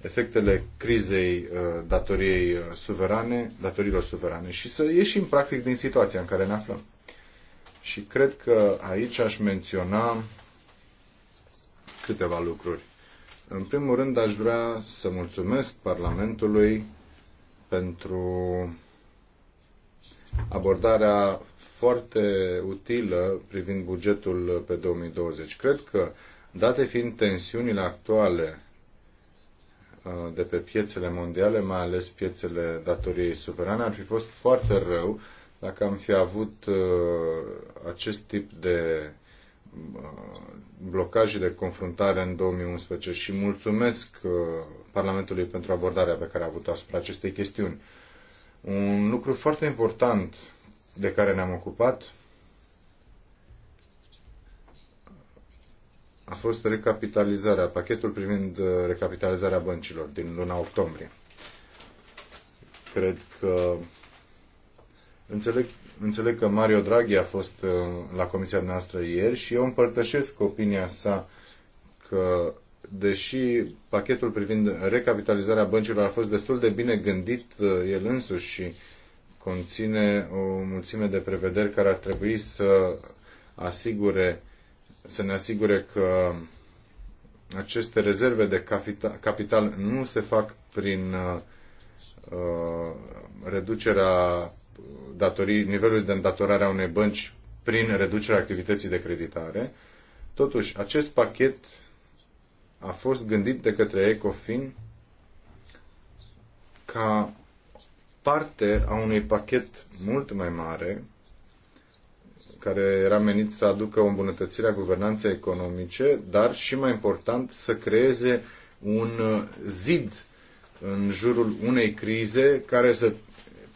efectele crizei uh, datoriei uh, suverane, datorilor suverane și să ieșim practic din situația în care ne aflăm. Și cred că aici aș menționa câteva lucruri. În primul rând aș vrea să mulțumesc Parlamentului pentru abordarea foarte utilă privind bugetul pe 2020. Cred că, date fiind tensiunile actuale Uh, de pe piețele mondiale, mai ales piețele datoriei suverane, ar fi fost foarte rău dacă am fi avut uh, acest tip de uh, blocaje de confruntare în 2011 și mulțumesc Parlamentului pentru abordarea pe care a avut-o asupra acestei chestiuni. Un lucru foarte important de care ne-am ocupat a fost recapitalizarea, pachetul privind uh, recapitalizarea băncilor din luna octombrie. Cred că înțeleg, înțeleg că Mario Draghi a fost uh, la comisia noastră ieri și eu împărtășesc opinia sa că deși pachetul privind recapitalizarea băncilor a fost destul de bine gândit uh, el însuși și conține o mulțime de prevederi care ar trebui să asigure să ne asigure că aceste rezerve de capital nu se fac prin uh, reducerea datorii, nivelului de îndatorare a unei bănci prin reducerea activității de creditare. Totuși, acest pachet a fost gândit de către Ecofin ca parte a unui pachet mult mai mare care era menit să aducă o îmbunătățire a guvernanței economice, dar și mai important să creeze un zid în jurul unei crize care să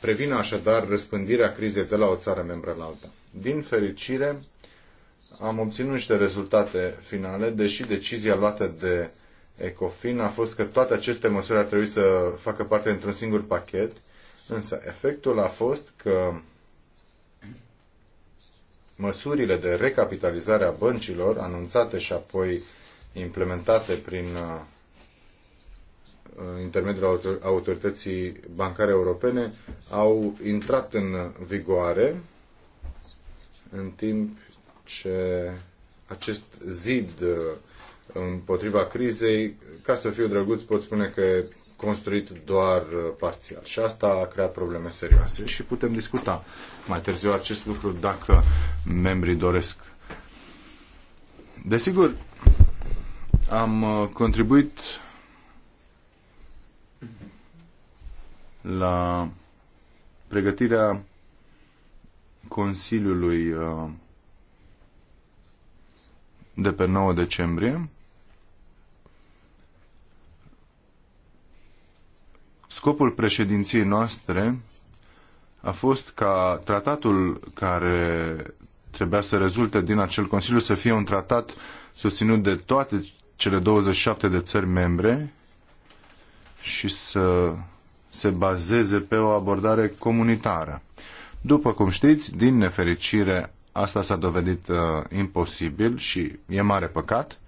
prevină așadar răspândirea crizei de la o țară membră la alta. Din fericire, am obținut niște rezultate finale, deși decizia luată de ECOFIN a fost că toate aceste măsuri ar trebui să facă parte într-un singur pachet, însă efectul a fost că măsurile de recapitalizare a băncilor anunțate și apoi implementate prin uh, uh, intermediul autorității bancare europene au intrat în vigoare în timp ce acest zid uh, împotriva crizei, ca să fiu drăguț, pot spune că e construit doar uh, parțial. Și asta a creat probleme serioase și putem discuta mai târziu acest lucru dacă membrii doresc. Desigur, am uh, contribuit la pregătirea Consiliului uh, de pe 9 decembrie Scopul președinției noastre a fost ca tratatul care trebuia să rezulte din acel Consiliu să fie un tratat susținut de toate cele 27 de țări membre și să se bazeze pe o abordare comunitară. După cum știți, din nefericire, asta s-a dovedit uh, imposibil și e mare păcat,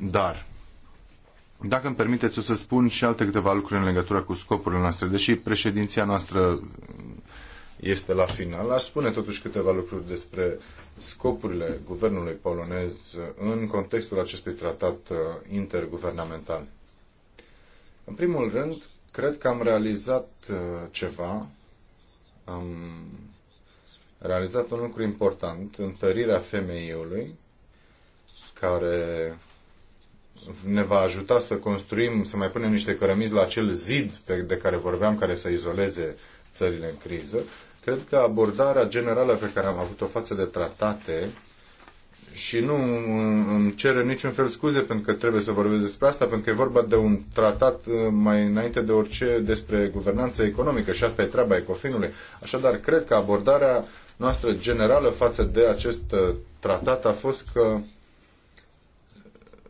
dar dacă îmi permiteți, o să spun și alte câteva lucruri în legătură cu scopurile noastre. Deși președinția noastră este la final, aș spune totuși câteva lucruri despre scopurile guvernului polonez în contextul acestui tratat uh, interguvernamental. În primul rând, cred că am realizat uh, ceva, am realizat un lucru important, întărirea femeiului, care ne va ajuta să construim, să mai punem niște cărămizi la acel zid pe, de care vorbeam, care să izoleze țările în criză. Cred că abordarea generală pe care am avut-o față de tratate și nu îmi cere niciun fel scuze pentru că trebuie să vorbesc despre asta, pentru că e vorba de un tratat uh, mai înainte de orice despre guvernanță economică și asta e treaba Ecofinului. Așadar, cred că abordarea noastră generală față de acest uh, tratat a fost că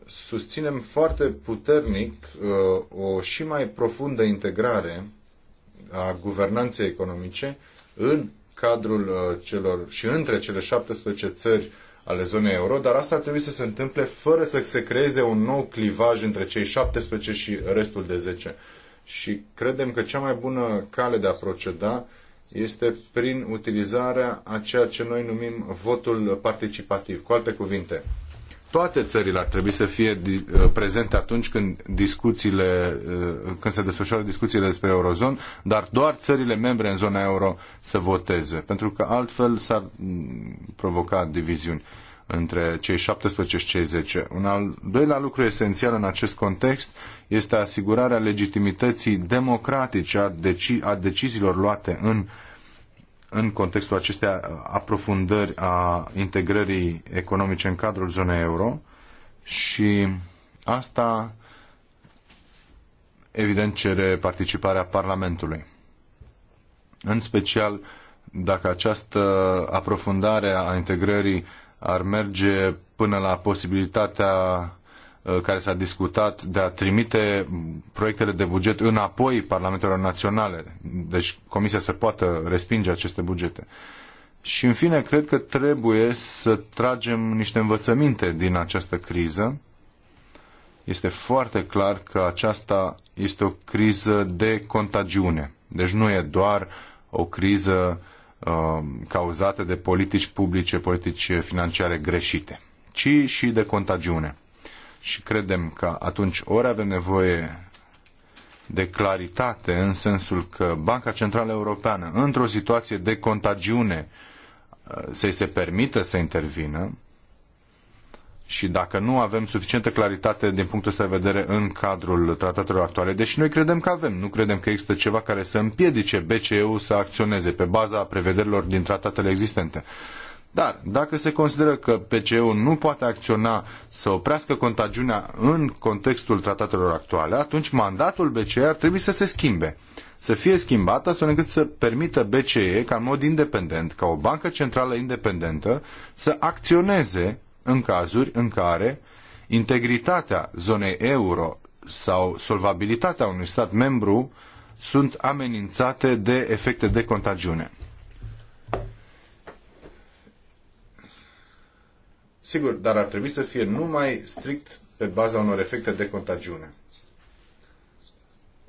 susținem foarte puternic uh, o și mai profundă integrare a guvernanței economice în cadrul uh, celor și între cele 17 țări ale zonei euro, dar asta ar trebui să se întâmple fără să se creeze un nou clivaj între cei 17 și restul de 10. Și credem că cea mai bună cale de a proceda este prin utilizarea a ceea ce noi numim votul participativ. Cu alte cuvinte, toate țările ar trebui să fie uh, prezente atunci când, discuțiile, uh, când se desfășoară discuțiile despre eurozon, dar doar țările membre în zona euro să voteze, pentru că altfel s-ar mm, provoca diviziuni între cei 17 și cei 10. Un al doilea lucru esențial în acest context este asigurarea legitimității democratice a, deci, a deciziilor luate în în contextul acestei aprofundări a integrării economice în cadrul zonei euro și asta evident cere participarea Parlamentului. În special dacă această aprofundare a integrării ar merge până la posibilitatea Uh, care s-a discutat de a trimite proiectele de buget înapoi Parlamentelor Naționale. Deci Comisia să poată respinge aceste bugete. Și în fine, cred că trebuie să tragem niște învățăminte din această criză. Este foarte clar că aceasta este o criză de contagiune. Deci nu e doar o criză uh, cauzată de politici publice, politici financiare greșite, ci și de contagiune și credem că atunci ori avem nevoie de claritate în sensul că Banca Centrală Europeană, într-o situație de contagiune, să-i se permită să intervină și dacă nu avem suficientă claritate din punctul ăsta de vedere în cadrul tratatelor actuale, deși noi credem că avem, nu credem că există ceva care să împiedice BCE-ul să acționeze pe baza prevederilor din tratatele existente. Dar dacă se consideră că PCE-ul nu poate acționa să oprească contagiunea în contextul tratatelor actuale, atunci mandatul BCE ar trebui să se schimbe. Să fie schimbat astfel încât să permită BCE ca în mod independent, ca o bancă centrală independentă, să acționeze în cazuri în care integritatea zonei euro sau solvabilitatea unui stat membru sunt amenințate de efecte de contagiune. Sigur, dar ar trebui să fie numai strict pe baza unor efecte de contagiune.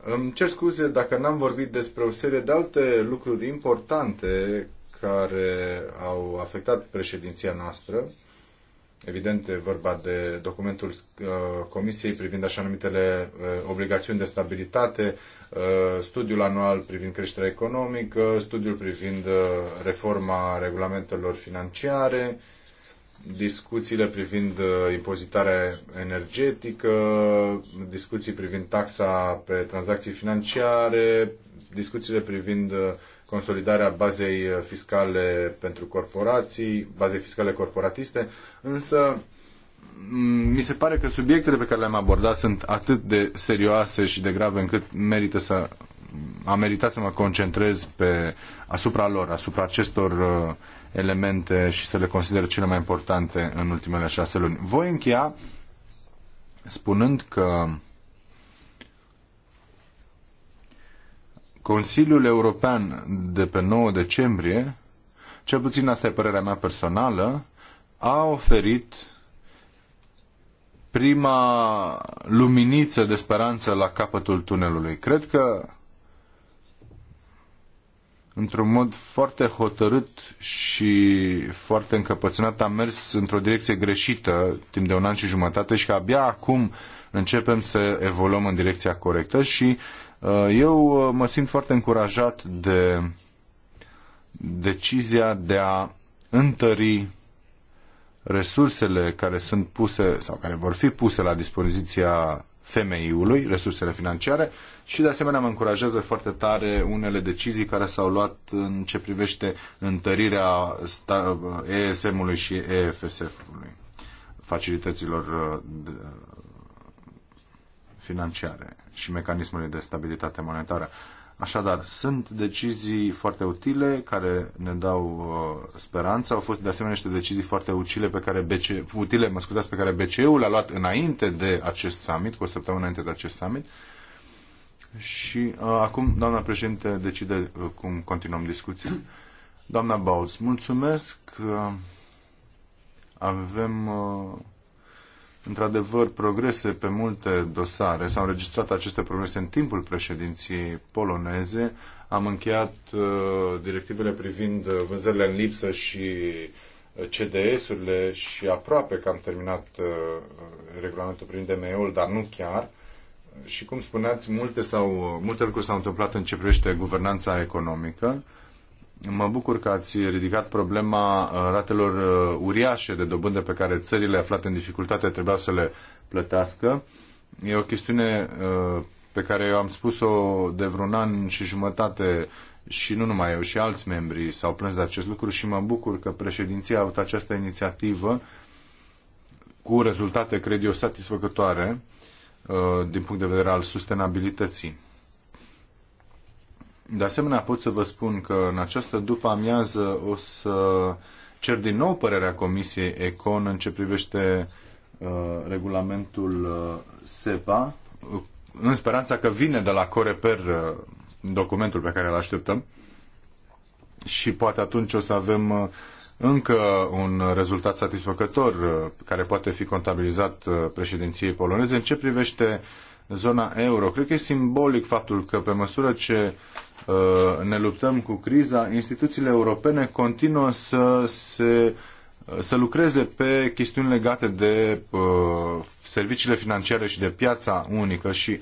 Îmi cer scuze dacă n-am vorbit despre o serie de alte lucruri importante care au afectat președinția noastră. Evident, e vorba de documentul uh, Comisiei privind așa numitele uh, obligațiuni de stabilitate, uh, studiul anual privind creșterea economică, studiul privind uh, reforma regulamentelor financiare, discuțiile privind uh, impozitarea energetică, discuții privind taxa pe tranzacții financiare, discuțiile privind uh, consolidarea bazei fiscale pentru corporații, bazei fiscale corporatiste, însă mm, mi se pare că subiectele pe care le-am abordat sunt atât de serioase și de grave încât merită să am meritat să mă concentrez pe asupra lor, asupra acestor uh, elemente și să le consider cele mai importante în ultimele șase luni. Voi încheia spunând că Consiliul European de pe 9 decembrie, cel puțin asta e părerea mea personală, a oferit prima luminiță de speranță la capătul tunelului. Cred că într-un mod foarte hotărât și foarte încăpățânat am mers într-o direcție greșită timp de un an și jumătate și că abia acum începem să evoluăm în direcția corectă și uh, eu uh, mă simt foarte încurajat de decizia de a întări resursele care sunt puse sau care vor fi puse la dispoziția FMI-ului, resursele financiare și de asemenea mă încurajează foarte tare unele decizii care s-au luat în ce privește întărirea ESM-ului și EFSF-ului, facilităților uh, uh, financiare și mecanismului de stabilitate monetară. Așadar, sunt decizii foarte utile care ne dau uh, speranță. Au fost de asemenea niște decizii foarte utile pe care, BC, utile, mă scuzați, pe care BCE-ul a luat înainte de acest summit, cu o săptămână înainte de acest summit. Și uh, acum, doamna președinte, decide uh, cum continuăm discuția. Doamna Bauz, mulțumesc. Uh, avem... Uh, într-adevăr progrese pe multe dosare. S-au înregistrat aceste progrese în timpul președinției poloneze. Am încheiat uh, directivele privind uh, vânzările în lipsă și uh, CDS-urile și aproape că am terminat uh, regulamentul privind DME-ul, dar nu chiar. Și cum spuneați, multe, s uh, multe lucruri s-au întâmplat în ce privește guvernanța economică. Uh, Mă bucur că ați ridicat problema uh, ratelor uh, uriașe de dobândă pe care țările aflate în dificultate trebuia să le plătească. E o chestiune uh, pe care eu am spus-o de vreun an și jumătate și nu numai eu, și alți membri s-au plâns de acest lucru și mă bucur că președinția a avut această inițiativă cu rezultate, cred eu, satisfăcătoare din punct de vedere al sustenabilității. De asemenea, pot să vă spun că în această după amiază o să cer din nou părerea Comisiei Econ în ce privește uh, regulamentul uh, SEPA, în speranța că vine de la Coreper uh, documentul pe care îl așteptăm și poate atunci o să avem uh, încă un rezultat satisfăcător uh, care poate fi contabilizat uh, președinției poloneze în ce privește zona euro. Cred că e simbolic faptul că pe măsură ce Uh, ne luptăm cu criza, instituțiile europene continuă să, se, uh, să lucreze pe chestiuni legate de uh, serviciile financiare și de piața unică și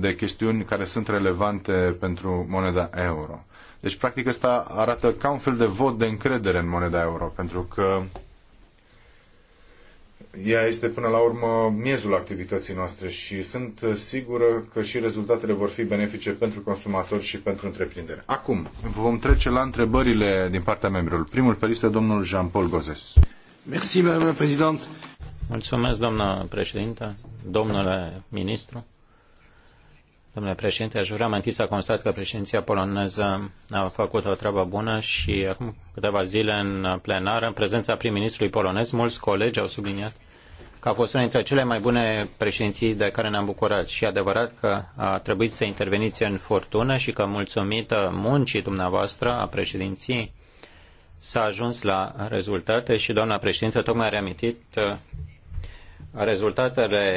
de chestiuni care sunt relevante pentru moneda euro. Deci, practic, asta arată ca un fel de vot de încredere în moneda euro, pentru că ea este până la urmă miezul activității noastre și sunt uh, sigură că și rezultatele vor fi benefice pentru consumatori și pentru întreprindere. Acum, vom trece la întrebările din partea membrilor. Primul pe listă, domnul Jean-Paul Gozes. Merci, doamnă președinte. Mulțumesc, doamnă președintă, domnule ministru. Domnule președinte, aș vrea mai întâi să constat că președinția poloneză a făcut o treabă bună și acum câteva zile în plenar, în prezența prim-ministrului polonez, mulți colegi au subliniat că a fost una dintre cele mai bune președinții de care ne-am bucurat și e adevărat că a trebuit să interveniți în furtună și că mulțumită muncii dumneavoastră a președinției s-a ajuns la rezultate și doamna președintă tocmai a reamintit uh, rezultatele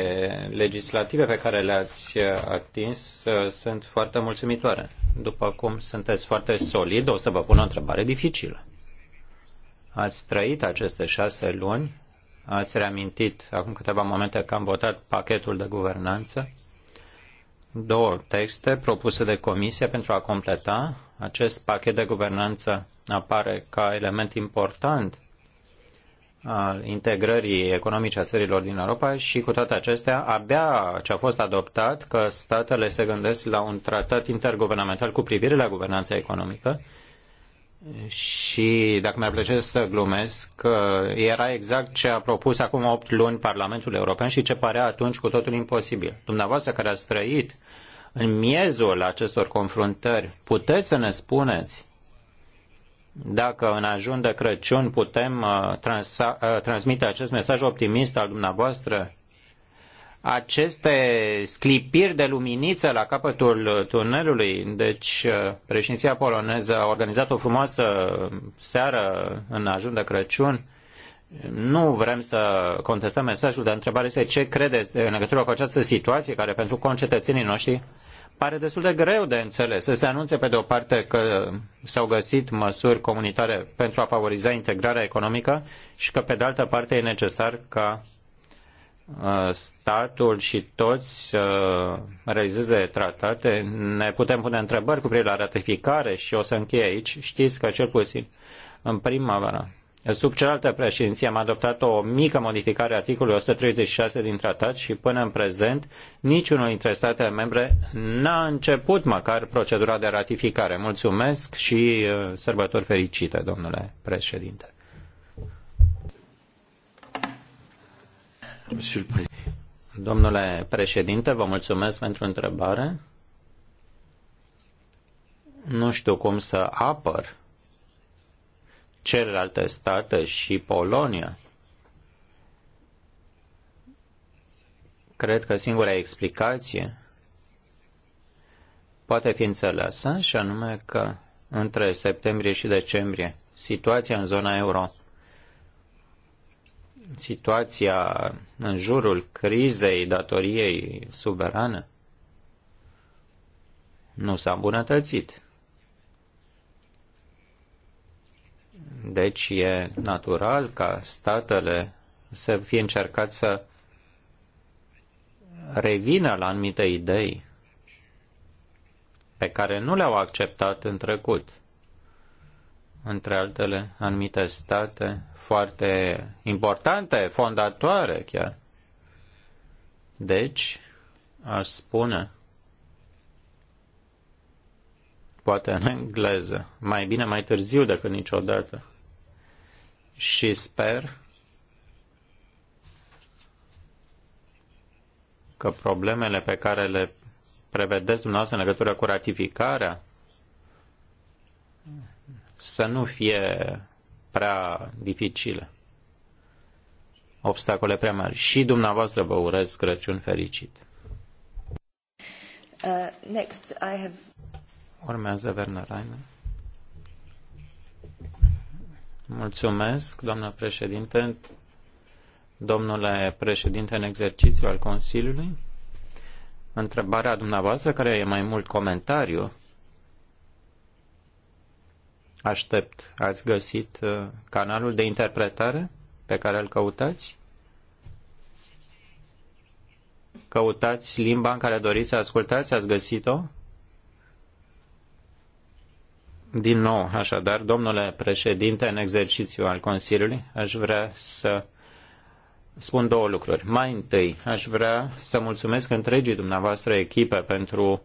legislative pe care le-ați uh, atins uh, sunt foarte mulțumitoare. După cum sunteți foarte solid, o să vă pun o întrebare dificilă. Ați trăit aceste șase luni Ați reamintit acum câteva momente că am votat pachetul de guvernanță. Două texte propuse de comisie pentru a completa. Acest pachet de guvernanță apare ca element important al integrării economice a țărilor din Europa și cu toate acestea, abia ce a fost adoptat, că statele se gândesc la un tratat interguvernamental cu privire la guvernanța economică, și, dacă mi-ar plăcea să glumesc, era exact ce a propus acum 8 luni Parlamentul European și ce părea atunci cu totul imposibil. Dumneavoastră care a trăit în miezul acestor confruntări, puteți să ne spuneți dacă în ajun de Crăciun putem uh, transa, uh, transmite acest mesaj optimist al dumneavoastră aceste sclipiri de luminiță la capătul tunelului. Deci, uh, președinția poloneză a organizat o frumoasă seară în ajun de Crăciun. Nu vrem să contestăm mesajul, dar întrebarea este ce credeți în legătură cu această situație care pentru concetățenii noștri pare destul de greu de înțeles. Să se anunțe pe de o parte că s-au găsit măsuri comunitare pentru a favoriza integrarea economică și că pe de altă parte e necesar ca Uh, statul și toți să realizeze tratate. Ne putem pune întrebări cu privire la ratificare și o să închei aici. Știți că cel puțin în primăvară Sub cealaltă președinție am adoptat o mică modificare a articolului 136 din tratat și până în prezent niciunul dintre statele membre n-a început măcar procedura de ratificare. Mulțumesc și uh, sărbători fericite, domnule președinte. Domnule președinte, vă mulțumesc pentru întrebare. Nu știu cum să apăr celelalte state și Polonia. Cred că singura explicație poate fi înțeleasă, și anume că între septembrie și decembrie situația în zona euro situația în jurul crizei datoriei suverană nu s-a îmbunătățit. Deci e natural ca statele să fie încercat să revină la anumite idei pe care nu le-au acceptat în trecut între altele, anumite state foarte importante, fondatoare chiar. Deci, aș spune, poate în engleză, mai bine mai târziu decât niciodată. Și sper că problemele pe care le prevedeți dumneavoastră în legătură cu ratificarea să nu fie prea dificile, obstacole prea mari. Și dumneavoastră vă urez Crăciun fericit. Uh, next I have... Urmează Werner Reiner. Mulțumesc, doamnă președinte. Domnule președinte în exercițiu al Consiliului, întrebarea dumneavoastră, care e mai mult comentariu, Aștept. Ați găsit uh, canalul de interpretare pe care îl căutați? Căutați limba în care doriți să ascultați? Ați găsit-o? Din nou, așadar, domnule președinte, în exercițiu al Consiliului, aș vrea să spun două lucruri. Mai întâi, aș vrea să mulțumesc întregii dumneavoastră echipe pentru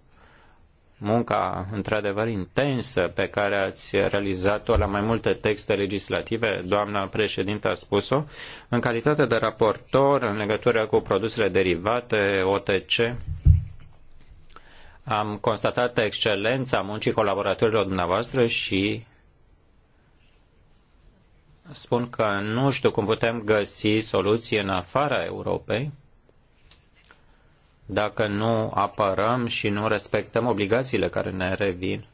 munca într-adevăr intensă pe care ați realizat-o la mai multe texte legislative, doamna președintă a spus-o, în calitate de raportor în legătură cu produsele derivate, OTC, am constatat excelența muncii colaboratorilor dumneavoastră și spun că nu știu cum putem găsi soluții în afara Europei dacă nu apărăm și nu respectăm obligațiile care ne revin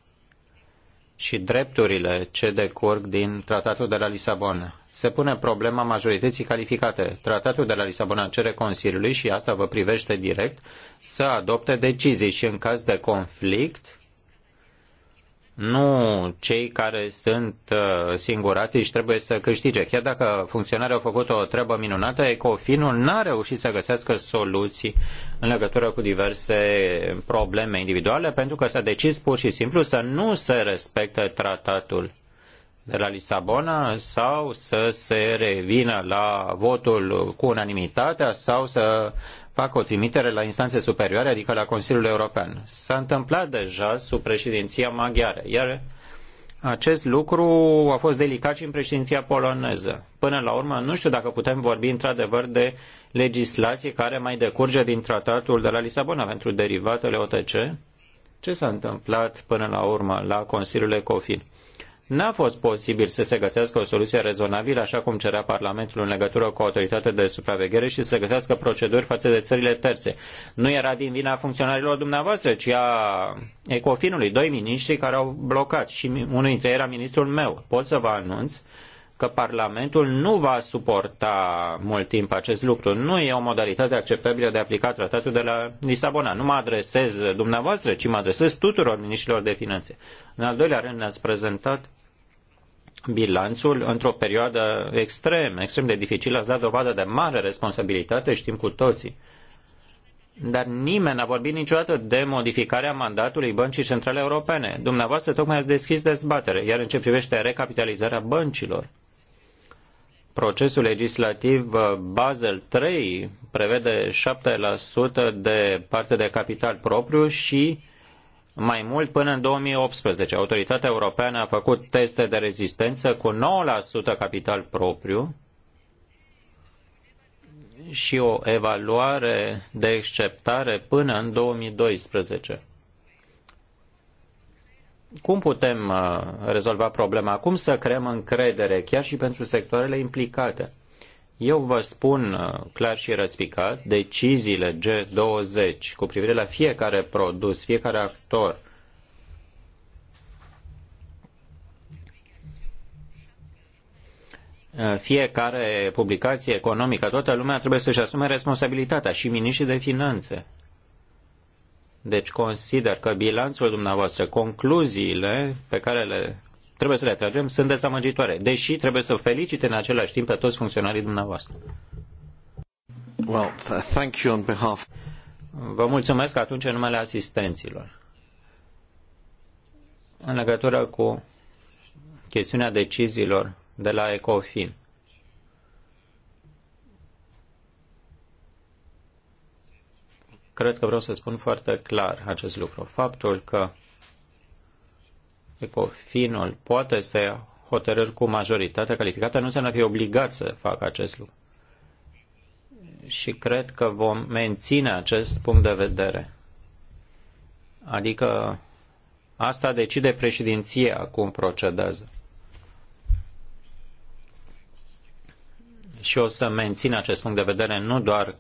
și drepturile ce decurg din Tratatul de la Lisabona. Se pune problema majorității calificate. Tratatul de la Lisabona cere Consiliului, și asta vă privește direct, să adopte decizii și în caz de conflict nu cei care sunt uh, singuratici trebuie să câștige. Chiar dacă funcționarii au făcut o treabă minunată, Ecofinul n-a reușit să găsească soluții în legătură cu diverse probleme individuale, pentru că s-a decis pur și simplu să nu se respecte tratatul de la Lisabona sau să se revină la votul cu unanimitatea sau să fac o trimitere la instanțe superioare, adică la Consiliul European. S-a întâmplat deja sub președinția maghiară, iar acest lucru a fost delicat și în președinția poloneză. Până la urmă, nu știu dacă putem vorbi într-adevăr de legislație care mai decurge din tratatul de la Lisabona pentru derivatele OTC. Ce s-a întâmplat până la urmă la Consiliul Ecofin? n-a fost posibil să se găsească o soluție rezonabilă, așa cum cerea Parlamentul în legătură cu autoritatea de supraveghere și să găsească proceduri față de țările terțe. Nu era din vina funcționarilor dumneavoastră, ci a Ecofinului, doi miniștri care au blocat și unul dintre ei era ministrul meu. Pot să vă anunț că Parlamentul nu va suporta mult timp acest lucru. Nu e o modalitate acceptabilă de a aplica tratatul de la Lisabona. Nu mă adresez dumneavoastră, ci mă adresez tuturor miniștrilor de finanțe. În al doilea rând ne-ați prezentat bilanțul într-o perioadă extrem, extrem de dificilă. Ați dat dovadă de mare responsabilitate, știm cu toții. Dar nimeni n-a vorbit niciodată de modificarea mandatului Băncii Centrale Europene. Dumneavoastră tocmai ați deschis dezbatere, iar în ce privește recapitalizarea băncilor. Procesul legislativ uh, Basel III prevede 7% de parte de capital propriu și mai mult până în 2018. Autoritatea Europeană a făcut teste de rezistență cu 9% capital propriu și o evaluare de exceptare până în 2012. Cum putem uh, rezolva problema? Cum să creăm încredere chiar și pentru sectoarele implicate? Eu vă spun uh, clar și răspicat, deciziile G20 cu privire la fiecare produs, fiecare actor, uh, fiecare publicație economică, toată lumea trebuie să-și asume responsabilitatea și miniștrii de finanțe. Deci consider că bilanțul dumneavoastră, concluziile pe care le trebuie să le atragem, sunt dezamăgitoare, deși trebuie să felicite în același timp pe toți funcționarii dumneavoastră. Well, thank you on behalf... Vă mulțumesc atunci în numele asistenților. În legătură cu chestiunea deciziilor de la ECOFIN. Cred că vreau să spun foarte clar acest lucru. Faptul că Ecofinul poate să ia hotărâri cu majoritatea calificată, nu înseamnă că e obligat să facă acest lucru. Și cred că vom menține acest punct de vedere. Adică asta decide președinția cum procedează. Și o să mențin acest punct de vedere nu doar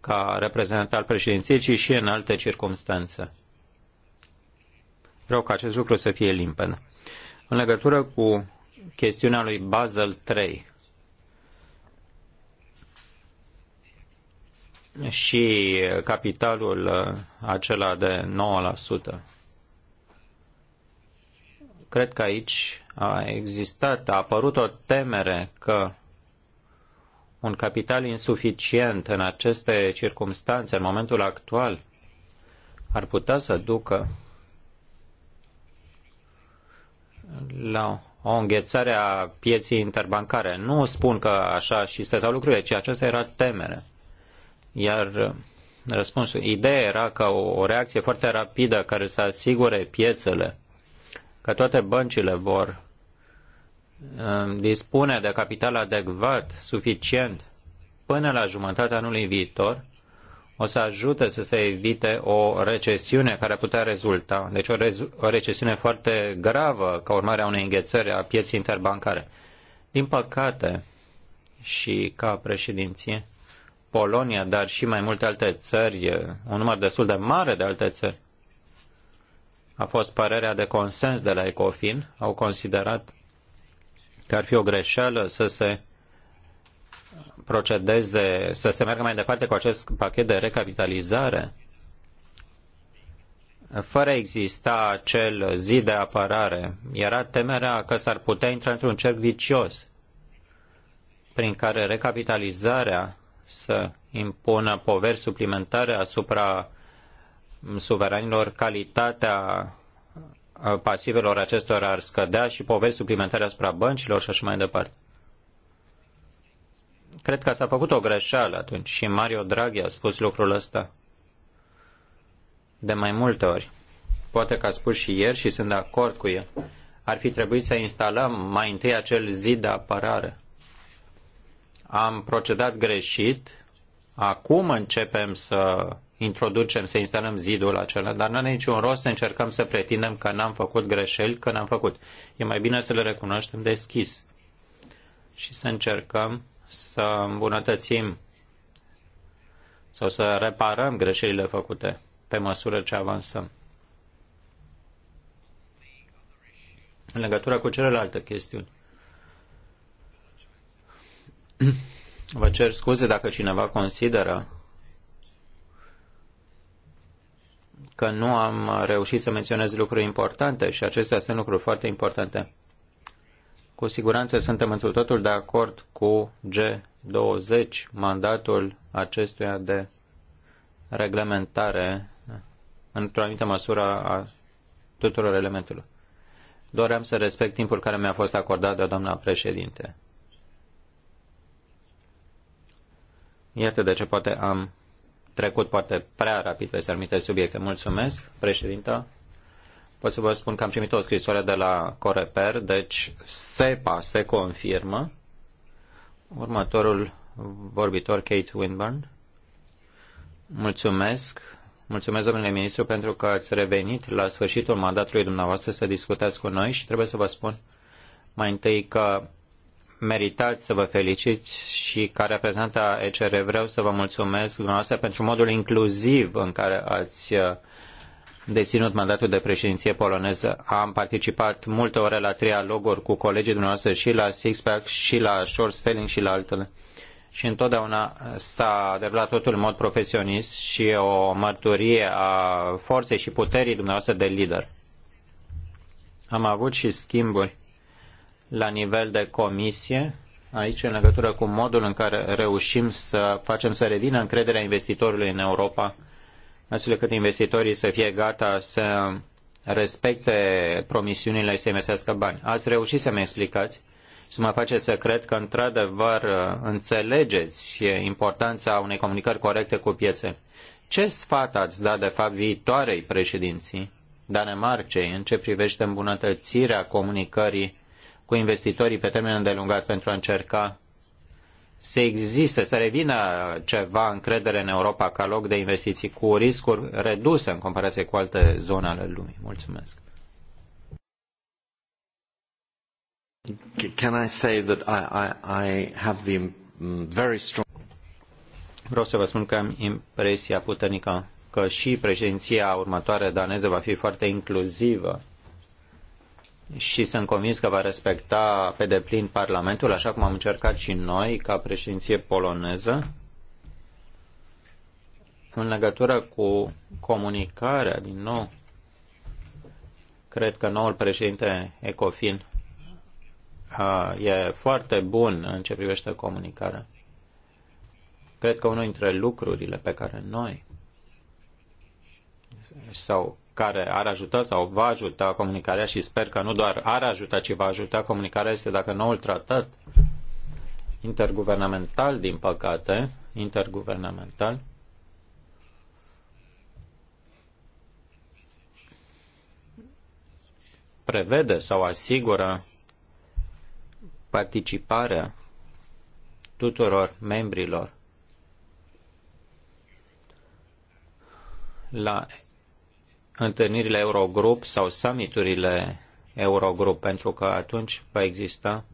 ca reprezentant al președinției, ci și în alte circunstanțe. Vreau ca acest lucru să fie limpede. În legătură cu chestiunea lui Basel 3 și capitalul uh, acela de 9%, cred că aici a existat, a apărut o temere că un capital insuficient în aceste circumstanțe, în momentul actual, ar putea să ducă la o înghețare a pieții interbancare. Nu spun că așa și stăteau lucrurile, ci aceasta era temere. Iar uh, răspunsul, ideea era ca o, o reacție foarte rapidă care să asigure piețele, că toate băncile vor uh, dispune de capital adecvat, suficient, până la jumătatea anului viitor, o să ajute să se evite o recesiune care putea rezulta. Deci o, rez- o recesiune foarte gravă ca urmare a unei înghețări a pieții interbancare. Din păcate, și ca președinție, Polonia, dar și mai multe alte țări, un număr destul de mare de alte țări, a fost părerea de consens de la Ecofin, au considerat că ar fi o greșeală să se procedeze, să se meargă mai departe cu acest pachet de recapitalizare, fără exista acel zid de apărare, era temerea că s-ar putea intra într-un cerc vicios prin care recapitalizarea să impună poveri suplimentare asupra suveranilor, calitatea uh, pasivelor acestora ar scădea și poveri suplimentare asupra băncilor și așa mai departe. Cred că s-a făcut o greșeală atunci și Mario Draghi a spus lucrul ăsta de mai multe ori. Poate că a spus și ieri și sunt de acord cu el. Ar fi trebuit să instalăm mai întâi acel zid de apărare. Am procedat greșit. Acum începem să introducem, să instalăm zidul acela, dar nu are niciun rost să încercăm să pretindem că n-am făcut greșeli, că n-am făcut. E mai bine să le recunoaștem deschis și să încercăm să îmbunătățim sau să reparăm greșelile făcute pe măsură ce avansăm. În legătură cu celelalte chestiuni. Vă cer scuze dacă cineva consideră că nu am reușit să menționez lucruri importante și acestea sunt lucruri foarte importante. Cu siguranță suntem întru totul de acord cu G20, mandatul acestuia de reglementare într-o anumită măsură a tuturor elementelor. Doream să respect timpul care mi-a fost acordat de doamna președinte. Iată de ce poate am trecut poate prea rapid pe anumite subiecte. Mulțumesc, președinta. Pot să vă spun că am primit o scrisoare de la Coreper, deci SEPA se confirmă. Următorul vorbitor, Kate Winburn. Mulțumesc. Mulțumesc, domnule ministru, pentru că ați revenit la sfârșitul mandatului dumneavoastră să discutați cu noi și trebuie să vă spun mai întâi că meritați să vă felicit și ca reprezentant ECR vreau să vă mulțumesc dumneavoastră pentru modul inclusiv în care ați uh, deținut mandatul de președinție poloneză, am participat multe ore la trialoguri cu colegii dumneavoastră și la Sixpack și la Short Selling și la altele. Și întotdeauna s-a derulat totul în mod profesionist și o mărturie a forței și puterii dumneavoastră de lider. Am avut și schimburi la nivel de comisie, aici în legătură cu modul în care reușim să facem să revină încrederea investitorului în Europa, astfel încât investitorii să fie gata să respecte promisiunile și să investească bani. Ați reușit să-mi explicați și să mă faceți să cred că, într-adevăr, înțelegeți importanța unei comunicări corecte cu piețe. Ce sfat ați da, de fapt, viitoarei președinții Danemarcei în ce privește îmbunătățirea comunicării cu investitorii pe termen îndelungat pentru a încerca să existe, să revină ceva încredere în Europa ca loc de investiții cu riscuri reduse în comparație cu alte zone ale lumii. Mulțumesc. Can I say that I, I, I have the mm, very strong... Vreau să vă spun că am impresia puternică că și președinția următoare daneză va fi foarte inclusivă și sunt convins că va respecta pe deplin Parlamentul, așa cum am încercat și noi, ca președinție poloneză, în legătură cu comunicarea, din nou, cred că noul președinte Ecofin e foarte bun în ce privește comunicarea. Cred că unul dintre lucrurile pe care noi sau care ar ajuta sau va ajuta comunicarea și sper că nu doar ar ajuta, ci va ajuta comunicarea este dacă noul tratat interguvernamental, din păcate, interguvernamental, prevede sau asigură participarea tuturor membrilor la întâlnirile Eurogrup sau summiturile Eurogrup, pentru că atunci va exista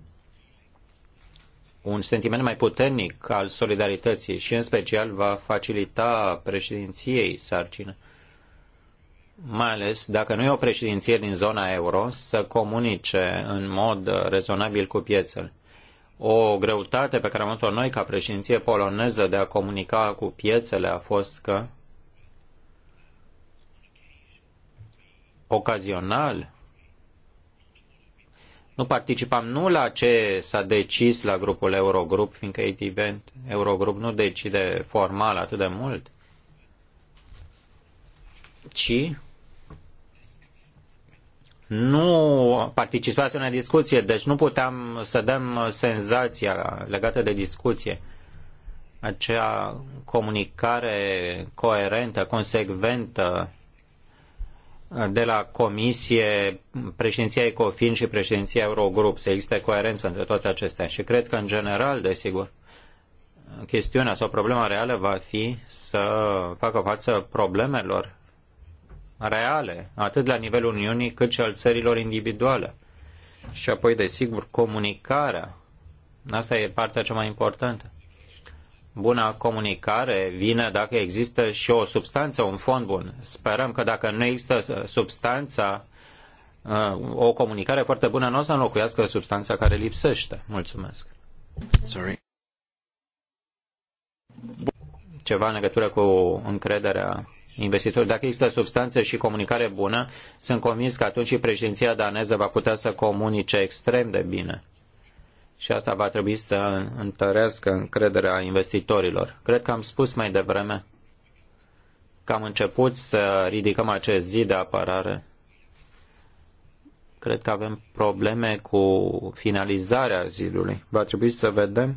un sentiment mai puternic al solidarității și în special va facilita președinției sarcină, mai ales dacă nu e o președinție din zona euro, să comunice în mod rezonabil cu piețele. O greutate pe care am avut-o noi ca președinție poloneză de a comunica cu piețele a fost că ocazional. Nu participam nu la ce s-a decis la grupul Eurogrup, fiindcă event Eurogrup nu decide formal atât de mult, ci nu participase în discuție, deci nu puteam să dăm senzația legată de discuție. Acea comunicare coerentă, consecventă, de la Comisie, președinția ECOFIN și președinția Eurogrup, să existe coerență între toate acestea. Și cred că, în general, desigur, chestiunea sau problema reală va fi să facă față problemelor reale, atât la nivelul Uniunii cât și al țărilor individuale. Și apoi, desigur, comunicarea. Asta e partea cea mai importantă. Buna comunicare vine dacă există și o substanță, un fond bun. Sperăm că dacă nu există substanța, uh, o comunicare foarte bună nu o să înlocuiască substanța care lipsește. Mulțumesc. Sorry. Ceva în legătură cu încrederea investitorilor. Dacă există substanță și comunicare bună, sunt convins că atunci și președinția daneză va putea să comunice extrem de bine și asta va trebui să întărească încrederea investitorilor. Cred că am spus mai devreme că am început să ridicăm acest zid de apărare. Cred că avem probleme cu finalizarea zidului. Va trebui să vedem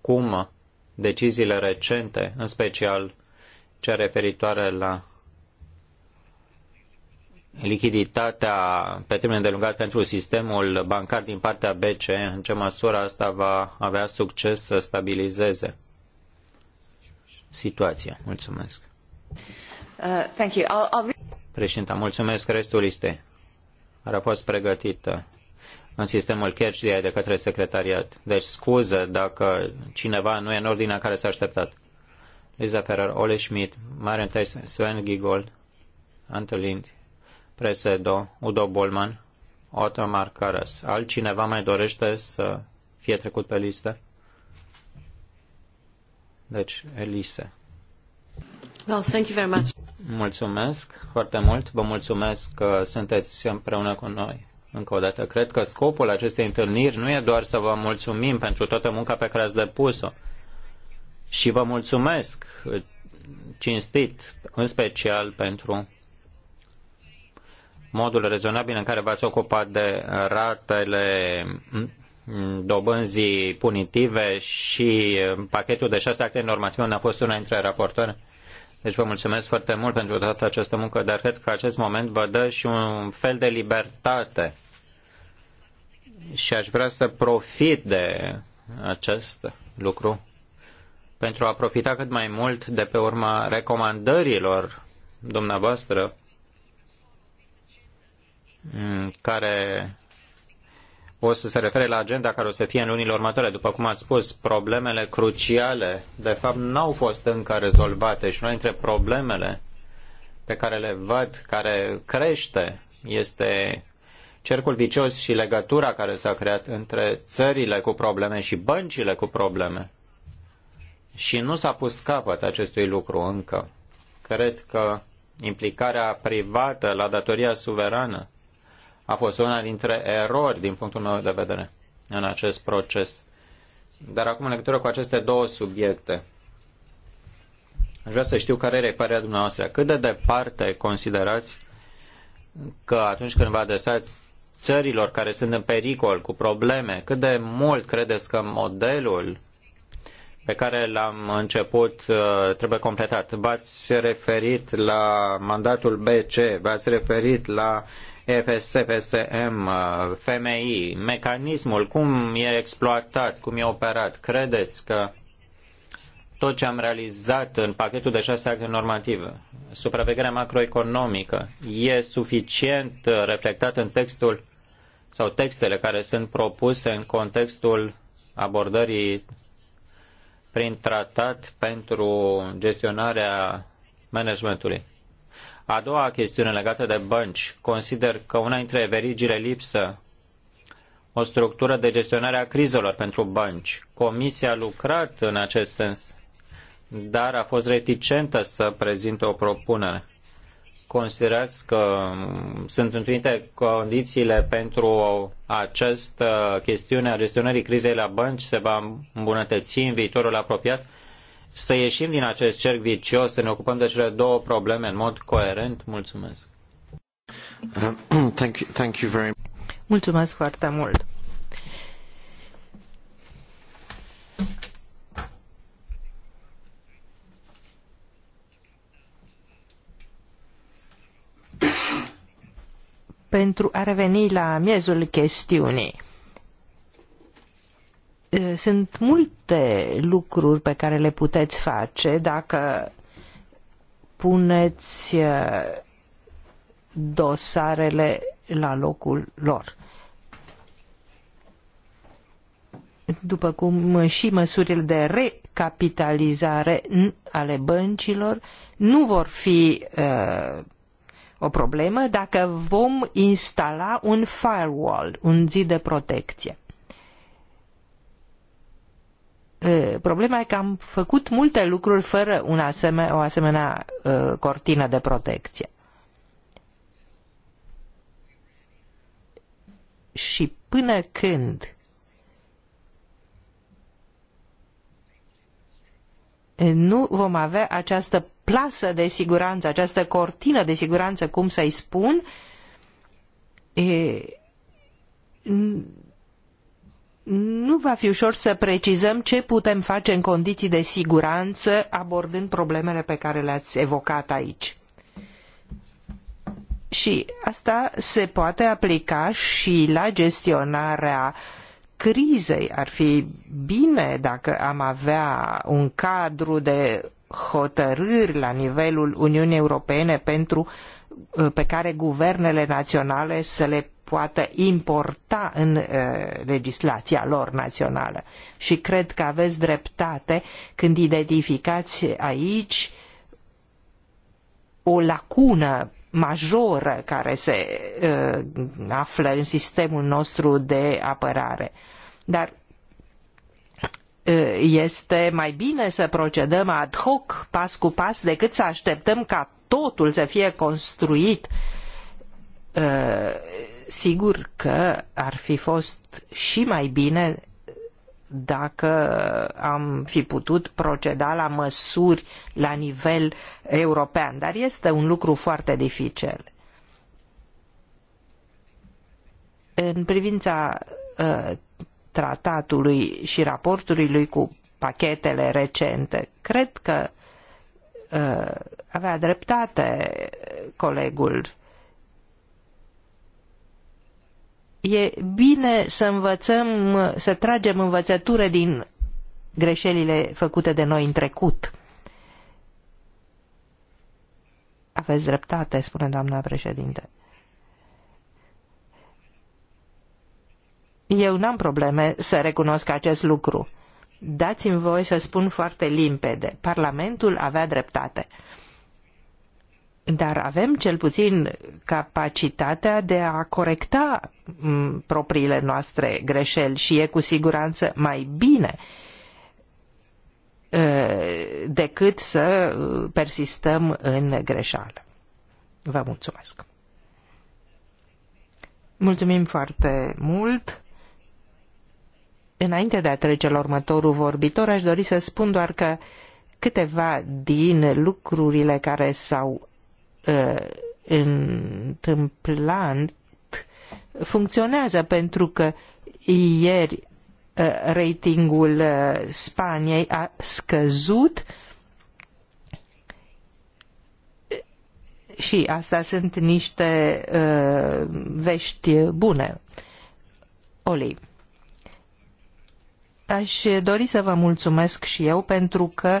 cum deciziile recente, în special cea referitoare la lichiditatea pe termen îndelungat pentru sistemul bancar din partea BCE, în ce măsură asta va avea succes să stabilizeze situația. Mulțumesc. Uh, thank you. I'll, I'll... mulțumesc. Restul este. Ar fost pregătită în sistemul catch de, de către secretariat. Deci scuză dacă cineva nu e în ordinea care s-a așteptat. Liza Ferrer, Ole Schmidt, Marian Tyson, Sven Giegold, Antolind, Presedo, Udo Bolman, Otmar Caras. Altcineva mai dorește să fie trecut pe listă? Deci, Elise. Well, thank you very much. Mulțumesc foarte mult. Vă mulțumesc că sunteți împreună cu noi. Încă o dată, cred că scopul acestei întâlniri nu e doar să vă mulțumim pentru toată munca pe care ați depus-o. Și vă mulțumesc cinstit, în special pentru modul rezonabil în care v-ați ocupat de ratele dobânzii punitive și pachetul de șase acte normative unde a fost una dintre raportoare. Deci vă mulțumesc foarte mult pentru toată această muncă, dar cred că acest moment vă dă și un fel de libertate. Și aș vrea să profit de acest lucru pentru a profita cât mai mult de pe urma recomandărilor dumneavoastră Mm, care o să se refere la agenda care o să fie în lunile următoare. După cum am spus, problemele cruciale, de fapt, n-au fost încă rezolvate și una dintre problemele pe care le văd, care crește, este cercul vicios și legătura care s-a creat între țările cu probleme și băncile cu probleme. Și nu s-a pus capăt acestui lucru încă. Cred că implicarea privată la datoria suverană a fost una dintre erori, din punctul meu de vedere, în acest proces. Dar acum, în legătură cu aceste două subiecte, aș vrea să știu care e părerea dumneavoastră. Cât de departe considerați că atunci când vă adresați țărilor care sunt în pericol, cu probleme, cât de mult credeți că modelul pe care l-am început uh, trebuie completat. V-ați referit la mandatul BC, v-ați referit la FSFSM, uh, FMI, mecanismul, cum e exploatat, cum e operat. Credeți că tot ce am realizat în pachetul de șase acte normative, supravegherea macroeconomică, e suficient uh, reflectat în textul sau textele care sunt propuse în contextul abordării prin tratat pentru gestionarea managementului. A doua chestiune legată de bănci. Consider că una dintre verigile lipsă o structură de gestionare a crizelor pentru bănci. Comisia a lucrat în acest sens, dar a fost reticentă să prezinte o propunere. Considerați că sunt întâlnite condițiile pentru această chestiune a gestionării crizei la bănci se va îmbunătăți în viitorul apropiat? să ieșim din acest cerc vicios, să ne ocupăm de cele două probleme în mod coerent? Mulțumesc! Thank you, thank you very much. Mulțumesc foarte mult! pentru a reveni la miezul chestiunii sunt multe lucruri pe care le puteți face dacă puneți dosarele la locul lor. După cum și măsurile de recapitalizare ale băncilor nu vor fi uh, o problemă dacă vom instala un firewall, un zid de protecție. Problema e că am făcut multe lucruri fără un o asemenea cortină de protecție. Și până când nu vom avea această plasă de siguranță, această cortină de siguranță, cum să-i spun, e, nu va fi ușor să precizăm ce putem face în condiții de siguranță abordând problemele pe care le-ați evocat aici. Și asta se poate aplica și la gestionarea crizei. Ar fi bine dacă am avea un cadru de hotărâri la nivelul Uniunii Europene pentru, pe care guvernele naționale să le poată importa în uh, legislația lor națională. Și cred că aveți dreptate când identificați aici o lacună majoră care se uh, află în sistemul nostru de apărare. Dar uh, este mai bine să procedăm ad hoc, pas cu pas, decât să așteptăm ca totul să fie construit uh, Sigur că ar fi fost și mai bine dacă am fi putut proceda la măsuri la nivel european, dar este un lucru foarte dificil. În privința uh, tratatului și raportului lui cu pachetele recente, cred că uh, avea dreptate colegul e bine să învățăm, să tragem învățătură din greșelile făcute de noi în trecut. Aveți dreptate, spune doamna președinte. Eu n-am probleme să recunosc acest lucru. Dați-mi voie să spun foarte limpede. Parlamentul avea dreptate dar avem cel puțin capacitatea de a corecta propriile noastre greșeli și e cu siguranță mai bine decât să persistăm în greșeală. Vă mulțumesc! Mulțumim foarte mult! Înainte de a trece la următorul vorbitor, aș dori să spun doar că câteva din lucrurile care s-au Uh, întâmplant funcționează pentru că ieri uh, ratingul uh, Spaniei a scăzut și asta sunt niște vești bune. Oli, aș dori să vă mulțumesc și eu pentru că uh,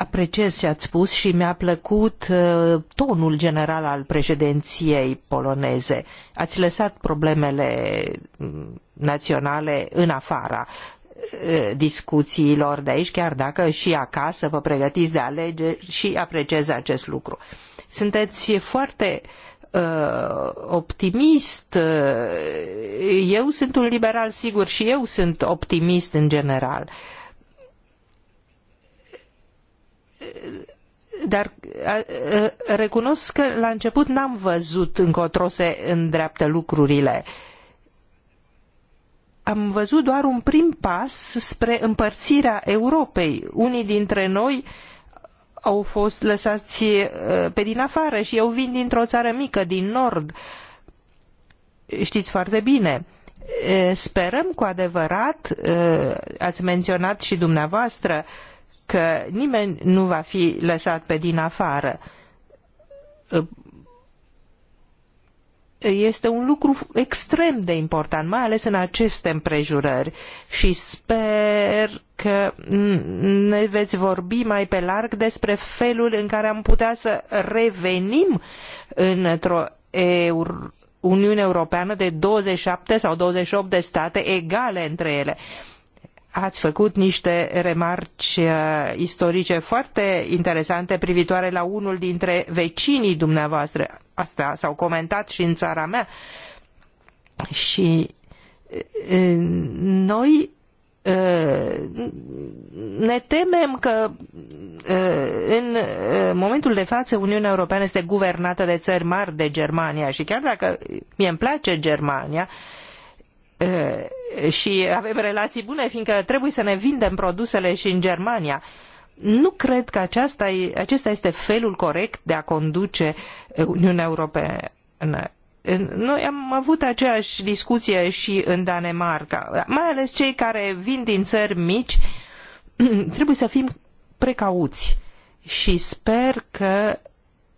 apreciez ce ați spus și mi-a plăcut uh, tonul general al președinției poloneze. Ați lăsat problemele mm, naționale în afara uh, discuțiilor de aici, chiar dacă și acasă vă pregătiți de alegeri și apreciez acest lucru. Sunteți foarte uh, optimist. Eu sunt un liberal, sigur, și eu sunt optimist în general. Uh, dar recunosc că la început n-am văzut încotro se îndreaptă lucrurile. Am văzut doar un prim pas spre împărțirea Europei. Unii dintre noi au fost lăsați pe din afară și eu vin dintr-o țară mică, din nord. Știți foarte bine. Sperăm cu adevărat, ați menționat și dumneavoastră, că nimeni nu va fi lăsat pe din afară. Este un lucru extrem de important, mai ales în aceste împrejurări și sper că ne veți vorbi mai pe larg despre felul în care am putea să revenim într-o Uniune Europeană de 27 sau 28 de state egale între ele. Uh, ați făcut niște remarci uh, istorice foarte interesante privitoare la unul dintre vecinii dumneavoastră. Asta s-au comentat și în țara mea. Și uh, noi uh, ne temem că în momentul de față Uniunea Europeană este guvernată de țări mari de Germania și chiar dacă mie îmi place Germania, Eh, și avem relații bune, fiindcă trebuie să ne vindem produsele și în Germania. Nu cred că aceasta, acesta este felul corect de a conduce eh, Uniunea Europeană. Noi am avut aceeași discuție și în Danemarca. Mai ales cei care vin din țări mici trebuie să fim precauți și sper că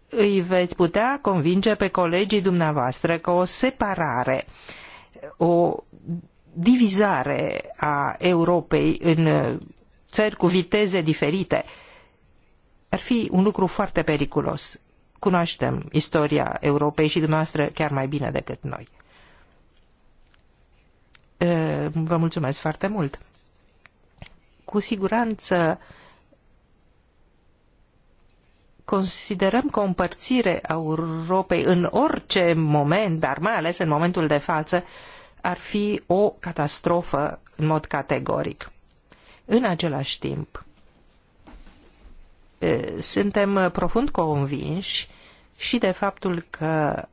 îi veți putea convinge pe colegii dumneavoastră că o separare, o divizare a Europei în uh, țări cu viteze diferite ar fi un lucru foarte periculos. Cunoaștem istoria Europei și dumneavoastră chiar mai bine decât noi. Uh, vă mulțumesc foarte mult. Cu siguranță considerăm că o împărțire a Europei în orice moment, dar mai ales în momentul de față, ar fi o catastrofă în mod categoric. În același timp, suntem profund convinși și de faptul că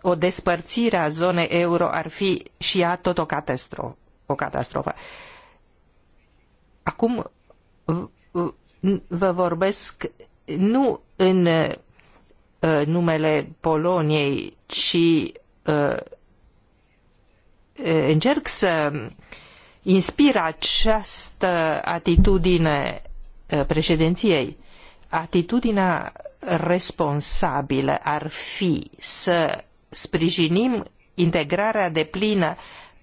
o despărțire a zonei euro ar fi și ea tot o catastrofă. O catastrofă. Acum vă vorbesc nu în uh, numele Poloniei, ci uh, uh, încerc să inspir această atitudine președinției. Atitudinea responsabilă ar fi să sprijinim integrarea deplină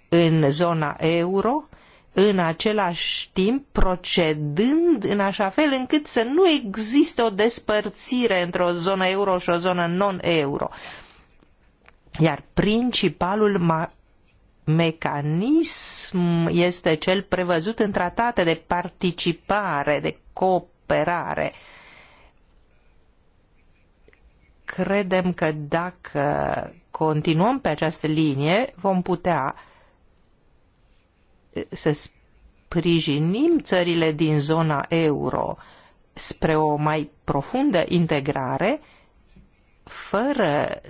în zona euro în același timp procedând în așa fel încât să nu existe o despărțire între o zonă euro și o zonă non-euro. Iar principalul mecanism este cel prevăzut în tratate de participare, de cooperare. Credem că dacă continuăm pe această linie, vom putea să sprijinim țările din zona euro spre o mai profundă integrare fără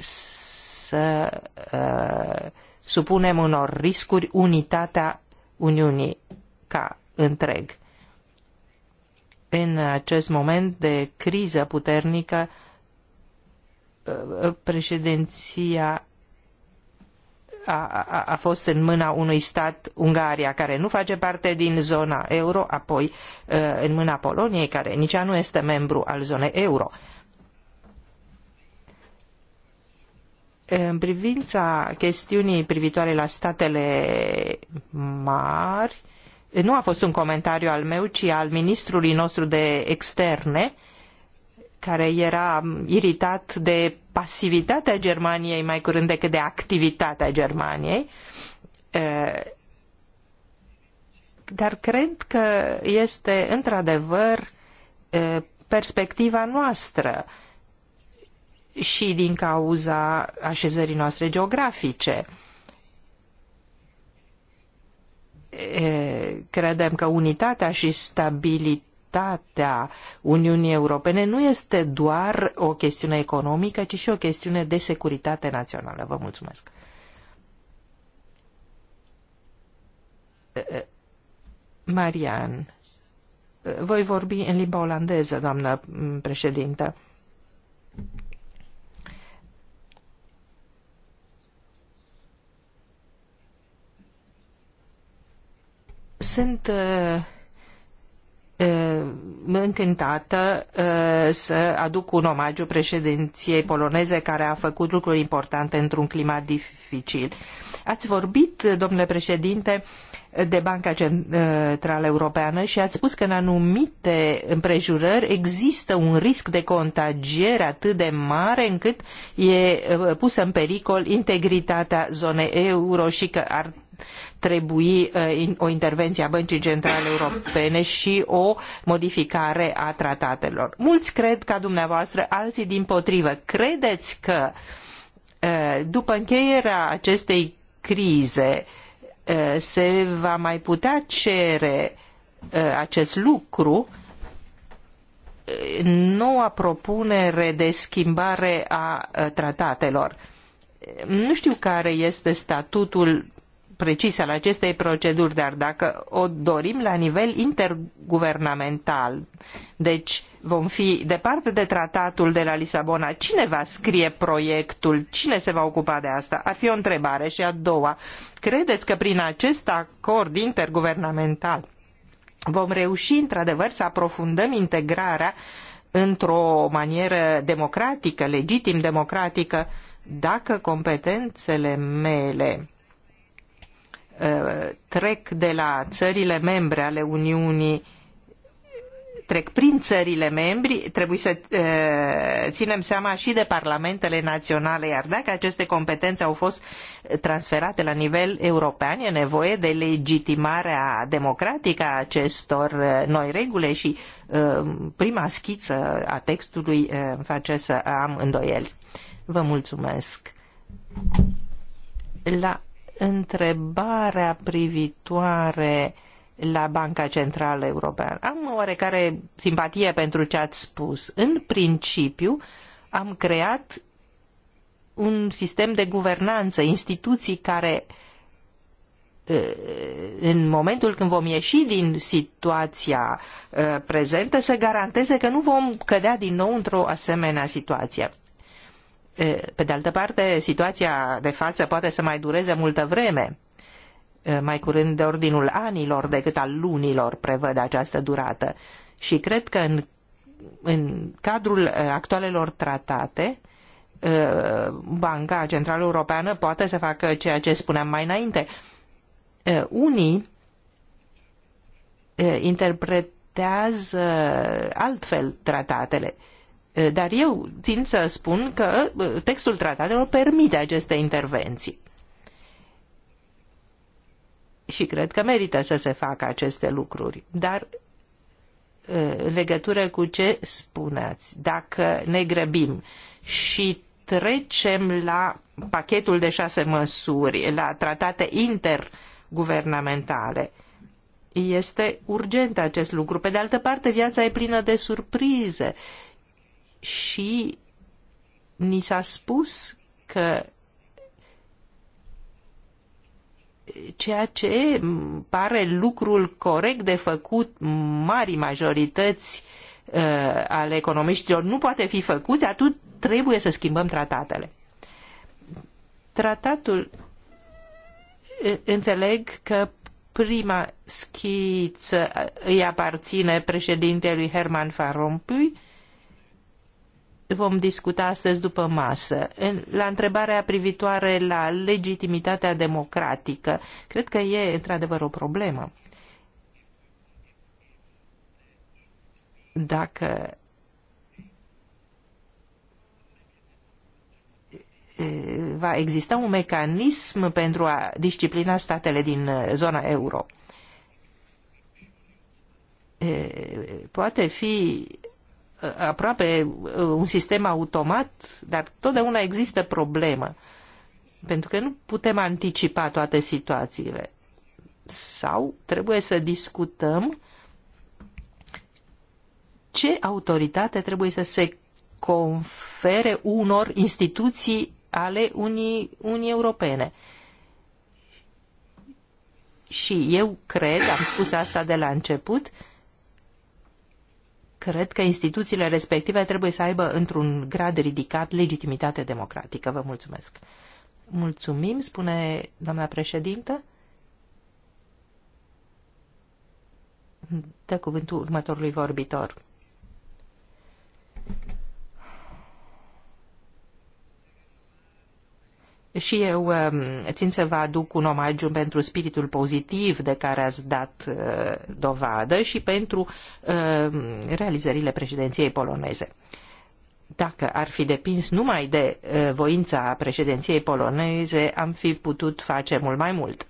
să uh, supunem unor riscuri unitatea Uniunii ca întreg. În acest moment de criză puternică, uh, președinția a, a, a fost în mâna unui stat, Ungaria, care nu face parte din zona euro, apoi uh, în mâna Poloniei, care nici ea nu este membru al zonei euro. În privința chestiunii privitoare la statele mari, nu a fost un comentariu al meu, ci al ministrului nostru de externe, care era iritat de pasivitatea Germaniei mai curând decât de activitatea Germaniei. Dar cred că este într-adevăr perspectiva noastră și din cauza așezării noastre geografice. Credem că unitatea și stabilitatea securitatea Uniunii Europene nu este doar o chestiune economică, ci și o chestiune de securitate națională. Vă mulțumesc. Eh, eh, Marian, eh, voi vorbi în limba olandeză, doamnă mm, președintă. Sunt uh, Eh, încântată eh, să aduc un omagiu președinției poloneze care a făcut lucruri importante într-un climat dificil. Ați vorbit, domnule președinte, de Banca Centrală Europeană și ați spus că în anumite împrejurări există un risc de contagiere atât de mare încât e eh, pusă în pericol integritatea zonei euro și că ar trebui eh, o intervenție a Băncii Centrale Europene și o modificare a tratatelor. Mulți cred ca dumneavoastră, alții din potrivă. Credeți că eh, după încheierea acestei crize eh, se va mai putea cere acest lucru noua propunere de schimbare a tratatelor. Nu știu care este statutul precise al acestei proceduri, dar dacă o dorim la nivel interguvernamental, deci vom fi departe de tratatul de la Lisabona, cine va scrie proiectul, cine se va ocupa de asta? Ar fi o întrebare. Și a doua, credeți că prin acest acord interguvernamental vom reuși într-adevăr să aprofundăm integrarea într-o manieră democratică, legitim democratică, dacă competențele mele Uh, trec de la țările membre ale Uniunii trec prin țările membri, trebuie să uh, ținem seama și de parlamentele naționale, iar dacă aceste competențe au fost transferate la nivel european, e nevoie de legitimarea democratică a acestor uh, noi reguli și prima schiță a textului îmi face să am îndoieli. Vă mulțumesc. La întrebarea privitoare la Banca Centrală Europeană. Am oarecare simpatie pentru ce ați spus. În principiu, am creat un sistem de guvernanță, instituții care în momentul când vom ieși din situația prezentă, să garanteze că nu vom cădea din nou într-o asemenea situație. Pe de altă parte, situația de față poate să mai dureze multă vreme, mai curând de ordinul anilor decât al lunilor prevăd această durată. Și cred că în, în cadrul actualelor tratate, Banca Centrală Europeană poate să facă ceea ce spuneam mai înainte. Unii interpretează altfel tratatele. Eh, dar eu țin să spun că eh, textul tratatelor permite aceste intervenții. Și cred că merită să se facă aceste lucruri. Dar eh, în legătură cu ce spuneați, dacă ne grăbim și trecem la pachetul de șase măsuri, la tratate interguvernamentale, este urgent acest lucru. Pe de altă parte, viața e plină de surprize și ni s-a spus că ceea ce pare lucrul corect de făcut marii majorități uh, ale economiștilor nu poate fi făcut, atunci trebuie să schimbăm tratatele. Tratatul uh, înțeleg că prima schiță uh, îi aparține președintelui Herman Van Rompuy, vom discuta astăzi după masă. La întrebarea privitoare la legitimitatea democratică, cred că e într-adevăr o problemă. Dacă va exista un mecanism pentru a disciplina statele din zona euro. Poate fi aproape uh, un sistem automat, dar totdeauna există problemă. Pentru că nu putem anticipa toate situațiile. Sau trebuie să discutăm ce autoritate trebuie să se confere unor instituții ale Unii, Unii Europene. Și eu cred, am spus asta de la început, cred că instituțiile respective trebuie să aibă într-un grad ridicat legitimitate democratică. Vă mulțumesc. Mulțumim, spune doamna președintă. Dă cuvântul următorului vorbitor. Și eu um, țin să vă aduc un omagiu pentru spiritul pozitiv de care ați dat uh, dovadă și pentru um, realizările președinției poloneze dacă ar fi depins numai de uh, voința președinției poloneze, am fi putut face mult mai mult.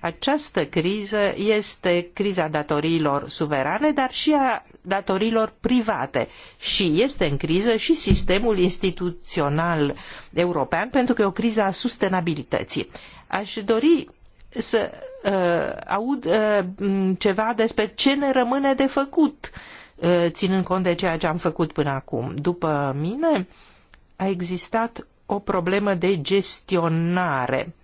Această criză este criza datoriilor suverane, dar și a datorilor private și este în criză și sistemul instituțional european pentru că e o criză a sustenabilității. Aș dori să uh, aud uh, ceva despre ce ne rămâne de făcut, uh, ținând cont de ceea ce am făcut până acum. După mine, a existat o problemă de gestionare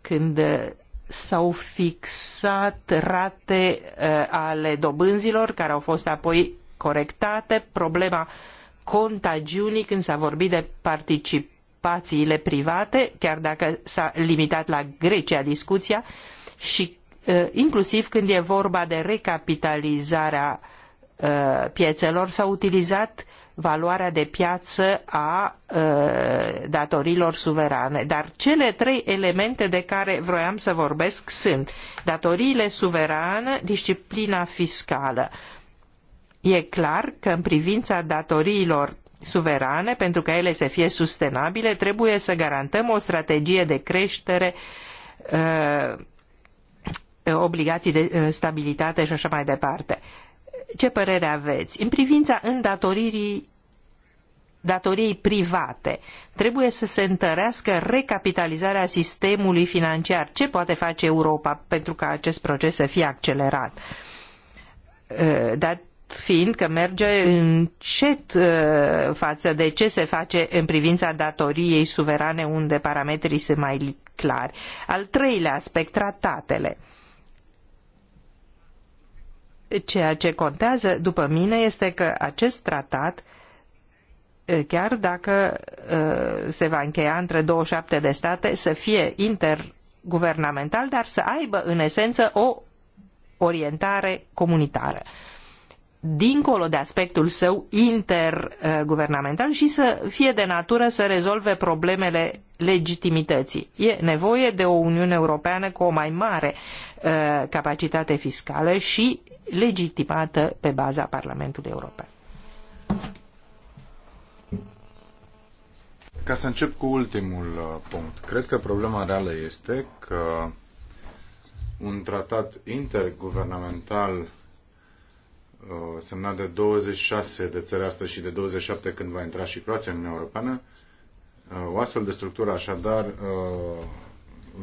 când uh, s-au fixat rate eh, ale dobânzilor care au fost apoi corectate, problema contagiunii când s-a vorbit de participațiile private, chiar dacă s-a limitat la Grecia discuția și eh, inclusiv când e vorba de recapitalizarea eh, piețelor s-au utilizat valoarea de piață a datorilor suverane. Dar cele trei elemente de care vroiam să vorbesc sunt datoriile suverane, disciplina fiscală. E clar că în privința datoriilor suverane, pentru ca ele să fie sustenabile, trebuie să garantăm o strategie de creștere obligații de stabilitate și așa mai departe ce părere aveți? În privința îndatoririi datoriei private. Trebuie să se întărească recapitalizarea sistemului financiar. Ce poate face Europa pentru ca acest proces să fie accelerat? Ă, dat fiind că merge încet ă, față de ce se face în privința datoriei suverane unde parametrii sunt mai clari. Al treilea aspect, tratatele. Ceea ce contează, după mine, este că acest tratat chiar dacă se va încheia între 27 de state, să fie interguvernamental, dar să aibă în esență o orientare comunitară dincolo de aspectul său interguvernamental și să fie de natură să rezolve problemele legitimității. E nevoie de o Uniune Europeană cu o mai mare capacitate fiscală și legitimată pe baza Parlamentului European. Ca să încep cu ultimul uh, punct, cred că problema reală este că un tratat interguvernamental uh, semnat de 26 de țări astăzi și de 27 când va intra și Croația în Uniunea Europeană, uh, o astfel de structură așadar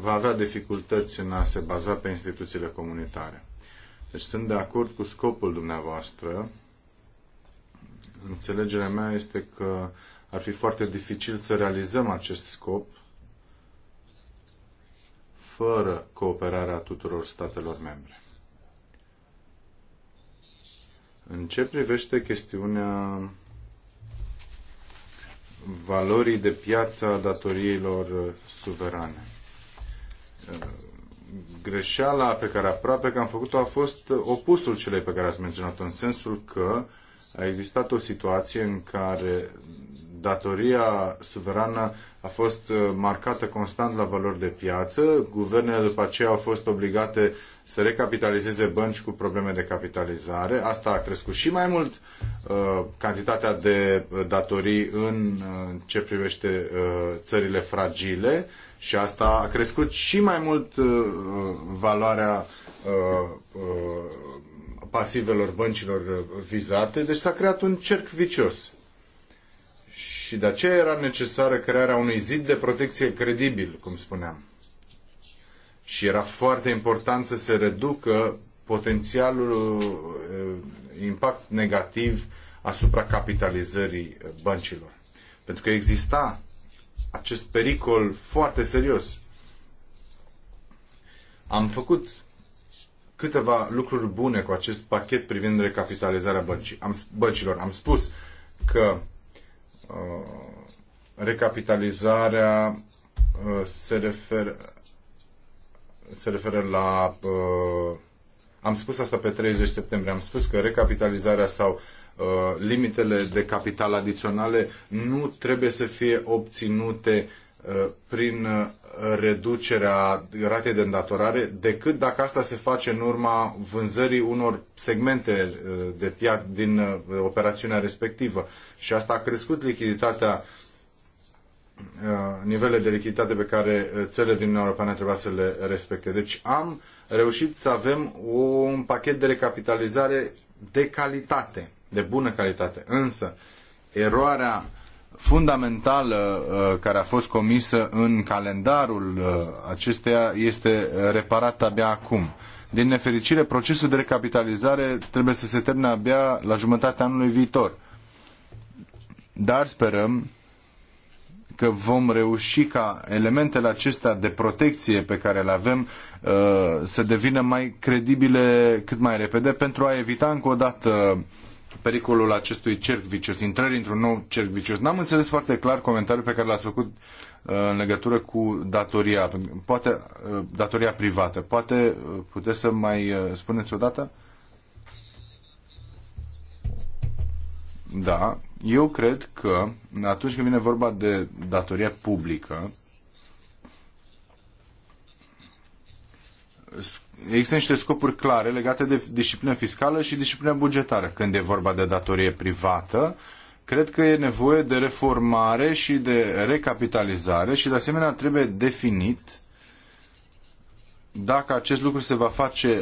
va avea dificultăți în a se baza pe instituțiile comunitare. Deci sunt de acord cu scopul dumneavoastră. Înțelegerea mea este că ar fi foarte dificil să realizăm acest scop fără cooperarea tuturor statelor membre. În ce privește chestiunea valorii de piață a datoriilor suverane? greșeala pe care aproape că am făcut-o a fost opusul celei pe care ați menționat-o, în sensul că a existat o situație în care datoria suverană a fost marcată constant la valori de piață, guvernele după aceea au fost obligate să recapitalizeze bănci cu probleme de capitalizare, asta a crescut și mai mult uh, cantitatea de datorii în uh, ce privește uh, țările fragile, uh, și asta a crescut și mai mult uh, valoarea uh, uh, pasivelor băncilor vizate, deci s-a creat un cerc vicios. Și de aceea era necesară crearea unui zid de protecție credibil, cum spuneam. Și era foarte important să se reducă potențialul impact negativ asupra capitalizării băncilor. Pentru că exista acest pericol foarte serios. Am făcut câteva lucruri bune cu acest pachet privind recapitalizarea băncii. Am, băncilor. Am spus că uh, recapitalizarea uh, se referă se referă la uh, am spus asta pe 30 septembrie, am spus că recapitalizarea sau Uh, limitele de capital adiționale nu trebuie să fie obținute uh, prin uh, reducerea ratei de îndatorare decât dacă asta se face în urma vânzării unor segmente de piață din operațiunea respectivă. Și asta a crescut lichiditatea nivele de lichiditate pe care țările din Uniunea Europeană trebuia să le respecte. Deci am reușit să avem un pachet de recapitalizare de calitate de bună calitate. Însă, eroarea fundamentală uh, care a fost comisă în calendarul uh, acesteia este uh, reparată abia acum. Din nefericire, procesul de recapitalizare trebuie să se termine abia la jumătatea anului viitor. Dar sperăm că vom reuși ca elementele acestea de protecție pe care le avem să devină mai credibile cât mai repede pentru a evita încă o dată pericolul acestui cerc vicios, intrării într-un nou cerc vicios. N-am înțeles foarte clar comentariul pe care l-ați făcut uh, în legătură cu datoria, poate uh, datoria privată. Poate uh, puteți să mai spuneți o dată? Da, eu cred că atunci când vine vorba de datoria publică, există niște scopuri clare legate de disciplină fiscală și disciplină bugetară. Când e vorba de datorie privată, cred că e nevoie de reformare și de recapitalizare și de asemenea trebuie definit dacă acest lucru se va face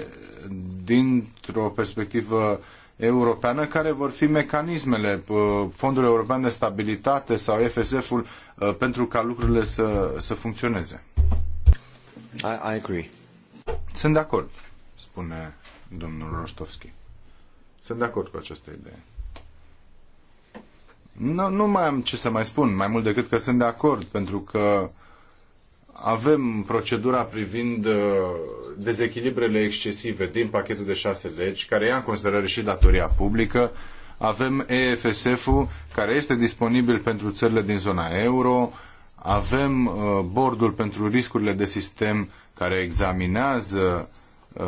dintr-o perspectivă europeană, care vor fi mecanismele, uh, Fondul European de Stabilitate sau FSF-ul uh, pentru ca lucrurile să, să funcționeze. I, I agree. Sunt de acord, spune domnul Rostovski. Sunt de acord cu această idee. Nu, nu mai am ce să mai spun, mai mult decât că sunt de acord, pentru că avem procedura privind uh, dezechilibrele excesive din pachetul de șase legi, care ia în considerare și datoria publică. Avem EFSF-ul, care este disponibil pentru țările din zona euro avem uh, bordul pentru riscurile de sistem care examinează uh,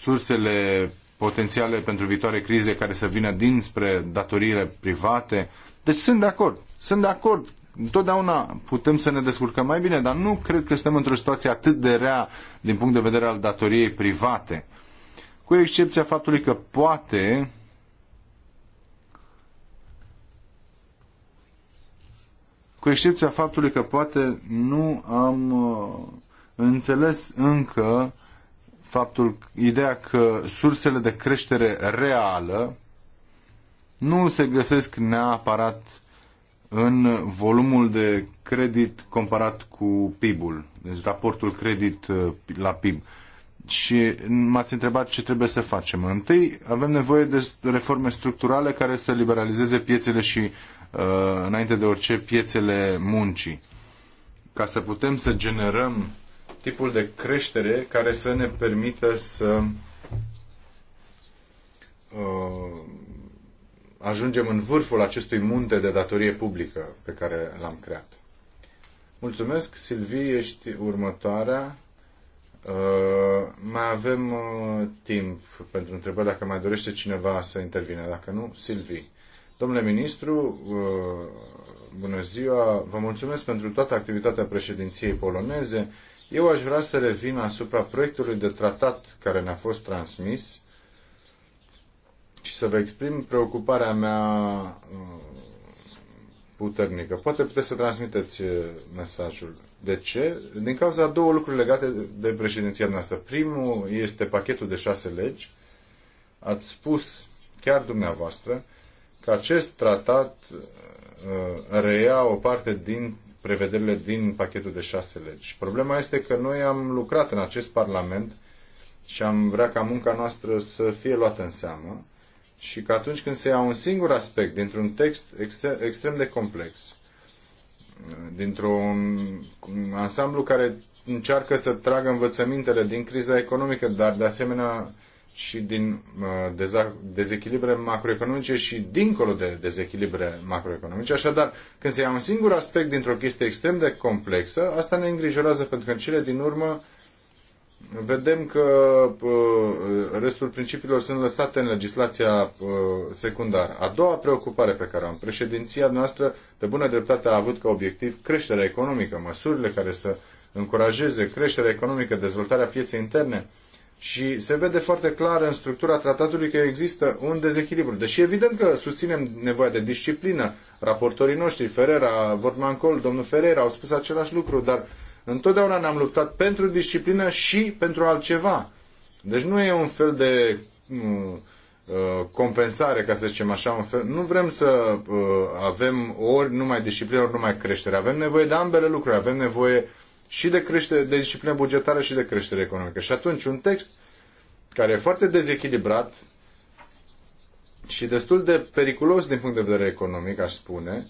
sursele potențiale pentru viitoare crize care să vină dinspre datoriile private. Deci sunt de acord. Sunt de acord. Întotdeauna putem să ne descurcăm mai bine, dar nu cred că suntem într-o situație atât de rea din punct de vedere al datoriei private. Cu excepția faptului că poate cu excepția faptului că poate nu am uh, înțeles încă faptul, ideea că sursele de creștere reală nu se găsesc neapărat în volumul de credit comparat cu PIB-ul, deci raportul credit uh, la PIB. Și m-ați întrebat ce trebuie să facem. Întâi, avem nevoie de reforme structurale care să liberalizeze piețele și Uh, înainte de orice piețele muncii ca să putem să generăm tipul de creștere care să ne permită să uh, ajungem în vârful acestui munte de datorie publică pe care l-am creat. Mulțumesc, Silvie, ești următoarea. Uh, mai avem uh, timp pentru întrebări dacă mai dorește cineva să intervine. Dacă nu, Silvie. Domnule ministru, bună ziua! Vă mulțumesc pentru toată activitatea președinției poloneze. Eu aș vrea să revin asupra proiectului de tratat care ne-a fost transmis și să vă exprim preocuparea mea uh, puternică. Poate puteți să transmiteți uh, mesajul. De ce? Din cauza două lucruri legate de președinția noastră. Primul este pachetul de șase legi. Ați spus, chiar dumneavoastră, că acest tratat uh, reia o parte din prevederile din pachetul de șase legi. Problema este că noi am lucrat în acest Parlament și am vrea ca munca noastră să fie luată în seamă și că atunci când se ia un singur aspect dintr-un text extrem de complex, dintr-un ansamblu care încearcă să tragă învățămintele din criza economică, dar de asemenea și din uh, dezechilibre macroeconomice și dincolo de dezechilibre macroeconomice. Așadar, când se ia un singur aspect dintr-o chestie extrem de complexă, asta ne îngrijorează pentru că în cele din urmă vedem că uh, restul principiilor sunt lăsate în legislația uh, secundară. A doua preocupare pe care o am, președinția noastră de bună dreptate a avut ca obiectiv creșterea economică, măsurile care să încurajeze creșterea economică, dezvoltarea pieței interne, și se vede foarte clar în structura tratatului că există un dezechilibru. Deși evident că susținem nevoia de disciplină. Raportorii noștri, Ferrera, Vortman Col, domnul Ferrera, au spus același lucru, dar întotdeauna ne-am luptat pentru disciplină și pentru altceva. Deci nu e un fel de mm, uh, compensare, ca să zicem așa, un fel. nu vrem să uh, avem ori numai disciplină, ori numai creștere. Avem nevoie de ambele lucruri. Avem nevoie și de, creștere, de disciplină bugetară și de creștere economică. Și atunci un text care e foarte dezechilibrat și destul de periculos din punct de vedere economic, aș spune,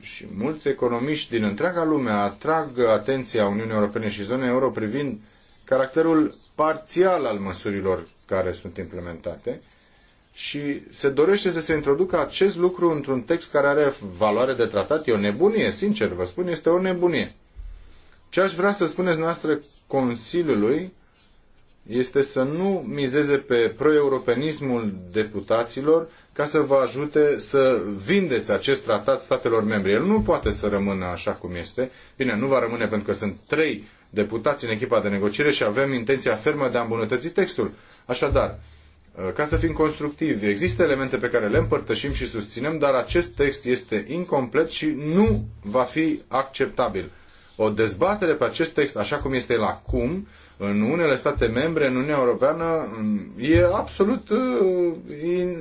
și mulți economiști din întreaga lume atrag atenția Uniunii Europene și zonei euro privind caracterul parțial al măsurilor care sunt implementate și se dorește să se introducă acest lucru într-un text care are valoare de tratat. E o nebunie, sincer vă spun, este o nebunie. Ce aș vrea să spuneți noastră Consiliului este să nu mizeze pe pro pro-europenismul deputaților ca să vă ajute să vindeți acest tratat statelor membre. El nu poate să rămână așa cum este. Bine, nu va rămâne pentru că sunt trei deputați în echipa de negociere și avem intenția fermă de a îmbunătăți textul. Așadar, ca să fim constructivi, există elemente pe care le împărtășim și susținem, dar acest text este incomplet și nu va fi acceptabil o dezbatere pe acest text, așa cum este el acum, în unele state membre, în Uniunea Europeană, e absolut uh,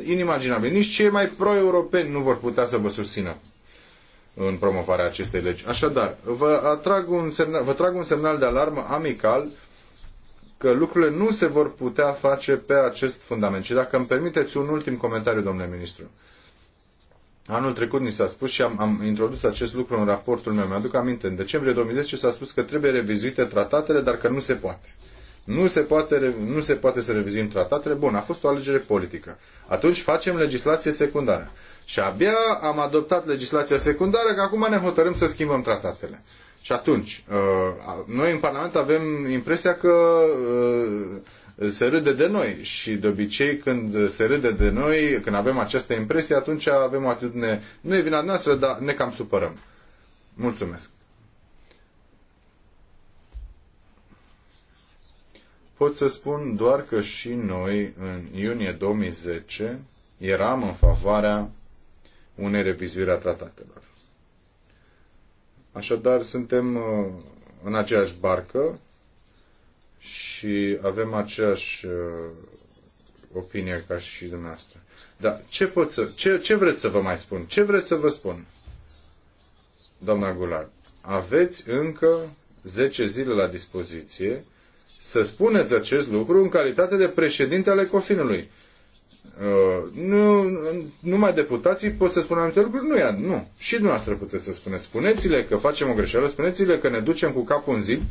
inimaginabil. Nici cei mai pro-europeni nu vor putea să vă susțină în promovarea acestei legi. Așadar, vă, atrag un semnal, vă trag un semnal de alarmă amical că lucrurile nu se vor putea face pe acest fundament. Și dacă îmi permiteți un ultim comentariu, domnule ministru. Anul trecut ni s-a spus și am, am introdus acest lucru în raportul meu. Mi-aduc aminte, în decembrie 2010 s-a spus că trebuie revizuite tratatele, dar că nu se poate. Nu se poate, nu se poate să revizuim tratatele. Bun, a fost o alegere politică. Atunci facem legislație secundară. Și abia am adoptat legislația secundară, că acum ne hotărâm să schimbăm tratatele. Și atunci, uh, noi în Parlament avem impresia că uh, se râde de noi și de obicei când se râde de noi, când avem această impresie, atunci avem o atitudine, nu e vina noastră, dar ne cam supărăm. Mulțumesc. Pot să spun doar că și noi, în iunie 2010, eram în favoarea unei revizuiri a tratatelor. Așadar, suntem uh, în aceeași barcă și avem aceeași uh, opinie ca și dumneavoastră. Dar ce, pot să, ce, ce vreți să vă mai spun? Ce vreți să vă spun? Doamna Gular, aveți încă 10 zile la dispoziție să spuneți acest lucru în calitate de președinte al Ecofinului. Uh, nu, numai deputații pot să spună anumite lucruri? Nu, nu. Și dumneavoastră puteți să spuneți. Spuneți-le că facem o greșeală, spuneți-le că ne ducem cu capul în zid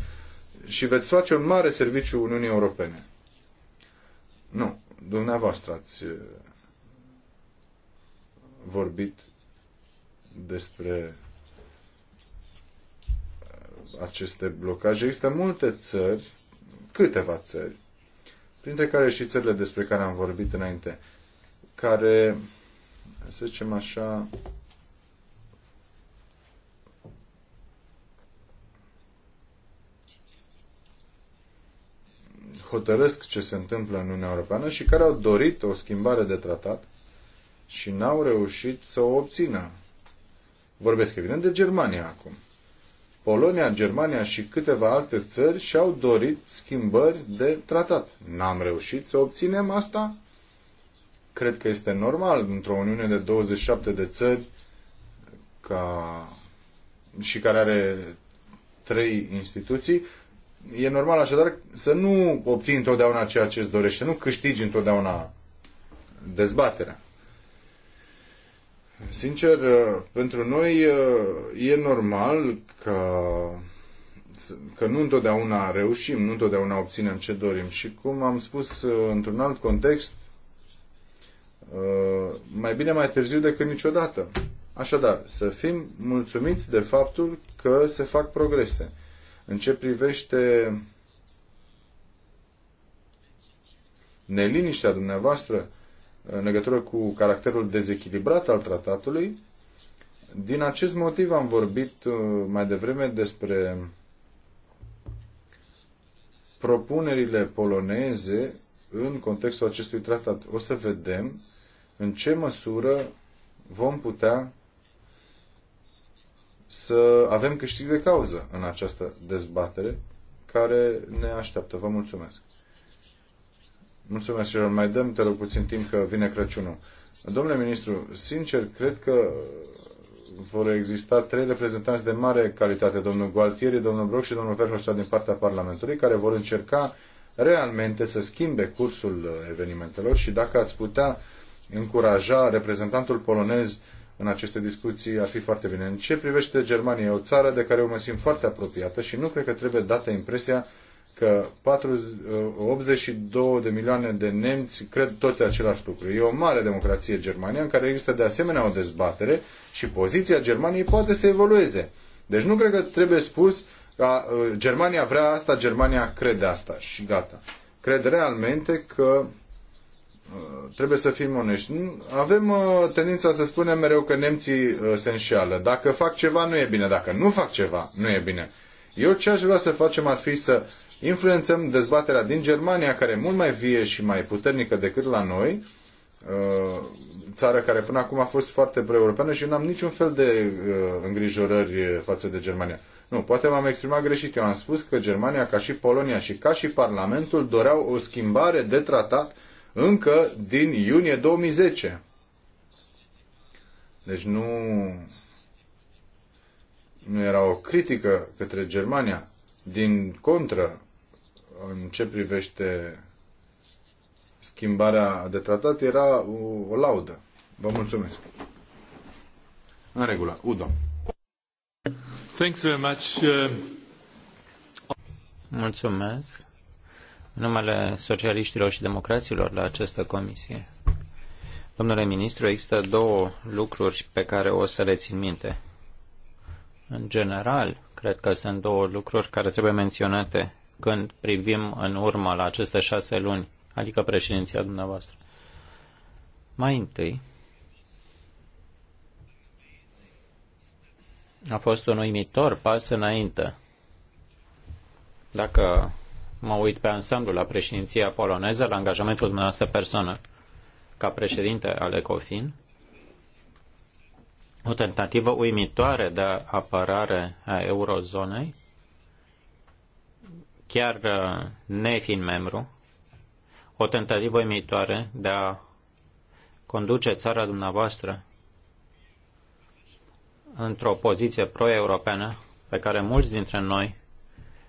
și veți face un mare serviciu Uniunii Europene. Nu, dumneavoastră ați eh, vorbit despre eh, aceste blocaje. Există multe țări, câteva țări, printre care și țările despre care am vorbit înainte, care, să zicem așa, hotărăsc ce se întâmplă în Uniunea Europeană și care au dorit o schimbare de tratat și n-au reușit să o obțină. Vorbesc evident de Germania acum. Polonia, Germania și câteva alte țări și-au dorit schimbări de tratat. N-am reușit să obținem asta? Cred că este normal într-o Uniune de 27 de țări ca... și care are trei instituții, E normal așadar să nu obții întotdeauna ceea ce îți dorești, să nu câștigi întotdeauna dezbaterea. Sincer, pentru noi e normal că, că nu întotdeauna reușim, nu întotdeauna obținem ce dorim. Și cum am spus într-un alt context, mai bine mai târziu decât niciodată. Așadar, să fim mulțumiți de faptul că se fac progrese. În ce privește neliniștea dumneavoastră în legătură cu caracterul dezechilibrat al tratatului, din acest motiv am vorbit uh, mai devreme despre propunerile poloneze în contextul acestui tratat. O să vedem în ce măsură vom putea să avem câștig de cauză în această dezbatere care ne așteaptă. Vă mulțumesc. Mulțumesc, și Mai dăm, te rog, puțin timp că vine Crăciunul. Domnule ministru, sincer, cred că vor exista trei reprezentanți de mare calitate, domnul Gualtieri, domnul Broc și domnul Verhofstadt din partea Parlamentului, care vor încerca realmente să schimbe cursul evenimentelor și dacă ați putea încuraja reprezentantul polonez în aceste discuții ar fi foarte bine. În ce privește Germania, e o țară de care eu mă simt foarte apropiată și nu cred că trebuie dată impresia că 40, 82 uh, de milioane de nemți cred toți același lucru. E o mare democrație Germania în care există de asemenea o dezbatere și poziția Germaniei poate să evolueze. Deci nu cred că trebuie spus că uh, Germania vrea asta, Germania crede asta și gata. Cred realmente că Uh, trebuie să fim onești. Avem uh, tendința să spunem mereu că nemții uh, se înșeală. Dacă fac ceva, nu e bine. Dacă nu fac ceva, nu e bine. Eu ce aș vrea să facem ar fi să influențăm dezbaterea din Germania, care e mult mai vie și mai puternică decât la noi, țară care până acum a fost foarte pro-europeană și nu am niciun fel de îngrijorări față de Germania. Nu, poate m-am exprimat greșit. Eu am spus că Germania, ca și Polonia și ca și Parlamentul, doreau o schimbare de tratat încă din iunie 2010. Deci nu, nu era o critică către Germania. Din contră, în ce privește schimbarea de tratat, era o, o laudă. Vă mulțumesc. În regulă. Udo. Thanks very much. Uh, mulțumesc numele socialiștilor și democraților la această comisie. Domnule ministru, există două lucruri pe care o să le țin minte. În general, cred că sunt două lucruri care trebuie menționate când privim în urmă la aceste șase luni, adică președinția dumneavoastră. Mai întâi, a fost un uimitor pas înainte. Dacă mă uit pe ansamblu la președinția poloneză, la angajamentul dumneavoastră personal ca președinte al ECOFIN, o tentativă uimitoare de apărare a eurozonei, chiar uh, nefiind membru, o tentativă uimitoare de a conduce țara dumneavoastră într-o poziție pro-europeană pe care mulți dintre noi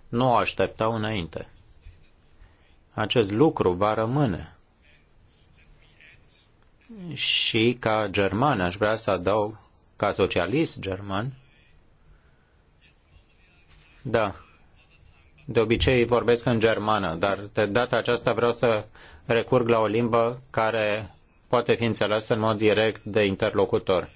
nu o așteptau înainte. Acest lucru va rămâne. Și ca german aș vrea să adaug, ca socialist german, da, de obicei vorbesc în germană, dar de data aceasta vreau să recurg la o limbă care poate fi înțeleasă în mod direct de interlocutor.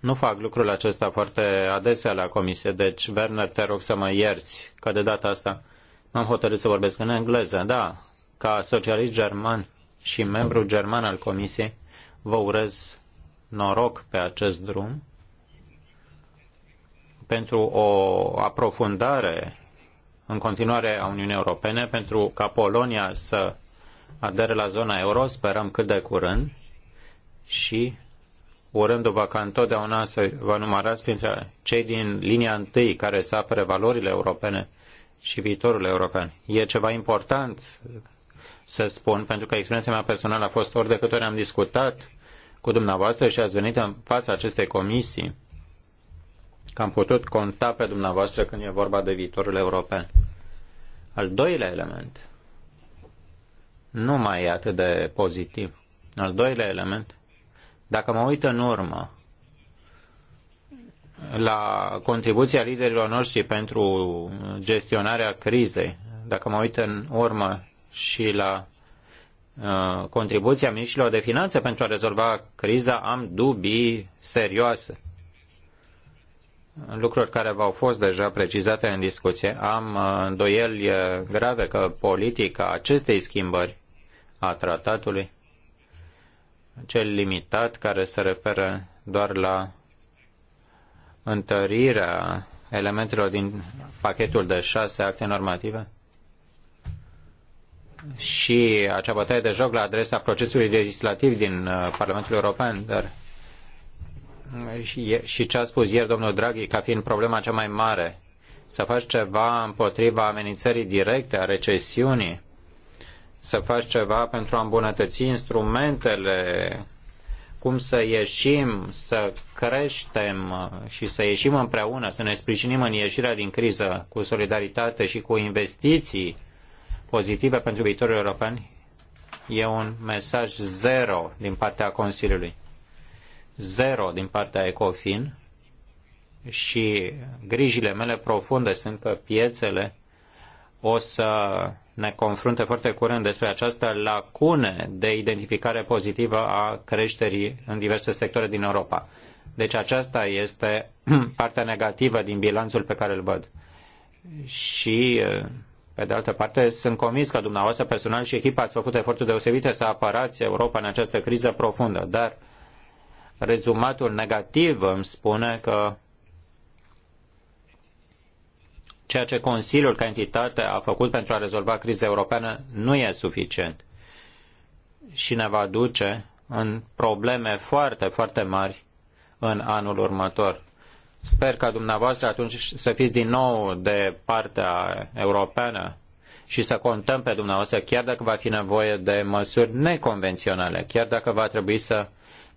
Nu fac lucrul acesta foarte adesea la comisie, deci, Werner, te rog să mă ierți că de data asta m-am hotărât să vorbesc în engleză. Da, ca socialist german și membru german al Comisiei, vă urez noroc pe acest drum pentru o aprofundare în continuare a Uniunii Europene, pentru ca Polonia să adere la zona euro, sperăm cât de curând și urându-vă ca întotdeauna să vă numărați printre cei din linia întâi care să apere valorile europene și viitorul european. E ceva important să spun, pentru că experiența mea personală a fost ori de câte ori am discutat cu dumneavoastră și ați venit în fața acestei comisii, că am putut conta pe dumneavoastră când e vorba de viitorul european. Al doilea element nu mai e atât de pozitiv. Al doilea element, dacă mă uit în urmă la contribuția liderilor noștri pentru gestionarea crizei. Dacă mă uit în urmă și la uh, contribuția ministrilor de finanțe pentru a rezolva criza, am dubii serioase. Lucruri care v-au fost deja precizate în discuție. Am uh, îndoieli uh, grave că politica acestei schimbări a tratatului, cel limitat care se referă doar la întărirea elementelor din pachetul de șase acte normative și acea bătaie de joc la adresa procesului legislativ din uh, Parlamentul European, dar și ce a spus ieri domnul Draghi ca fiind problema cea mai mare, să faci ceva împotriva amenințării directe a recesiunii, să faci ceva pentru a îmbunătăți instrumentele cum să ieșim, să creștem uh, și să ieșim împreună, să ne sprijinim în ieșirea din criză cu solidaritate și cu investiții pozitive pentru viitorul european, e un mesaj zero din partea Consiliului. Zero din partea ECOFIN și grijile mele profunde sunt că piețele o să ne confruntă foarte curând despre această lacune de identificare pozitivă a creșterii în diverse sectoare din Europa. Deci aceasta este partea negativă din bilanțul pe care îl văd. Și, pe de altă parte, sunt convins că dumneavoastră personal și echipa ați făcut eforturi deosebite să apărați Europa în această criză profundă, dar rezumatul negativ îmi spune că Ceea ce Consiliul ca entitate a făcut pentru a rezolva criza europeană nu e suficient și ne va duce în probleme foarte, foarte mari în anul următor. Sper ca dumneavoastră atunci să fiți din nou de partea europeană și să contăm pe dumneavoastră, chiar dacă va fi nevoie de măsuri neconvenționale, chiar dacă va trebui să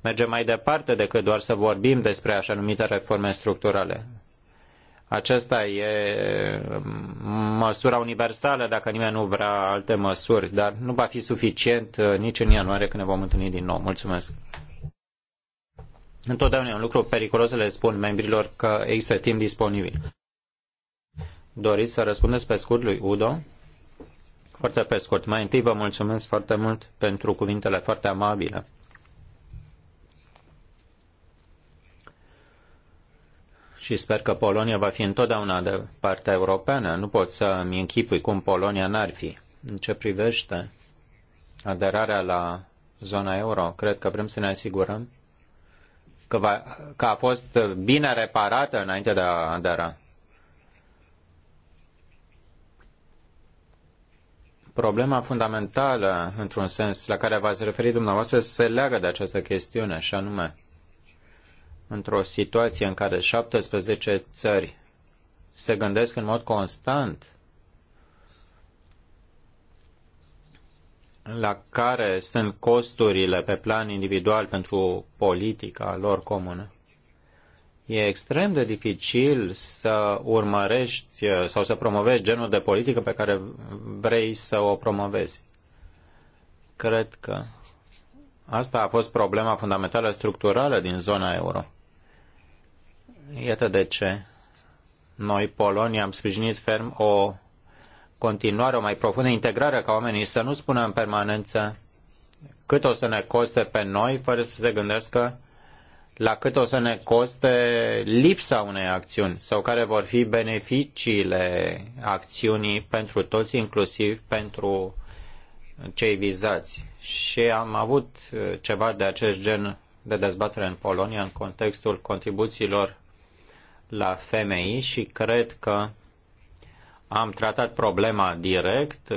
mergem mai departe decât doar să vorbim despre așa numite reforme structurale. Acesta e um, măsura universală dacă nimeni nu vrea alte măsuri, dar nu va fi suficient uh, nici în ianuarie când ne vom întâlni din nou. Mulțumesc! Întotdeauna e un lucru periculos să le spun membrilor că există timp disponibil. Doriți să răspundeți pe scurt lui Udo? Foarte pe scurt. Mai întâi vă mulțumesc foarte mult pentru cuvintele foarte amabile. și sper că Polonia va fi întotdeauna de partea europeană. Nu pot să-mi închipui cum Polonia n-ar fi. În ce privește aderarea la zona euro, cred că vrem să ne asigurăm că, va, că a fost bine reparată înainte de a adera. Problema fundamentală, într-un sens, la care v-ați referit dumneavoastră, se leagă de această chestiune, și anume, într-o situație în care 17 țări se gândesc în mod constant la care sunt costurile pe plan individual pentru politica lor comună. E extrem de dificil să urmărești uh, sau să promovezi genul de politică pe care vrei să o promovezi. Cred că asta a fost problema fundamentală structurală din zona euro. Iată de ce noi, Polonia, am sprijinit ferm o continuare, o mai profundă integrare ca oamenii să nu spună în permanență cât o să ne coste pe noi, fără să se gândească la cât o să ne coste lipsa unei acțiuni sau care vor fi beneficiile acțiunii pentru toți, inclusiv pentru cei vizați. Și am avut ceva de acest gen de dezbatere în Polonia în contextul contribuțiilor la femei și cred că am tratat problema direct.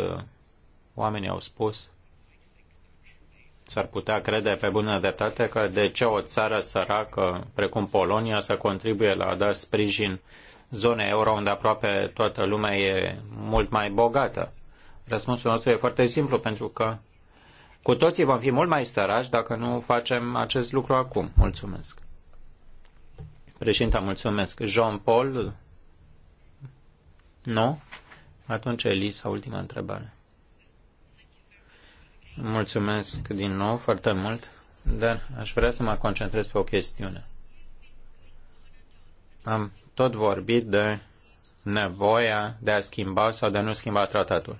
Oamenii au spus s-ar putea crede pe bună dreptate că de ce o țară săracă precum Polonia să contribuie la a da sprijin zonei euro unde aproape toată lumea e mult mai bogată? Răspunsul nostru e foarte simplu pentru că cu toții vom fi mult mai săraci dacă nu facem acest lucru acum. Mulțumesc. Președinte, mulțumesc. Jean-Paul? Nu? Atunci, Elisa, ultima întrebare. Mulțumesc din nou foarte mult, dar aș vrea să mă concentrez pe o chestiune. Am tot vorbit de nevoia de a schimba sau de a nu schimba tratatul.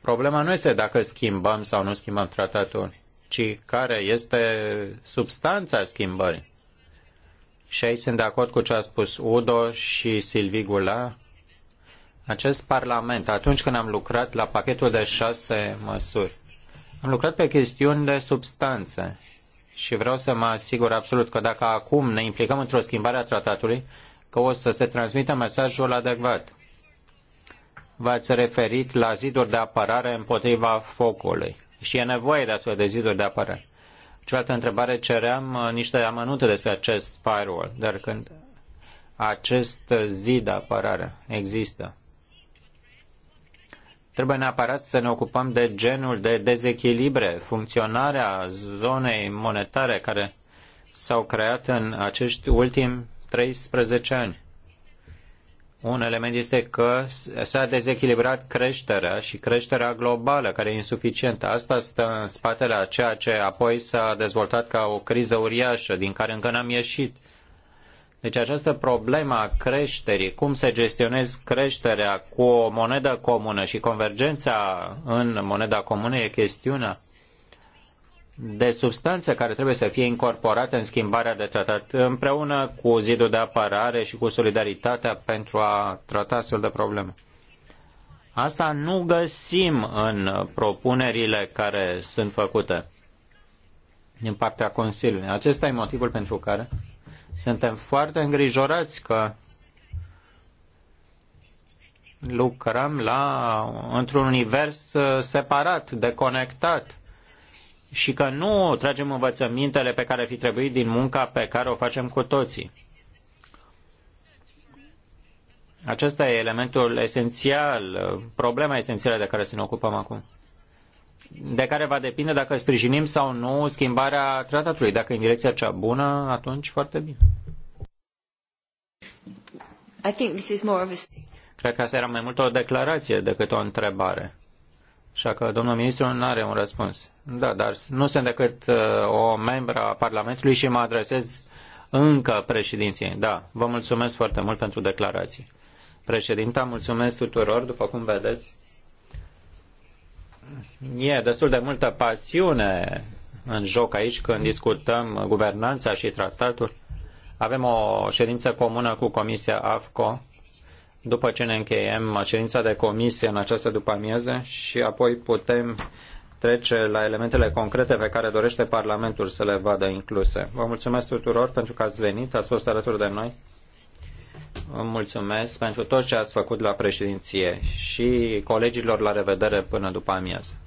Problema nu este dacă schimbăm sau nu schimbăm tratatul, ci care este substanța schimbării. Și aici sunt de acord cu ce a spus Udo și Silvi Gula. Acest Parlament, atunci când am lucrat la pachetul de șase măsuri, am lucrat pe chestiuni de substanță și vreau să mă asigur absolut că dacă acum ne implicăm într-o schimbare a tratatului, că o să se transmită mesajul adecvat. V-ați referit la ziduri de apărare împotriva focului și e nevoie de astfel de ziduri de apărare cealaltă întrebare ceream uh, niște amănunte despre acest firewall, dar când acest zid de apărare există, trebuie neapărat să ne ocupăm de genul de dezechilibre, funcționarea zonei monetare care s-au creat în acești ultimi 13 ani. Un element este că s-a dezechilibrat creșterea și creșterea globală, care e insuficientă. Asta stă în spatele a ceea ce apoi s-a dezvoltat ca o criză uriașă, din care încă n-am ieșit. Deci această problemă a creșterii, cum se gestionezi creșterea cu o monedă comună și convergența în moneda comună e chestiunea de substanțe care trebuie să fie incorporate în schimbarea de tratat împreună cu zidul de apărare și cu solidaritatea pentru a trata astfel de probleme. Asta nu găsim în propunerile care sunt făcute din partea Consiliului. Acesta e motivul pentru care suntem foarte îngrijorați că lucrăm la, într-un univers uh, separat, deconectat și că nu tragem învățămintele pe care ar fi trebuit din munca pe care o facem cu toții. Acesta e elementul esențial, problema esențială de care să ne ocupăm acum, de care va depinde dacă sprijinim sau nu schimbarea tratatului. Dacă e în direcția cea bună, atunci foarte bine. I think this is more of a... Cred că asta era mai mult o declarație decât o întrebare. Așa că domnul ministru nu are un răspuns. Da, dar nu sunt decât uh, o membră a Parlamentului și mă adresez încă președinției. Da, vă mulțumesc foarte mult pentru declarații. Președinta, mulțumesc tuturor, după cum vedeți. E destul de multă pasiune în joc aici când discutăm guvernanța și tratatul. Avem o ședință comună cu Comisia AFCO după ce ne încheiem ședința de comisie în această după-amiază și apoi putem trece la elementele concrete pe care dorește Parlamentul să le vadă incluse. Vă mulțumesc tuturor pentru că ați venit, ați fost alături de noi. Vă mulțumesc pentru tot ce ați făcut la președinție și colegilor la revedere până după amiază.